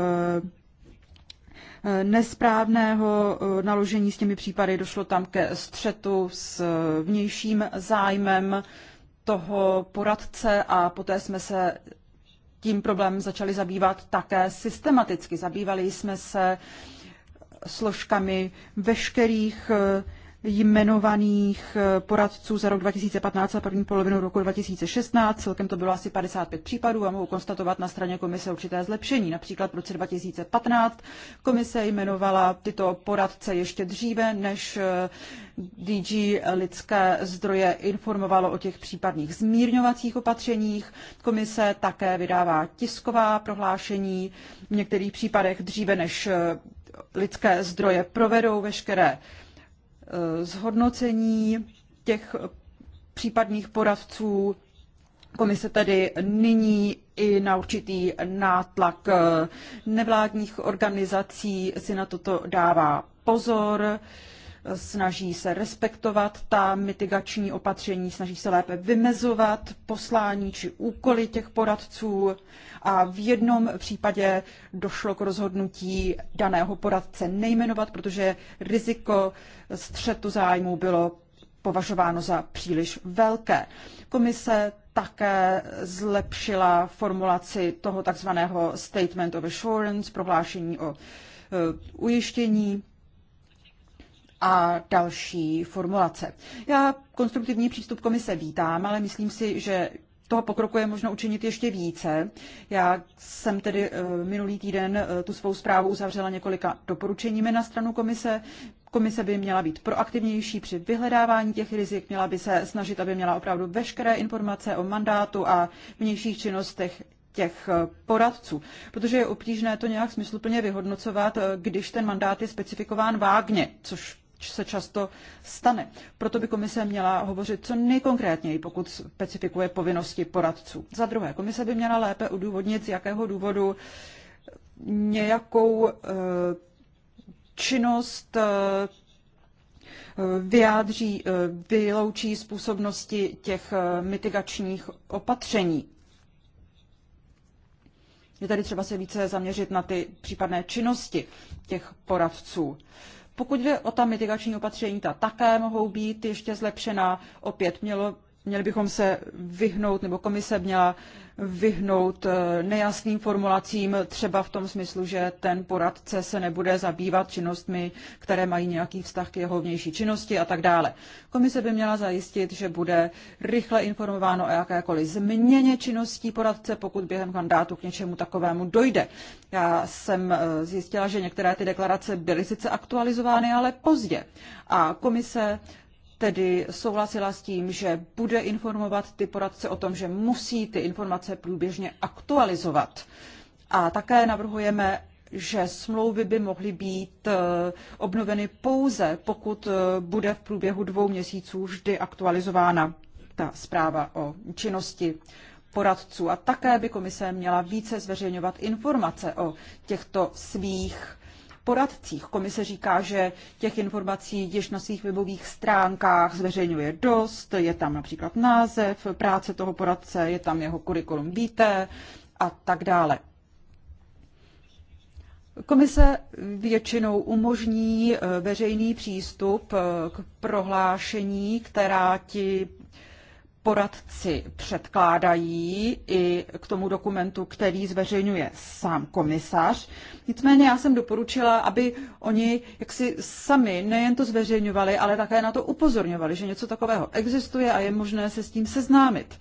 eh, nesprávného eh, naložení s těmi případy, došlo tam ke střetu s vnějším zájmem toho poradce a poté jsme se tím problémem začali zabývat také systematicky. Zabývali jsme se složkami veškerých jmenovaných eh, poradců za rok 2015 a první polovinu roku 2016. Celkem to bylo asi 55 případů a mohu konstatovat na straně komise určité zlepšení. Například v roce 2015 komise jmenovala tyto poradce ještě dříve, než eh, DG lidské zdroje informovalo o těch případných zmírňovacích opatřeních. Komise také vydává tisková prohlášení v některých případech dříve, než eh, lidské zdroje provedou veškeré zhodnocení těch případných poradců. Komise tedy nyní i na určitý nátlak nevládních organizací si na toto dává pozor snaží se respektovat ta mitigační opatření, snaží se lépe vymezovat poslání či úkoly těch poradců a v jednom případě došlo k rozhodnutí daného poradce nejmenovat, protože riziko střetu zájmu bylo považováno za příliš velké. Komise také zlepšila formulaci toho takzvaného statement of assurance, prohlášení o e, ujištění a další formulace. Já konstruktivní přístup komise vítám, ale myslím si, že toho pokroku je možno učinit ještě více. Já jsem tedy eh, minulý týden eh, tu svou zprávu uzavřela několika doporučeními na stranu komise. Komise by měla být proaktivnější při vyhledávání těch rizik, měla by se snažit, aby měla opravdu veškeré informace o mandátu a vnějších činnostech těch eh, poradců, protože je obtížné to nějak smysluplně vyhodnocovat, když ten mandát je specifikován vágně, což se často stane. Proto by komise měla hovořit co nejkonkrétněji, pokud specifikuje povinnosti poradců. Za druhé, komise by měla lépe odůvodnit, z jakého důvodu nějakou eh, činnost eh, vyjádří, eh, vyloučí způsobnosti těch mitigačních opatření. Je tady třeba se více zaměřit na ty případné činnosti těch poradců. Pokud jde o ta mitigační opatření, ta také mohou být ještě zlepšena. Opět mělo měli bychom se vyhnout, nebo komise měla vyhnout eh, nejasným formulacím, třeba v tom smyslu, že ten poradce se nebude zabývat činnostmi, které mají nějaký vztah k jeho vnější činnosti a tak dále. Komise by měla zajistit, že bude rychle informováno o jakékoliv změně činností poradce, pokud během mandátu k něčemu takovému dojde. Já jsem eh, zjistila, že některé ty deklarace byly sice aktualizovány, ale pozdě. A komise tedy souhlasila s tím, že bude informovat ty poradce o tom, že musí ty informace průběžně aktualizovat. A také navrhujeme, že smlouvy by mohly být eh, obnoveny pouze, pokud eh, bude v průběhu dvou měsíců vždy aktualizována ta zpráva o činnosti poradců. A také by komise měla více zveřejňovat informace o těchto svých poradcích. Komise říká, že těch informací již na svých webových stránkách zveřejňuje dost, je tam například název práce toho poradce, je tam jeho kurikulum vitae a tak dále. Komise většinou umožní eh, veřejný přístup eh, k prohlášení, která ti poradci předkládají i k tomu dokumentu, který zveřejňuje sám komisař. Nicméně já jsem doporučila, aby oni jaksi sami nejen to zveřejňovali, ale také na to upozorňovali, že něco takového existuje a je možné se s tím seznámit.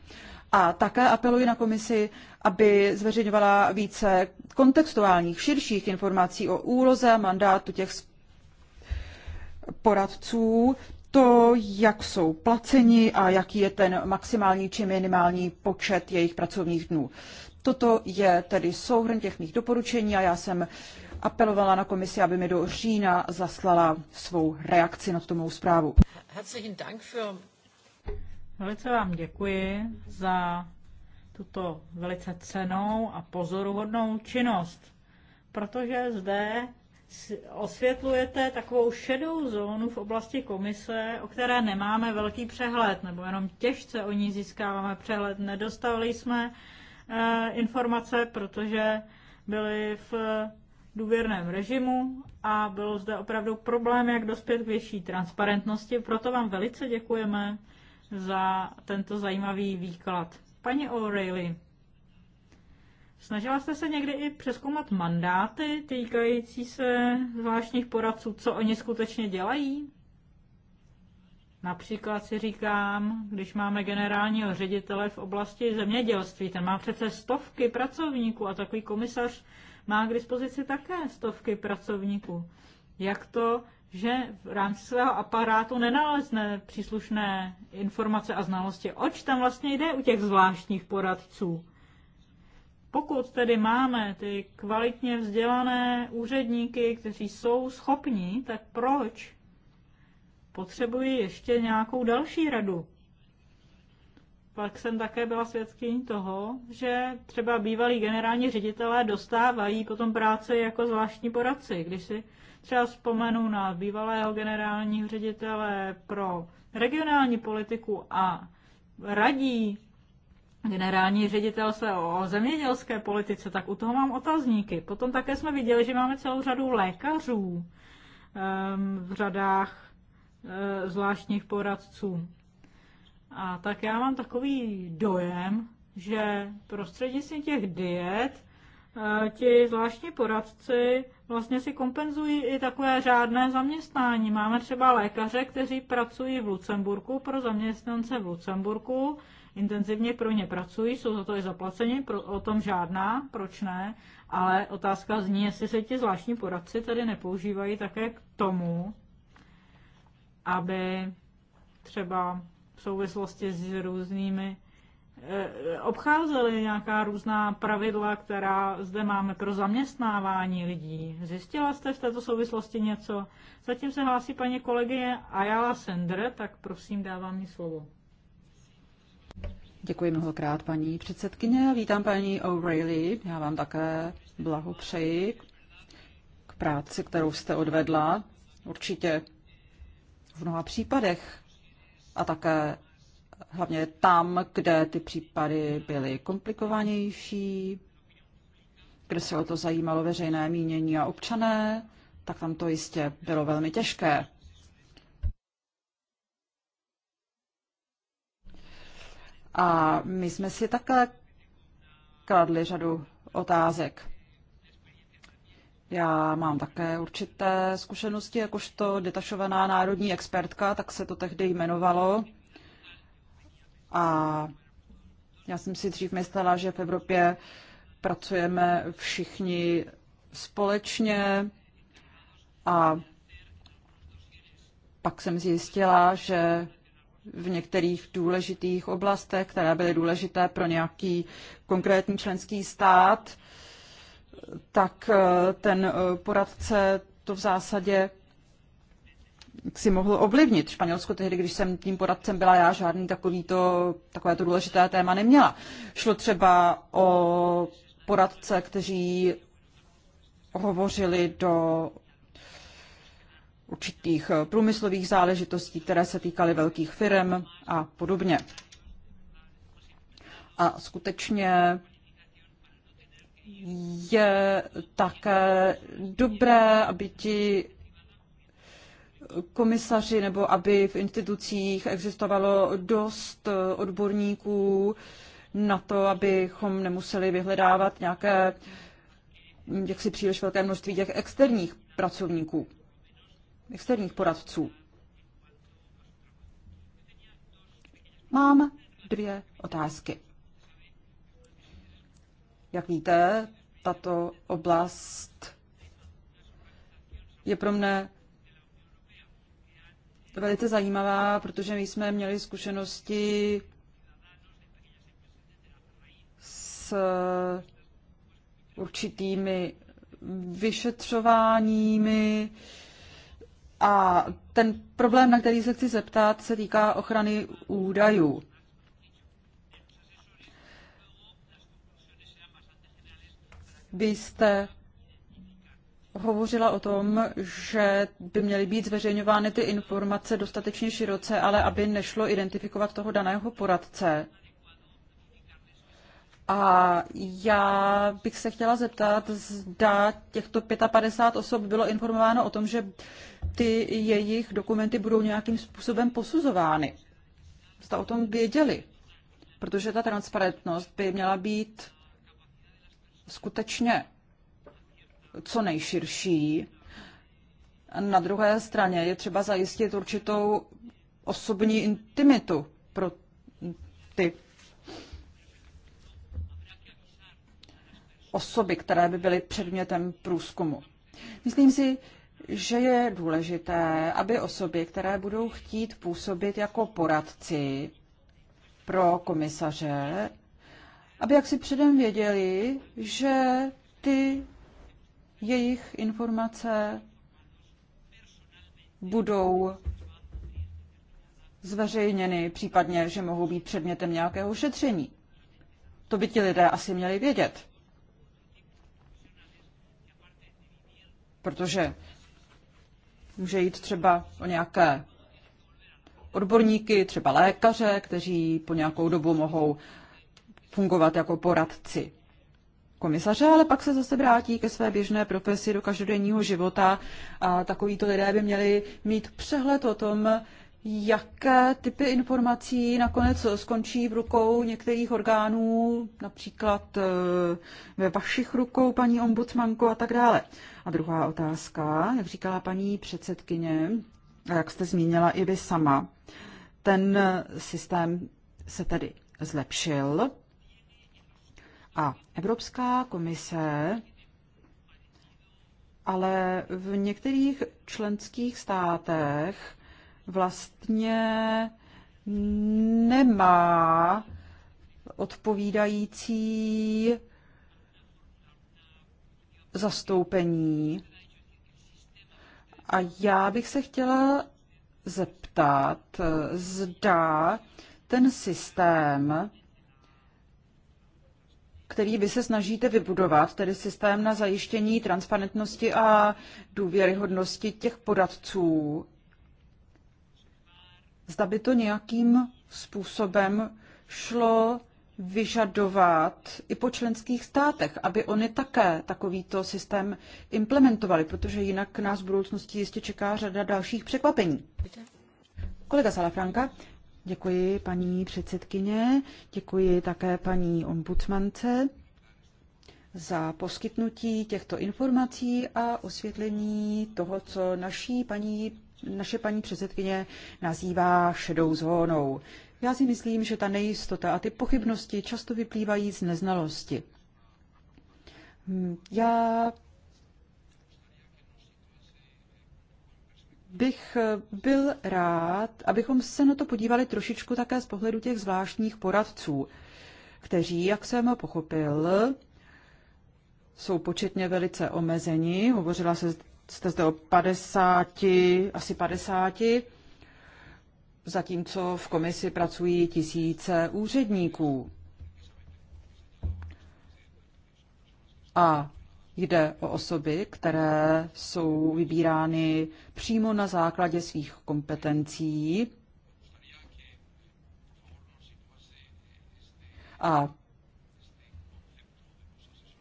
A také apeluji na komisi, aby zveřejňovala více kontextuálních, širších informací o úloze a mandátu těch poradců to, jak jsou placeni a jaký je ten maximální či minimální počet jejich pracovních dnů. Toto je tedy souhrn těch mých doporučení a já jsem apelovala na komisi, aby mi do října zaslala svou reakci na tu mou zprávu. Velice vám děkuji za tuto velice cenou a pozoruhodnou činnost, protože zde osvětlujete takovou šedou zónu v oblasti komise, o které nemáme velký přehled, nebo jenom těžce o ní získáváme přehled. Nedostali jsme e, informace, protože byly v důvěrném režimu a byl zde opravdu problém, jak dospět k větší transparentnosti. Proto vám velice děkujeme za tento zajímavý výklad. Paní O'Reilly, Snažila jste se někdy i přeskoumat mandáty týkající se zvláštních poradců, co oni skutečně dělají? Například si říkám, když máme generálního ředitele v oblasti zemědělství, ten má přece stovky pracovníků a takový komisař má k dispozici také stovky pracovníků. Jak to, že v rámci svého aparátu nenalezne příslušné informace a znalosti? Oč tam vlastně jde u těch zvláštních poradců? Pokud tedy máme ty kvalitně vzdělané úředníky, kteří jsou schopní, tak proč potřebují ještě nějakou další radu? Pak jsem také byla svědkyní toho, že třeba bývalí generální ředitelé dostávají potom práce jako zvláštní poradci. Když si třeba vzpomenu na bývalého generálního ředitele pro regionální politiku a radí generální ředitel se o zemědělské politice, tak u toho mám otazníky. Potom také jsme viděli, že máme celou řadu lékařů ehm, v řadách eh, zvláštních poradců. A tak já mám takový dojem, že prostřednictvím těch diet eh, ti zvláštní poradci vlastně si kompenzují i takové řádné zaměstnání. Máme třeba lékaře, kteří pracují v Lucemburku pro zaměstnance v Lucemburku intenzivně pro ně pracují, jsou za to i zaplaceni, pro, o tom žádná, proč ne, ale otázka zní, jestli se ti zvláštní poradci tedy nepoužívají také k tomu, aby třeba v souvislosti s různými eh, obcházeli nějaká různá pravidla, která zde máme pro zaměstnávání lidí. Zjistila jste v této souvislosti něco? Zatím se hlásí paní kolegyně Ayala Sender, tak prosím, dávám mi slovo. Děkuji mnohokrát, paní předsedkyně. Vítám paní O'Reilly. Já vám také blahopřeji k práci, kterou jste odvedla. Určitě v mnoha případech a také hlavně tam, kde ty případy byly komplikovanější, kde se o to zajímalo veřejné mínění a občané, tak tam to jistě bylo velmi těžké. A my jsme si také kladli řadu otázek. Já mám také určité zkušenosti, jakožto detašovaná národní expertka, tak se to tehdy jmenovalo. A já jsem si dřív myslela, že v Evropě pracujeme všichni společně a pak jsem zjistila, že v některých důležitých oblastech, které byly důležité pro nějaký konkrétní členský stát, tak eh, ten eh, poradce to v zásadě si mohl ovlivnit. Španělsko tehdy, když jsem tím poradcem byla já, žádný takovýto, takovéto důležité téma neměla. Šlo třeba o poradce, kteří hovořili do určitých eh, průmyslových záležitostí, které se týkaly velkých firm a podobně. A skutečně je také dobré, aby ti komisaři nebo aby v institucích existovalo dost eh, odborníků na to, abychom nemuseli vyhledávat nějaké hm, jaksi příliš velké množství těch externích pracovníků externích poradců. Mám dvě otázky. Jak víte, tato oblast je pro mne velice zajímavá, protože my jsme měli zkušenosti s určitými vyšetřováními, a ten problém, na který se chci zeptat, se týká ochrany údajů. Vy jste hovořila o tom, že by měly být zveřejňovány ty informace dostatečně široce, ale aby nešlo identifikovat toho daného poradce. A já bych se chtěla zeptat, zda těchto 55 osob bylo informováno o tom, že ty jejich dokumenty budou nějakým způsobem posuzovány. Zda o tom věděli. Protože ta transparentnost by měla být skutečně co nejširší. Na druhé straně je třeba zajistit určitou osobní intimitu pro ty osoby, které by byly předmětem průzkumu. Myslím si, že je důležité, aby osoby, které budou chtít působit jako poradci pro komisaře, aby jak si předem věděli, že ty jejich informace budou zveřejněny, případně, že mohou být předmětem nějakého šetření. To by ti lidé asi měli vědět. protože může jít třeba o nějaké odborníky, třeba lékaře, kteří po nějakou dobu mohou fungovat jako poradci komisaře, ale pak se zase vrátí ke své běžné profesi do každodenního života a takovýto lidé by měli mít přehled o tom, jaké typy informací nakonec skončí v rukou některých orgánů, například eh, ve vašich rukou, paní ombudsmanko a tak dále. A druhá otázka, jak říkala paní předsedkyně, a jak jste zmínila i vy sama, ten eh, systém se tedy zlepšil a Evropská komise ale v některých členských státech vlastně nemá odpovídající zastoupení. A já bych se chtěla zeptat, zda ten systém, který vy se snažíte vybudovat, tedy systém na zajištění transparentnosti a důvěryhodnosti těch poradců, zda by to nějakým způsobem šlo vyžadovat i po členských státech, aby oni také takovýto systém implementovali, protože jinak nás v budoucnosti jistě čeká řada dalších překvapení. Kolega Salafranka, děkuji paní předsedkyně, děkuji také paní ombudsmance za poskytnutí těchto informací a osvětlení toho, co naší paní naše paní předsedkyně nazývá šedou zónou. Já si myslím, že ta nejistota a ty pochybnosti často vyplývají z neznalosti. Hmm, já bych eh, byl rád, abychom se na to podívali trošičku také z pohledu těch zvláštních poradců, kteří, jak jsem pochopil, jsou početně velice omezeni. Hovořila se jste zde o 50, asi 50, zatímco v komisi pracují tisíce úředníků. A jde o osoby, které jsou vybírány přímo na základě svých kompetencí. A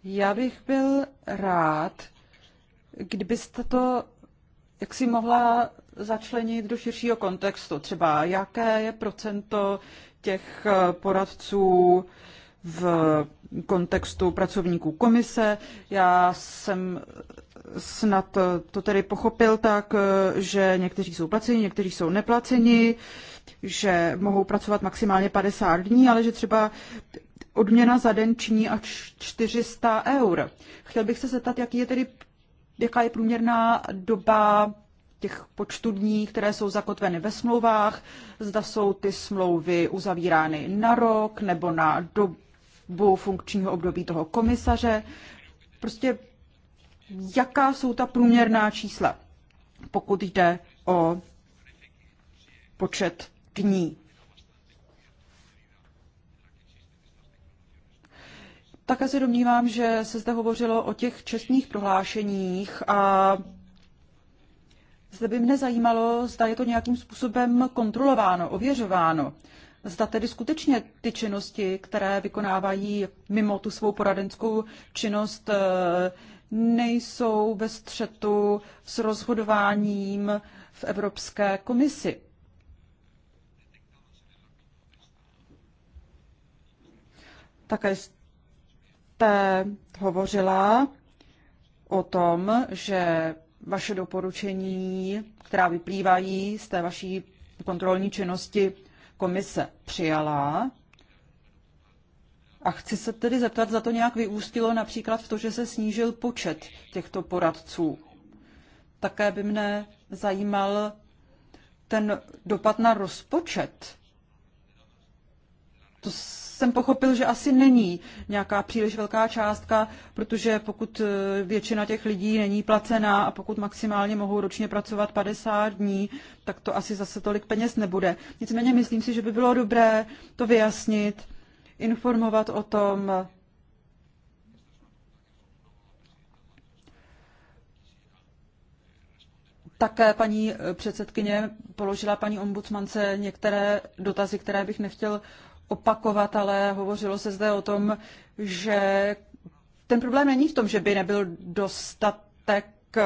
já bych byl rád, Kdybyste to jak si mohla začlenit do širšího kontextu, třeba jaké je procento těch eh, poradců v kontextu pracovníků komise. Já jsem snad eh, to tedy pochopil tak, eh, že někteří jsou placeni, někteří jsou neplaceni, že mohou pracovat maximálně 50 dní, ale že třeba odměna za den činí až 400 eur. Chtěl bych se zeptat, jaký je tedy jaká je průměrná doba těch počtu dní, které jsou zakotveny ve smlouvách, zda jsou ty smlouvy uzavírány na rok nebo na dobu funkčního období toho komisaře. Prostě jaká jsou ta průměrná čísla, pokud jde o počet dní. Také se domnívám, že se zde hovořilo o těch čestných prohlášeních a zde by mne zajímalo, zda je to nějakým způsobem kontrolováno, ověřováno. Zda tedy skutečně ty činnosti, které vykonávají mimo tu svou poradenskou činnost, eh, nejsou ve střetu s rozhodováním v Evropské komisi. Také jste hovořila o tom, že vaše doporučení, která vyplývají z té vaší kontrolní činnosti, komise přijala. A chci se tedy zeptat, za to nějak vyústilo například v to, že se snížil počet těchto poradců. Také by mne zajímal ten dopad na rozpočet. To jsem pochopil, že asi není nějaká příliš velká částka, protože pokud e, většina těch lidí není placená a pokud maximálně mohou ročně pracovat 50 dní, tak to asi zase tolik peněz nebude. Nicméně myslím si, že by bylo dobré to vyjasnit, informovat o tom, Také paní e, předsedkyně položila paní ombudsmance některé dotazy, které bych nechtěl opakovat, ale hovořilo se zde o tom, že ten problém není v tom, že by nebyl dostatek eh,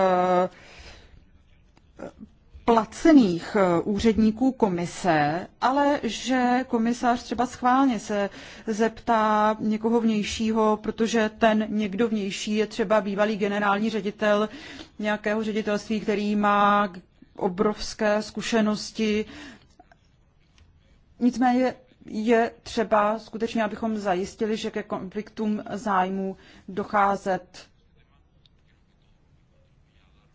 placených eh, úředníků komise, ale že komisář třeba schválně se zeptá někoho vnějšího, protože ten někdo vnější je třeba bývalý generální ředitel nějakého ředitelství, který má obrovské zkušenosti. Nicméně je třeba skutečně, abychom zajistili, že ke konfliktům zájmu docházet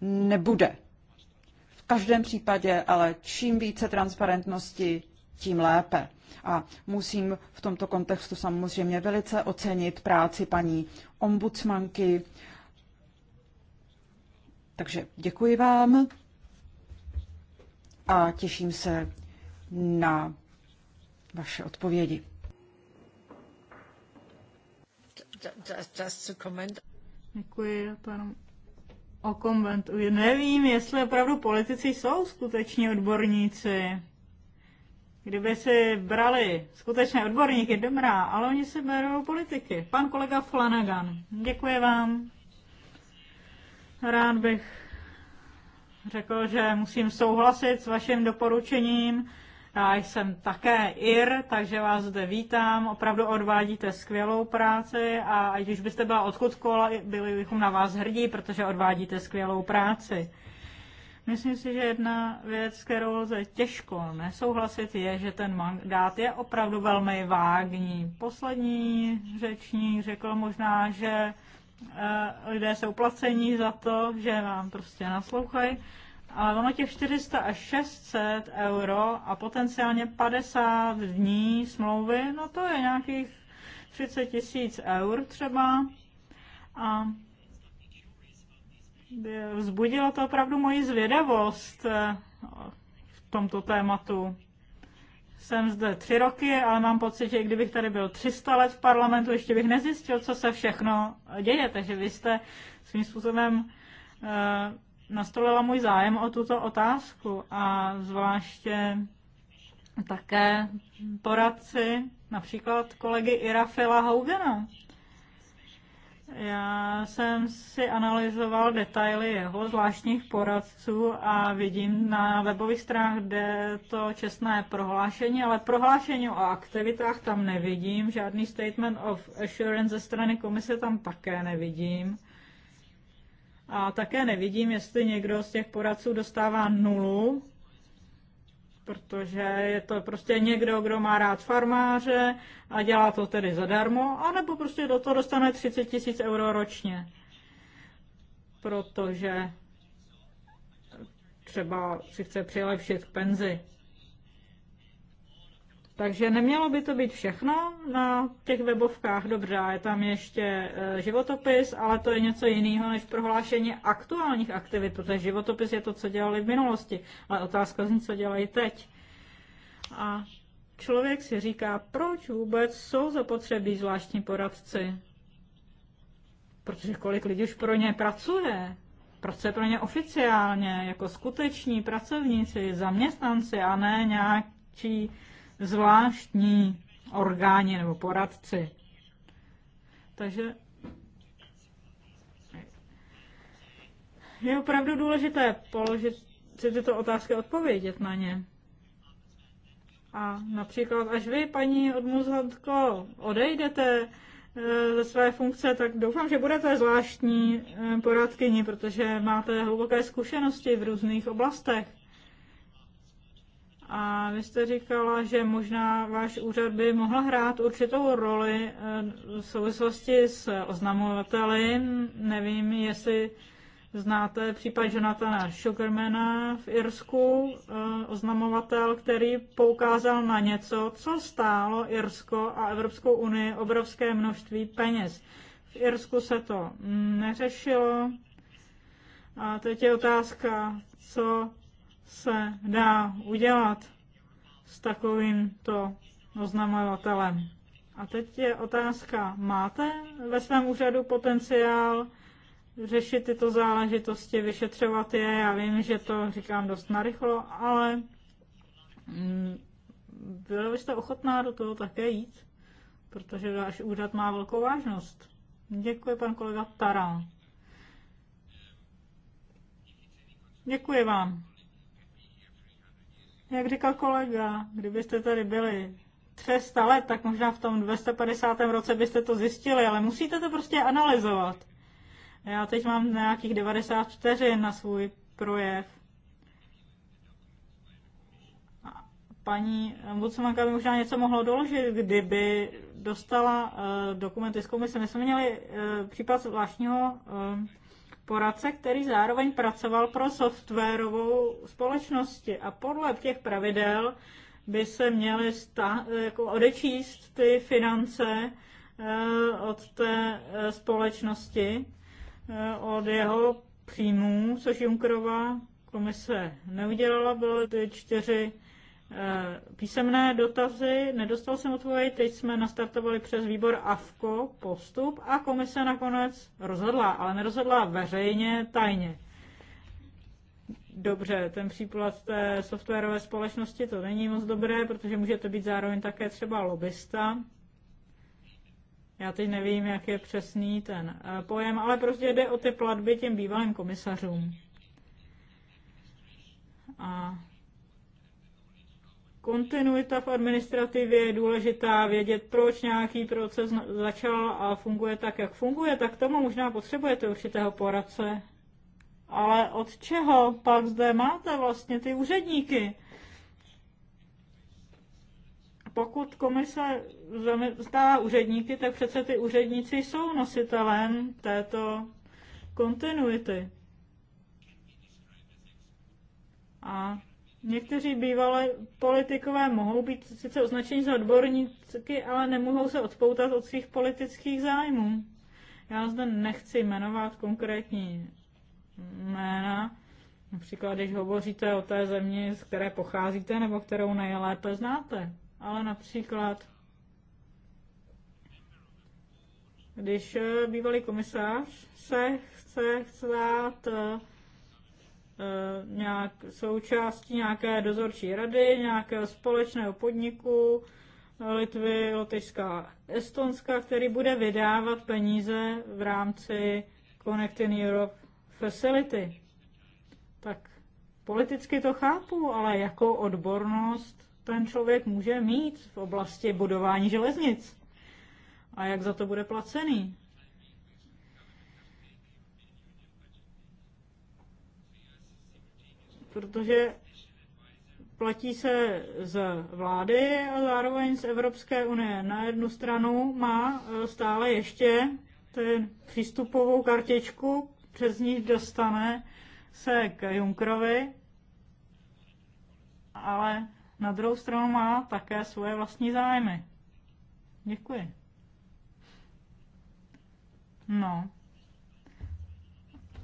nebude. V každém případě, ale čím více transparentnosti, tím lépe. A musím v tomto kontextu samozřejmě velice ocenit práci paní ombudsmanky. Takže děkuji vám a těším se na vaše odpovědi. Děkuji panu o komentu. Nevím, jestli opravdu politici jsou skuteční odborníci. Kdyby si brali skutečné odborníky, dobrá, ale oni si berou politiky. Pan kolega Flanagan, děkuji vám. Rád bych řekl, že musím souhlasit s vaším doporučením já jsem také IR, takže vás zde vítám. Opravdu odvádíte skvělou práci a ať už byste byla odkudkola, byli bychom na vás hrdí, protože odvádíte skvělou práci. Myslím si, že jedna věc, kterou lze těžko nesouhlasit, je, že ten mandát je opravdu velmi vágní. Poslední řečník řekl možná, že eh, lidé jsou placení za to, že vám prostě naslouchají, ale ono těch 400 až 600 euro a potenciálně 50 dní smlouvy, no to je nějakých 30 tisíc eur třeba. A vzbudilo to opravdu moji zvědavost eh, v tomto tématu. Jsem zde tři roky, ale mám pocit, že i kdybych tady byl 300 let v parlamentu, ještě bych nezjistil, co se všechno děje. Takže vy jste svým způsobem eh, nastolila můj zájem o tuto otázku a zvláště také poradci, například kolegy Irafila Haugena. Já jsem si analyzoval detaily jeho zvláštních poradců a vidím na webových stránkách, kde to čestné prohlášení, ale prohlášení o aktivitách tam nevidím, žádný statement of assurance ze strany komise tam také nevidím. A také nevidím, jestli někdo z těch poradců dostává nulu, protože je to prostě někdo, kdo má rád farmáře a dělá to tedy zadarmo, anebo prostě do toho dostane 30 tisíc euro ročně. Protože třeba si chce přilepšit k penzi. Takže nemělo by to být všechno na těch webovkách, dobře, je tam ještě eh, životopis, ale to je něco jiného než prohlášení aktuálních aktivit, protože životopis je to, co dělali v minulosti, ale otázka zní, co dělají teď. A člověk si říká, proč vůbec jsou zapotřebí zvláštní poradci? Protože kolik lidí už pro ně pracuje, pracuje pro ně oficiálně, jako skuteční pracovníci, zaměstnanci a ne nějaký zvláštní orgány nebo poradci. Takže je opravdu důležité položit si tyto otázky odpovědět na ně. A například, až vy, paní odmuzantko, odejdete eh, ze své funkce, tak doufám, že budete zvláštní eh, poradkyni, protože máte hluboké zkušenosti v různých oblastech. A vy jste říkala, že možná váš úřad by mohl hrát určitou roli eh, v souvislosti s oznamovateli. Nevím, jestli znáte případ Jonathana Sugarmana v Irsku, eh, oznamovatel, který poukázal na něco, co stálo Irsko a Evropskou unii obrovské množství peněz. V Irsku se to neřešilo. A teď je otázka, co se dá udělat s takovýmto oznamovatelem. A teď je otázka, máte ve svém úřadu potenciál řešit tyto záležitosti, vyšetřovat je? Já vím, že to říkám dost narychlo, ale mm, byla byste ochotná do toho také jít? Protože váš úřad má velkou vážnost. Děkuji, pan kolega Tara. Děkuji vám. Jak říkal kolega, kdybyste tady byli 300 let, tak možná v tom 250. roce byste to zjistili, ale musíte to prostě analyzovat. Já teď mám nějakých 94 na svůj projev. Paní ombudsmanka by možná něco mohlo doložit, kdyby dostala uh, dokumenty z komise. My jsme měli uh, případ zvláštního uh, poradce, který zároveň pracoval pro softwarovou společnosti a podle těch pravidel by se měly sta- jako odečíst ty finance eh, od té eh, společnosti, eh, od jeho příjmů, což Junkerova komise neudělala, byly ty čtyři Eh, písemné dotazy, nedostal jsem odpověď, teď jsme nastartovali přes výbor AFKO postup a komise nakonec rozhodla, ale nerozhodla veřejně, tajně. Dobře, ten příklad té softwarové společnosti to není moc dobré, protože můžete být zároveň také třeba lobista. Já teď nevím, jak je přesný ten eh, pojem, ale prostě jde o ty platby těm bývalým komisařům. A Kontinuita v administrativě je důležitá, vědět, proč nějaký proces začal a funguje tak, jak funguje, tak tomu možná potřebujete určitého poradce. Ale od čeho pak zde máte vlastně ty úředníky? Pokud komise zdává úředníky, tak přece ty úředníci jsou nositelem této kontinuity. A Někteří bývalé politikové mohou být sice označeni za odborníky, ale nemohou se odpoutat od svých politických zájmů. Já zde nechci jmenovat konkrétní jména, například když hovoříte o té zemi, z které pocházíte nebo kterou nejlépe znáte, ale například když bývalý komisář se chce stát E, nějak součástí nějaké dozorčí rady, nějakého společného podniku Litvy, Lotyšská, Estonska, který bude vydávat peníze v rámci Connecting Europe Facility. Tak politicky to chápu, ale jakou odbornost ten člověk může mít v oblasti budování železnic. A jak za to bude placený? protože platí se z vlády a zároveň z Evropské unie. Na jednu stranu má e, stále ještě ten přístupovou kartičku, přes ní dostane se k Junkrovi, ale na druhou stranu má také svoje vlastní zájmy. Děkuji. No.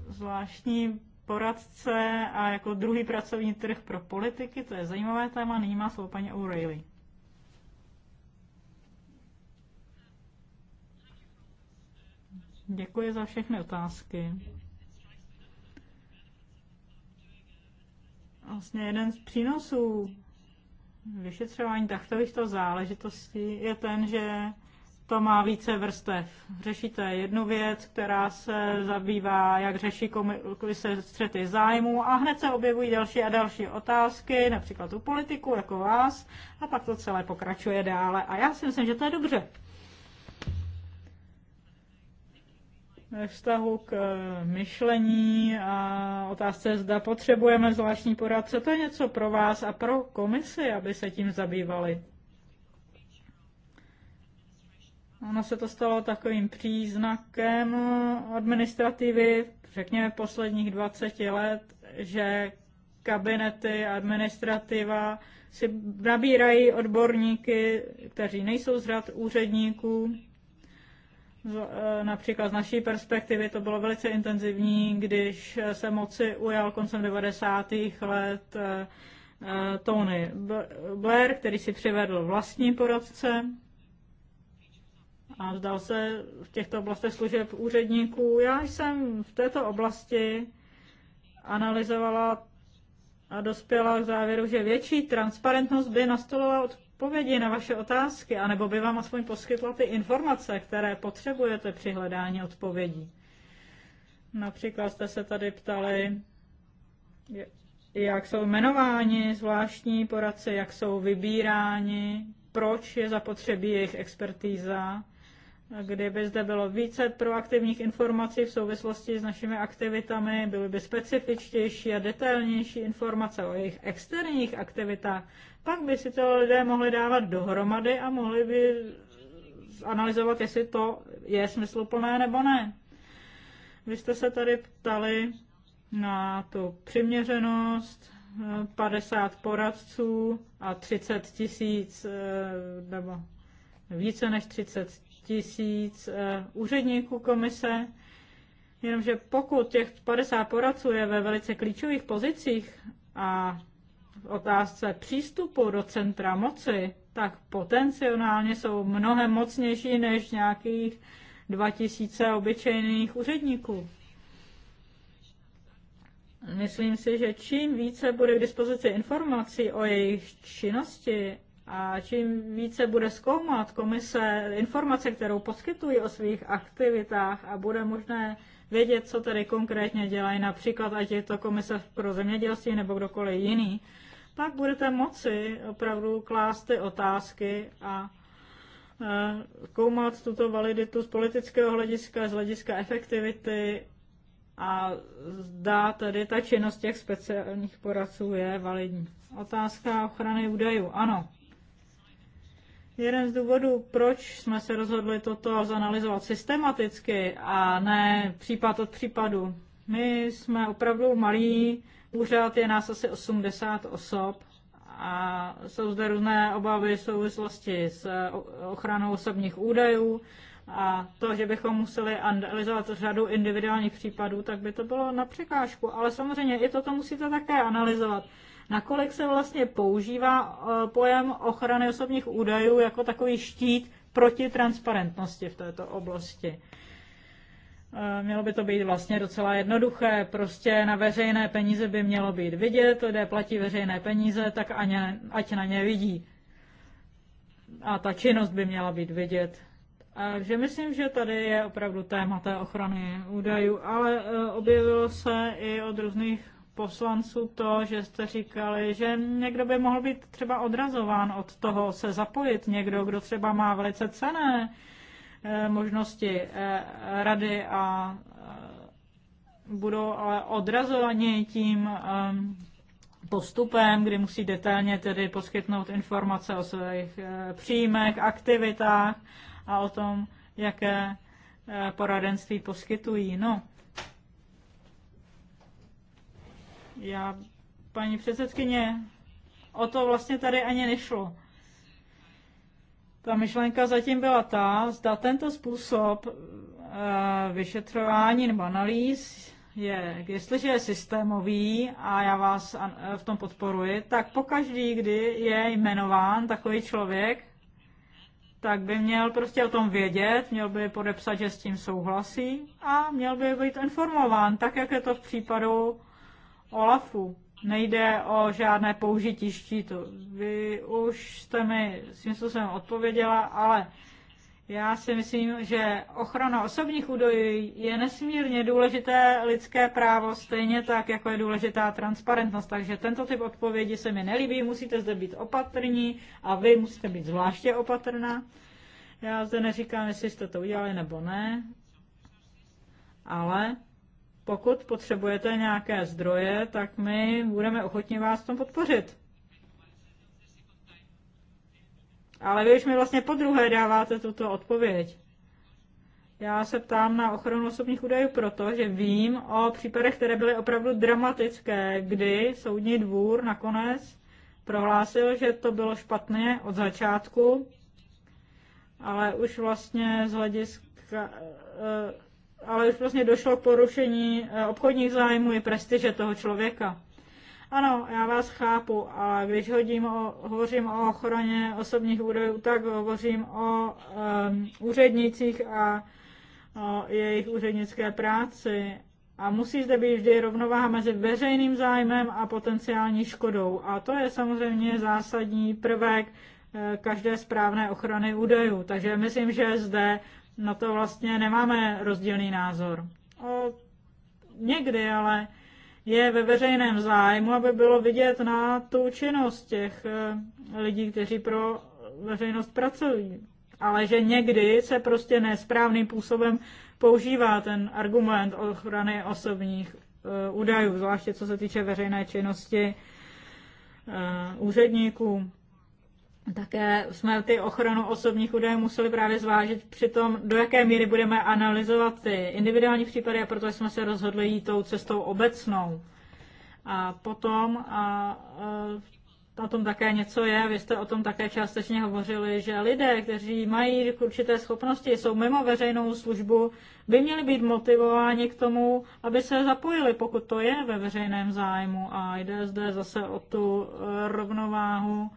Zvláštní poradce a jako druhý pracovní trh pro politiky, to je zajímavé téma, nyní má slovo paní O'Reilly. Děkuji za všechny otázky. Vlastně jeden z přínosů vyšetřování takovýchto záležitostí je ten, že to má více vrstev. Řešíte jednu věc, která se zabývá, jak řeší komise střety zájmu a hned se objevují další a další otázky, například u politiku, jako vás, a pak to celé pokračuje dále. A já si myslím, že to je dobře. Ve vztahu k myšlení a otázce, zda potřebujeme zvláštní poradce, to je něco pro vás a pro komisi, aby se tím zabývali. Ono se to stalo takovým příznakem administrativy, řekněme posledních 20 let, že kabinety, administrativa si nabírají odborníky, kteří nejsou z řad úředníků. E, například z naší perspektivy to bylo velice intenzivní, když se moci ujal koncem 90. let e, e, Tony Blair, který si přivedl vlastní poradce, a vzdal se v těchto oblastech služeb úředníků. Já jsem v této oblasti analyzovala a dospěla k závěru, že větší transparentnost by nastolila odpovědi na vaše otázky, anebo by vám aspoň poskytla ty informace, které potřebujete při hledání odpovědí. Například jste se tady ptali, jak jsou jmenováni zvláštní poradci, jak jsou vybíráni, proč je zapotřebí jejich expertíza Kdyby zde bylo více proaktivních informací v souvislosti s našimi aktivitami, byly by specifičtější a detailnější informace o jejich externích aktivitách, pak by si to lidé mohli dávat dohromady a mohli by analyzovat, jestli to je smysluplné nebo ne. Vy jste se tady ptali na tu přiměřenost, 50 eh, poradců a 30 tisíc, eh, nebo více než 30 tisíc eh, úředníků komise, jenomže pokud těch 50 poradců je ve velice klíčových pozicích a v otázce přístupu do centra moci, tak potenciálně jsou mnohem mocnější než nějakých 2000 obyčejných úředníků. Myslím si, že čím více bude k dispozici informací o jejich činnosti a čím více bude zkoumat komise informace, kterou poskytují o svých aktivitách a bude možné vědět, co tedy konkrétně dělají, například ať je to komise pro zemědělství nebo kdokoliv jiný, pak budete moci opravdu klást ty otázky a eh, koumat tuto validitu z politického hlediska, z hlediska efektivity a zdá tedy ta činnost těch speciálních poradců je validní. Otázka ochrany údajů. Ano, jeden z důvodů, proč jsme se rozhodli toto zanalizovat systematicky a ne případ od případu. My jsme opravdu malý úřad, je nás asi 80 osob a jsou zde různé obavy v souvislosti s ochranou osobních údajů a to, že bychom museli analyzovat řadu individuálních případů, tak by to bylo na překážku. Ale samozřejmě i toto musíte také analyzovat nakolik se vlastně používá eh, pojem ochrany osobních údajů jako takový štít proti transparentnosti v této oblasti. Eh, mělo by to být vlastně docela jednoduché, prostě na veřejné peníze by mělo být vidět, lidé platí veřejné peníze, tak ať na ně vidí. A ta činnost by měla být vidět. Takže myslím, že tady je opravdu téma té ochrany údajů, ale eh, objevilo se i od různých poslanců to, že jste říkali, že někdo by mohl být třeba odrazován od toho se zapojit, někdo, kdo třeba má velice cené eh, možnosti eh, rady a eh, budou ale odrazovaní tím postupem, kdy musí detailně tedy poskytnout informace o svých příjmech, aktivitách a o tom, jaké poradenství poskytují. No, Já, paní předsedkyně, o to vlastně tady ani nešlo. Ta myšlenka zatím byla ta, zda tento způsob eh, vyšetřování nebo analýz je, jestliže je systémový a já vás eh, v tom podporuji, tak pokaždý, kdy je jmenován takový člověk, tak by měl prostě o tom vědět, měl by podepsat, že s tím souhlasí a měl by být informován, tak jak je to v případu OLAFu. Nejde o žádné použití štítu. Vy už jste mi svým způsobem odpověděla, ale já si myslím, že ochrana osobních údajů je nesmírně důležité lidské právo, stejně tak, jako je důležitá transparentnost. Takže tento typ odpovědi se mi nelíbí, musíte zde být opatrní a vy musíte být zvláště opatrná. Já zde neříkám, jestli jste to udělali nebo ne, ale pokud potřebujete nějaké zdroje, tak my budeme ochotni vás v tom podpořit. Ale vy už mi vlastně po druhé dáváte tuto odpověď. Já se ptám na ochranu osobních údajů proto, že vím o případech, které byly opravdu dramatické, kdy soudní dvůr nakonec prohlásil, že to bylo špatně od začátku, ale už vlastně z hlediska eh, ale už vlastně došlo k porušení eh, obchodních zájmů i prestiže toho člověka. Ano, já vás chápu, ale když hodím o, hovořím o ochraně osobních údajů, tak hovořím o um, úřednicích a o jejich úřednické práci. A musí zde být vždy rovnováha mezi veřejným zájmem a potenciální škodou. A to je samozřejmě zásadní prvek eh, každé správné ochrany údajů. Takže myslím, že zde na to vlastně nemáme rozdílný názor. O, někdy ale je ve veřejném zájmu, aby bylo vidět na tu činnost těch eh, lidí, kteří pro veřejnost pracují. Ale že někdy se prostě nesprávným působem používá ten argument ochrany osobních eh, údajů, zvláště co se týče veřejné činnosti eh, úředníků. Také jsme ty ochranu osobních údajů museli právě zvážit při tom, do jaké míry budeme analyzovat ty individuální případy a proto jsme se rozhodli jít tou cestou obecnou. A potom, a, a, o tom také něco je, vy jste o tom také částečně hovořili, že lidé, kteří mají určité schopnosti, jsou mimo veřejnou službu, by měli být motivováni k tomu, aby se zapojili, pokud to je ve veřejném zájmu. A jde zde zase o tu rovnováhu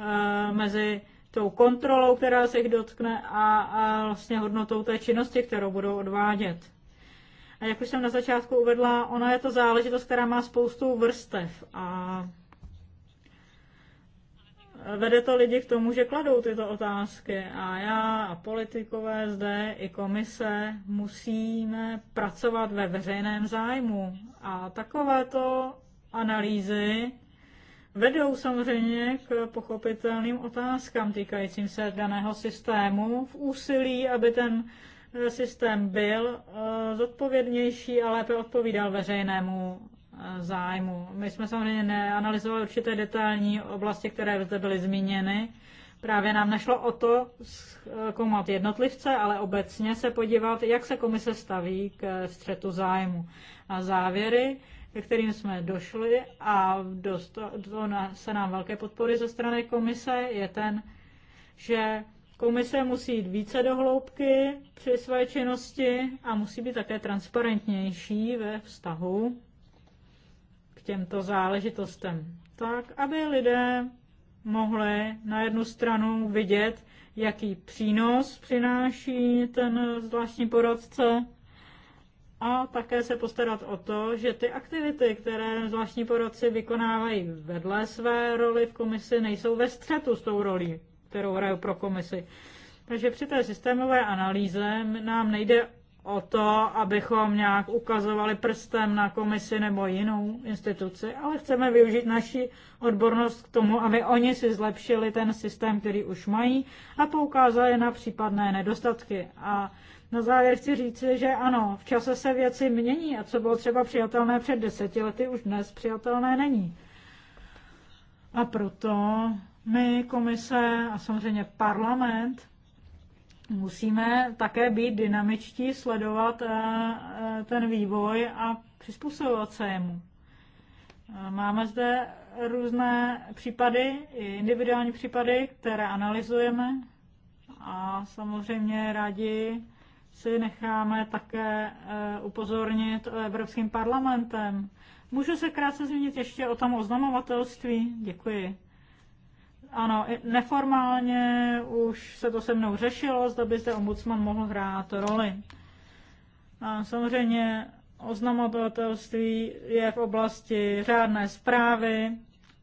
Eh, mezi tou kontrolou, která se jich dotkne a, a vlastně hodnotou té činnosti, kterou budou odvádět. A jak už jsem na začátku uvedla, ona je to záležitost, která má spoustu vrstev a vede to lidi k tomu, že kladou tyto otázky a já a politikové zde i komise musíme pracovat ve veřejném zájmu a takovéto analýzy vedou samozřejmě k pochopitelným otázkám týkajícím se daného systému v úsilí, aby ten eh, systém byl eh, zodpovědnější a lépe odpovídal veřejnému eh, zájmu. My jsme samozřejmě neanalizovali určité detailní oblasti, které zde byly zmíněny. Právě nám nešlo o to zkoumat jednotlivce, ale obecně se podívat, jak se komise staví k střetu zájmu. A závěry ke kterým jsme došli a dosto, to na, se nám velké podpory ze strany komise, je ten, že komise musí jít více do hloubky při své činnosti a musí být také transparentnější ve vztahu k těmto záležitostem. Tak, aby lidé mohli na jednu stranu vidět, jaký přínos přináší ten zvláštní poradce, a také se postarat o to, že ty aktivity, které zvláštní poradci vykonávají vedle své roli v komisi, nejsou ve střetu s tou rolí, kterou hrají pro komisi. Takže při té systémové analýze nám nejde o to, abychom nějak ukazovali prstem na komisi nebo jinou instituci, ale chceme využít naši odbornost k tomu, aby oni si zlepšili ten systém, který už mají a poukázali na případné nedostatky. A na závěr chci říci, že ano, v čase se věci mění a co bylo třeba přijatelné před deseti lety, už dnes přijatelné není. A proto my, komise a samozřejmě parlament, musíme také být dynamičtí, sledovat eh, eh, ten vývoj a přizpůsobovat se jemu. Eh, máme zde různé případy, individuální případy, které analyzujeme a samozřejmě rádi si necháme také eh, upozornit Evropským parlamentem. Můžu se krátce zmínit ještě o tom oznamovatelství? Děkuji. Ano, neformálně už se to se mnou řešilo, zda by zde ombudsman mohl hrát roli. A samozřejmě oznamovatelství je v oblasti řádné zprávy,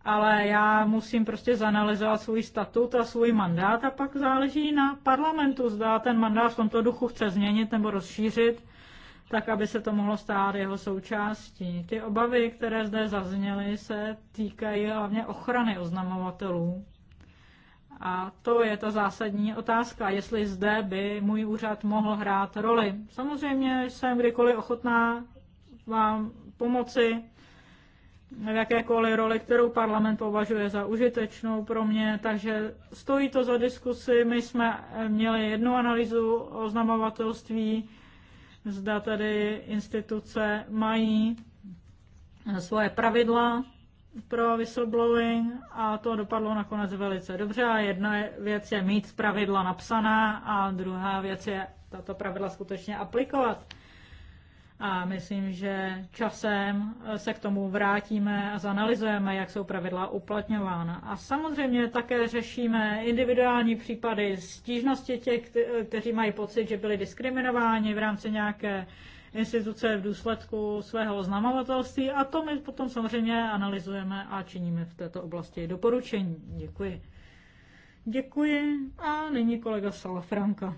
ale já musím prostě zanalizovat svůj statut a svůj mandát a pak záleží na parlamentu, zda ten mandát v tomto duchu chce změnit nebo rozšířit, tak aby se to mohlo stát jeho součástí. Ty obavy, které zde zazněly, se týkají hlavně ochrany oznamovatelů. A to je ta zásadní otázka, jestli zde by můj úřad mohl hrát roli. Samozřejmě jsem kdykoliv ochotná vám pomoci v jakékoliv roli, kterou parlament považuje za užitečnou pro mě, takže stojí to za diskusi. My jsme měli jednu analýzu oznamovatelství, zda tedy instituce mají svoje pravidla pro whistleblowing a to dopadlo nakonec velice dobře. A jedna věc je mít pravidla napsaná a druhá věc je tato pravidla skutečně aplikovat a myslím, že časem eh, se k tomu vrátíme a zanalizujeme, jak jsou pravidla uplatňována. A samozřejmě také řešíme individuální případy stížnosti těch, kteří mají pocit, že byli diskriminováni v rámci nějaké instituce v důsledku svého oznamovatelství a to my potom samozřejmě analyzujeme a činíme v této oblasti doporučení. Děkuji. Děkuji a nyní kolega Salafranka.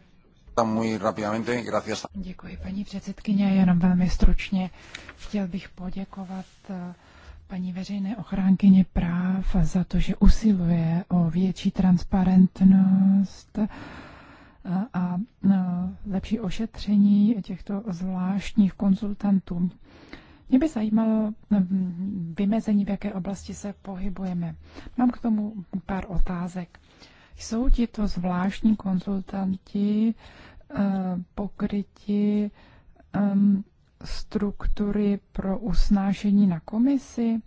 Děkuji, paní předsedkyně. Jenom velmi stručně chtěl bych poděkovat eh, paní veřejné ochránkyně práv za to, že usiluje o větší transparentnost eh, a eh, lepší ošetření těchto zvláštních konzultantů. Mě by zajímalo vymezení, v jaké oblasti se pohybujeme. Mám k tomu pár otázek. Jsou ti to zvláštní konzultanti Eh, pokryti struktury pro usnášení na komisi?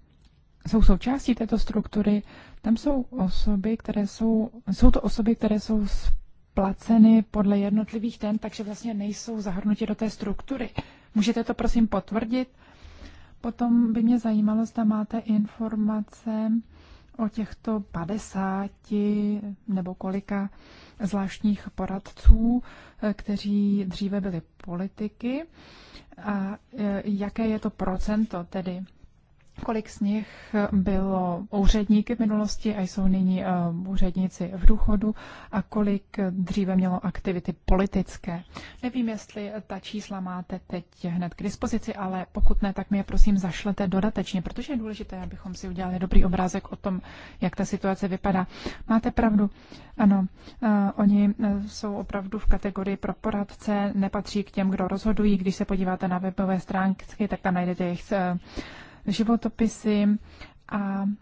Jsou součástí této struktury. Tam jsou osoby, které jsou, jsou to osoby, které jsou splaceny podle jednotlivých ten, takže vlastně nejsou zahrnuti do té struktury. Můžete to prosím potvrdit? Potom by mě zajímalo, zda máte informace o těchto 50 nebo kolika zvláštních poradců, eh, kteří dříve byli politiky. A eh, jaké je to procento tedy? Kolik z nich bylo úředníky v minulosti a jsou nyní eh, úředníci v důchodu a kolik dříve mělo aktivity politické. Nevím, jestli ta čísla máte teď hned k dispozici, ale pokud ne, tak mi je prosím zašlete dodatečně, protože je důležité, abychom si udělali dobrý obrázek o tom, jak ta situace vypadá. Máte pravdu, ano, eh, oni eh, jsou opravdu v kategorii pro poradce, nepatří k těm, kdo rozhodují. Když se podíváte na webové stránky, tak tam najdete jejich životopisy a um,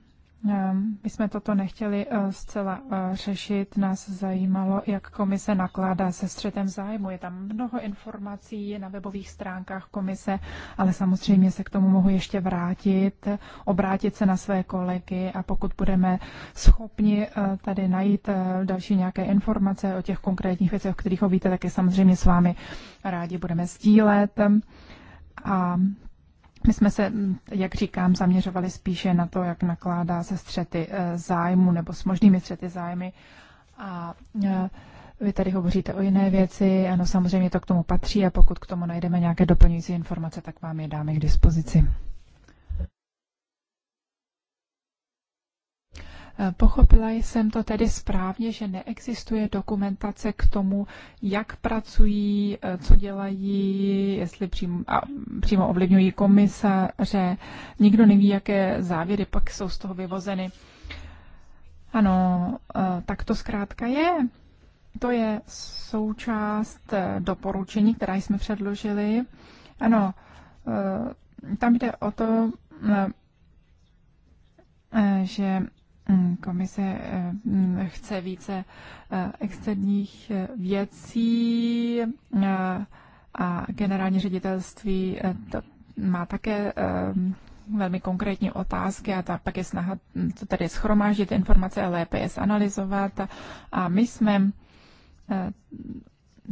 my jsme toto nechtěli uh, zcela uh, řešit. Nás zajímalo, jak komise nakládá se střetem zájmu. Je tam mnoho informací na webových stránkách komise, ale samozřejmě se k tomu mohu ještě vrátit, obrátit se na své kolegy a pokud budeme schopni uh, tady najít další nějaké informace o těch konkrétních věcech, o kterých ho víte, tak je samozřejmě s vámi rádi budeme sdílet. Um, a my jsme se, jak říkám, zaměřovali spíše na to, jak nakládá se střety eh, zájmu nebo s možnými střety zájmy. A eh, vy tady hovoříte o jiné věci, ano, samozřejmě to k tomu patří a pokud k tomu najdeme nějaké doplňující informace, tak vám je dáme k dispozici. Pochopila jsem to tedy správně, že neexistuje dokumentace k tomu, jak pracují, co dělají, jestli přímo, a přímo ovlivňují komisaře. Nikdo neví, jaké závěry pak jsou z toho vyvozeny. Ano, e, tak to zkrátka je. To je součást e, doporučení, která jsme předložili. Ano, e, tam jde o to, že Mm, komise eh, mm, chce více eh, externích eh, věcí a generální ředitelství má také velmi konkrétní otázky a ta pak je snaha hm, tady schromáždit informace a lépe je zanalizovat. A my jsme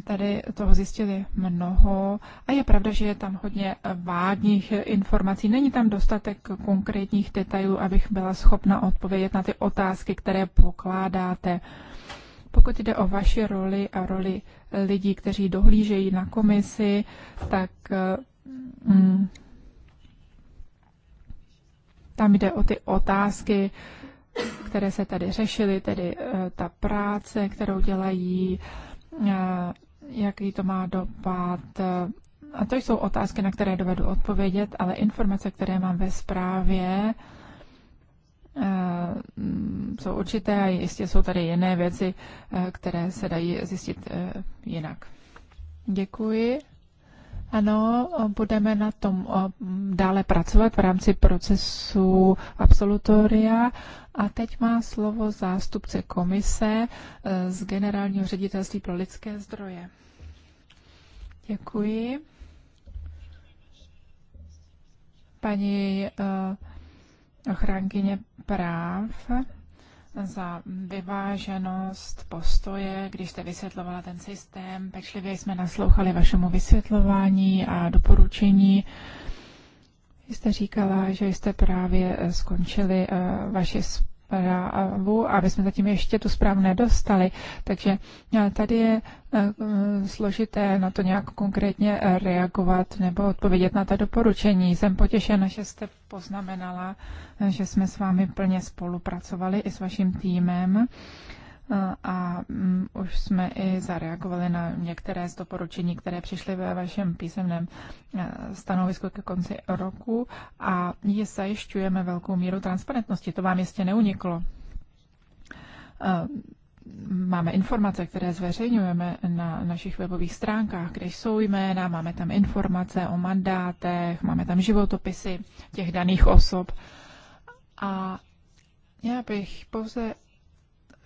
tady toho zjistili mnoho a je pravda, že je tam hodně vádních informací. Není tam dostatek konkrétních detailů, abych byla schopna odpovědět na ty otázky, které pokládáte. Pokud jde o vaši roli a roli lidí, kteří dohlížejí na komisi, tak mm, tam jde o ty otázky, které se tady řešily, tedy eh, ta práce, kterou dělají, eh, jaký to má dopad. A to jsou otázky, na které dovedu odpovědět, ale informace, které mám ve zprávě, eh, jsou určité a jistě jsou tady jiné věci, eh, které se dají zjistit eh, jinak. Děkuji. Ano, budeme na tom dále pracovat v rámci procesu absolutoria. A teď má slovo zástupce komise e, z Generálního ředitelství pro lidské zdroje. Děkuji. Paní e, ochránkyně práv za vyváženost postoje, když jste vysvětlovala ten systém. Pečlivě jsme naslouchali vašemu vysvětlování a doporučení. Jste říkala, že jste právě eh, skončili eh, vaši právu aby jsme zatím ještě tu zprávu nedostali. Takže eh, tady je eh, eh, složité na to nějak konkrétně reagovat nebo odpovědět na ta doporučení. Jsem potěšena, že jste poznamenala, že jsme s vámi plně spolupracovali i s vaším týmem a mm, už jsme i zareagovali na některé z doporučení, které přišly ve vašem písemném eh, stanovisku ke konci roku a je zajišťujeme velkou míru transparentnosti. To vám jistě neuniklo. Eh, máme informace, které zveřejňujeme na našich webových stránkách, kde jsou jména, máme tam informace o mandátech, máme tam životopisy těch daných osob. A já bych pouze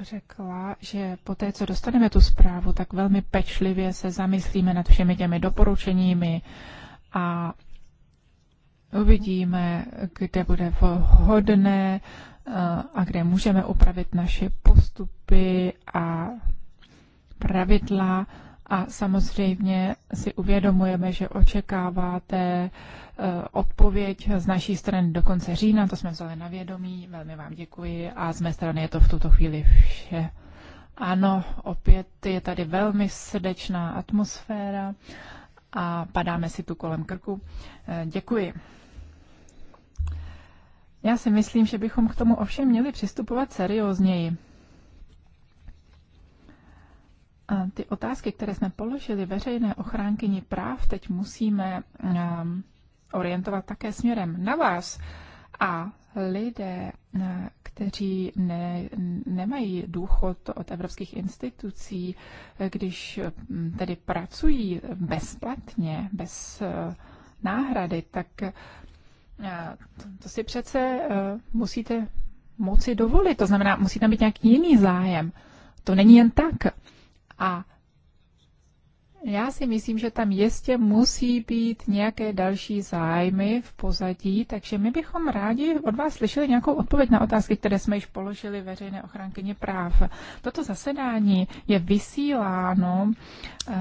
řekla, že po té, co dostaneme tu zprávu, tak velmi pečlivě se zamyslíme nad všemi těmi doporučeními a uvidíme, kde bude vhodné eh, a kde můžeme upravit naše postupy a pravidla a samozřejmě si uvědomujeme, že očekáváte eh, odpověď z naší strany do konce října, to jsme vzali na vědomí, velmi vám děkuji a z mé strany je to v tuto chvíli vše. Ano, opět je tady velmi srdečná atmosféra a padáme si tu kolem krku. Eh, děkuji. Já si myslím, že bychom k tomu ovšem měli přistupovat seriózněji ty otázky, které jsme položili veřejné ochránkyni práv, teď musíme ehm, orientovat také směrem na vás. A lidé, eh, kteří ne, nemají důchod od evropských institucí, eh, když hm, tedy pracují bezplatně, bez eh, náhrady, tak to si přece musíte moci dovolit. To znamená, musí tam být nějaký jiný zájem. To není jen tak a já si myslím, že tam jistě musí být nějaké další zájmy v pozadí, takže my bychom rádi od vás slyšeli nějakou odpověď na otázky, které jsme již položili veřejné ochránkyně práv. Toto zasedání je vysíláno eh,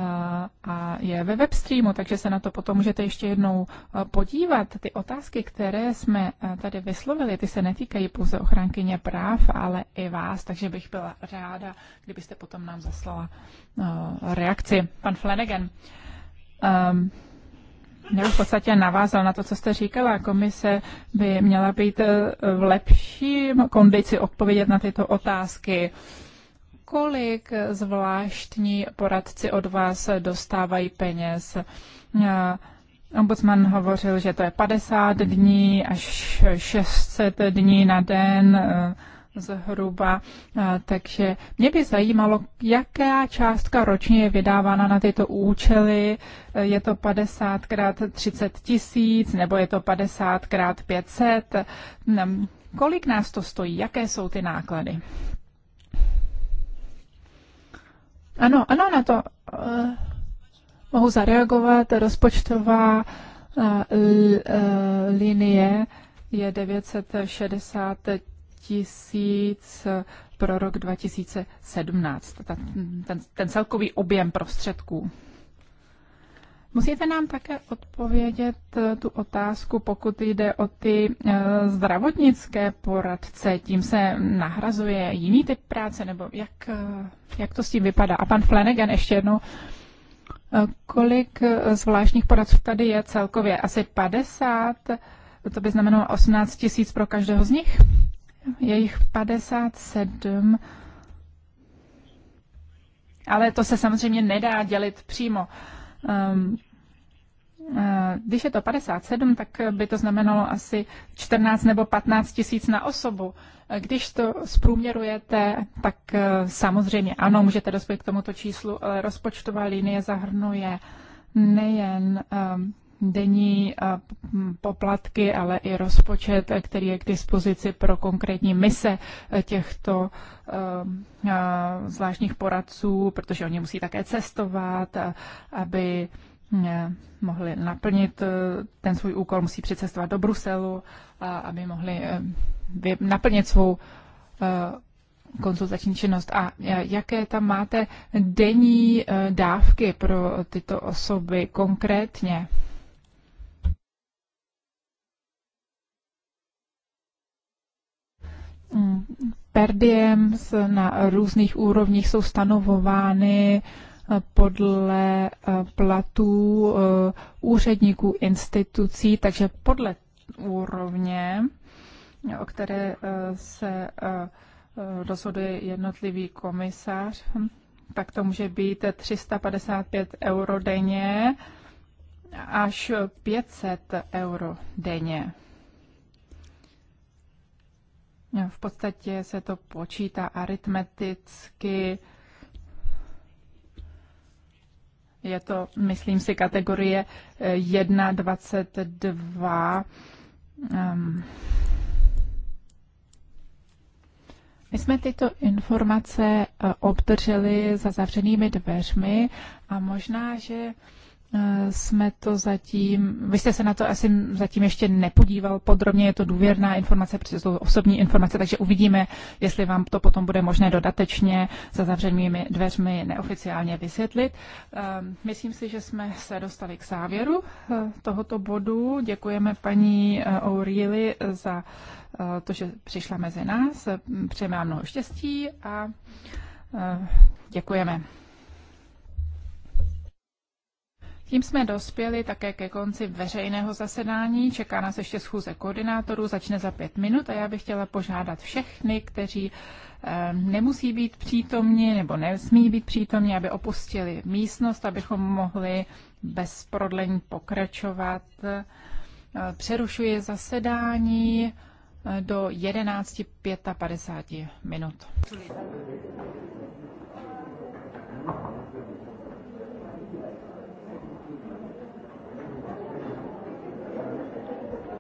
a je ve webstreamu, takže se na to potom můžete ještě jednou eh, podívat. Ty otázky, které jsme eh, tady vyslovili, ty se netýkají pouze ochránkyně práv, ale i vás, takže bych byla ráda, kdybyste potom nám zaslala reakci. Pan Flanagan. Um, ehm, nebo v podstatě navázal na to, co jste říkala. Komise by měla být eh, v lepší kondici odpovědět na tyto otázky. Kolik zvláštní poradci od vás dostávají peněz? Eh, ombudsman hovořil, že to je 50 dní až 600 dní na den. Eh, zhruba. Eh, takže mě by zajímalo, jaká částka ročně je vydávána na tyto účely. Eh, je to 50 krát 30 tisíc, nebo je to 50 krát 500? Kolik nás to stojí? Jaké jsou ty náklady? Ano, ano, na to uh, mohu zareagovat. Rozpočtová uh, linie je 960 tisíc eh, pro rok 2017, ten, ten, ten celkový objem prostředků. Musíte nám také odpovědět eh, tu otázku, pokud jde o ty eh, zdravotnické poradce, tím se nahrazuje jiný typ práce, nebo jak, jak to s tím vypadá. A pan Flanagan ještě jednou, kolik zvláštních poradců tady je celkově? Asi 50, to by znamenalo 18 tisíc pro každého z nich? je jich 57, ale to se samozřejmě nedá dělit přímo. Um, když je to 57, tak by to znamenalo asi 14 nebo 15 tisíc na osobu. Když to zprůměrujete, tak eh, samozřejmě ano, můžete dospět k tomuto číslu, ale rozpočtová linie zahrnuje nejen ehm, denní poplatky, ale i rozpočet, který je k dispozici pro konkrétní mise e, těchto zvláštních poradců, protože oni musí také cestovat, aby e, mohli naplnit e, ten svůj úkol, musí přicestovat do Bruselu, aby mohli naplnit svou konzultační činnost. A jaké tam máte denní dávky pro tyto osoby konkrétně? Perdiem na různých úrovních jsou stanovovány eh, podle eh, platů eh, úředníků institucí, takže podle úrovně, o které se rozhoduje jednotlivý komisař, tak to může být 355 euro denně až 500 euro denně. V podstatě se to počítá aritmeticky. Je to, myslím si, kategorie 1.22. Eh, um, ehm. my jsme tyto informace eh, obdrželi za zavřenými dveřmi a možná, že Eh, jsme to zatím, vy jste se na to asi zatím ještě nepodíval podrobně, je to důvěrná informace, protože jsou osobní informace, takže uvidíme, jestli vám to potom bude možné dodatečně za zavřenými dveřmi neoficiálně vysvětlit. Ehm, myslím si, že jsme se dostali k závěru eh, tohoto bodu. Děkujeme paní eh, O'Reilly za to, že přišla mezi nás. Přejeme vám mnoho štěstí a děkujeme. Tím jsme dospěli také ke konci veřejného zasedání. Čeká nás ještě schůze koordinátorů, začne za pět minut a já bych chtěla požádat všechny, kteří eh, nemusí být přítomni nebo nesmí být přítomni, aby opustili místnost, abychom mohli bez prodlení pokračovat. Eh, Přerušuje zasedání eh, do 11.55 minut.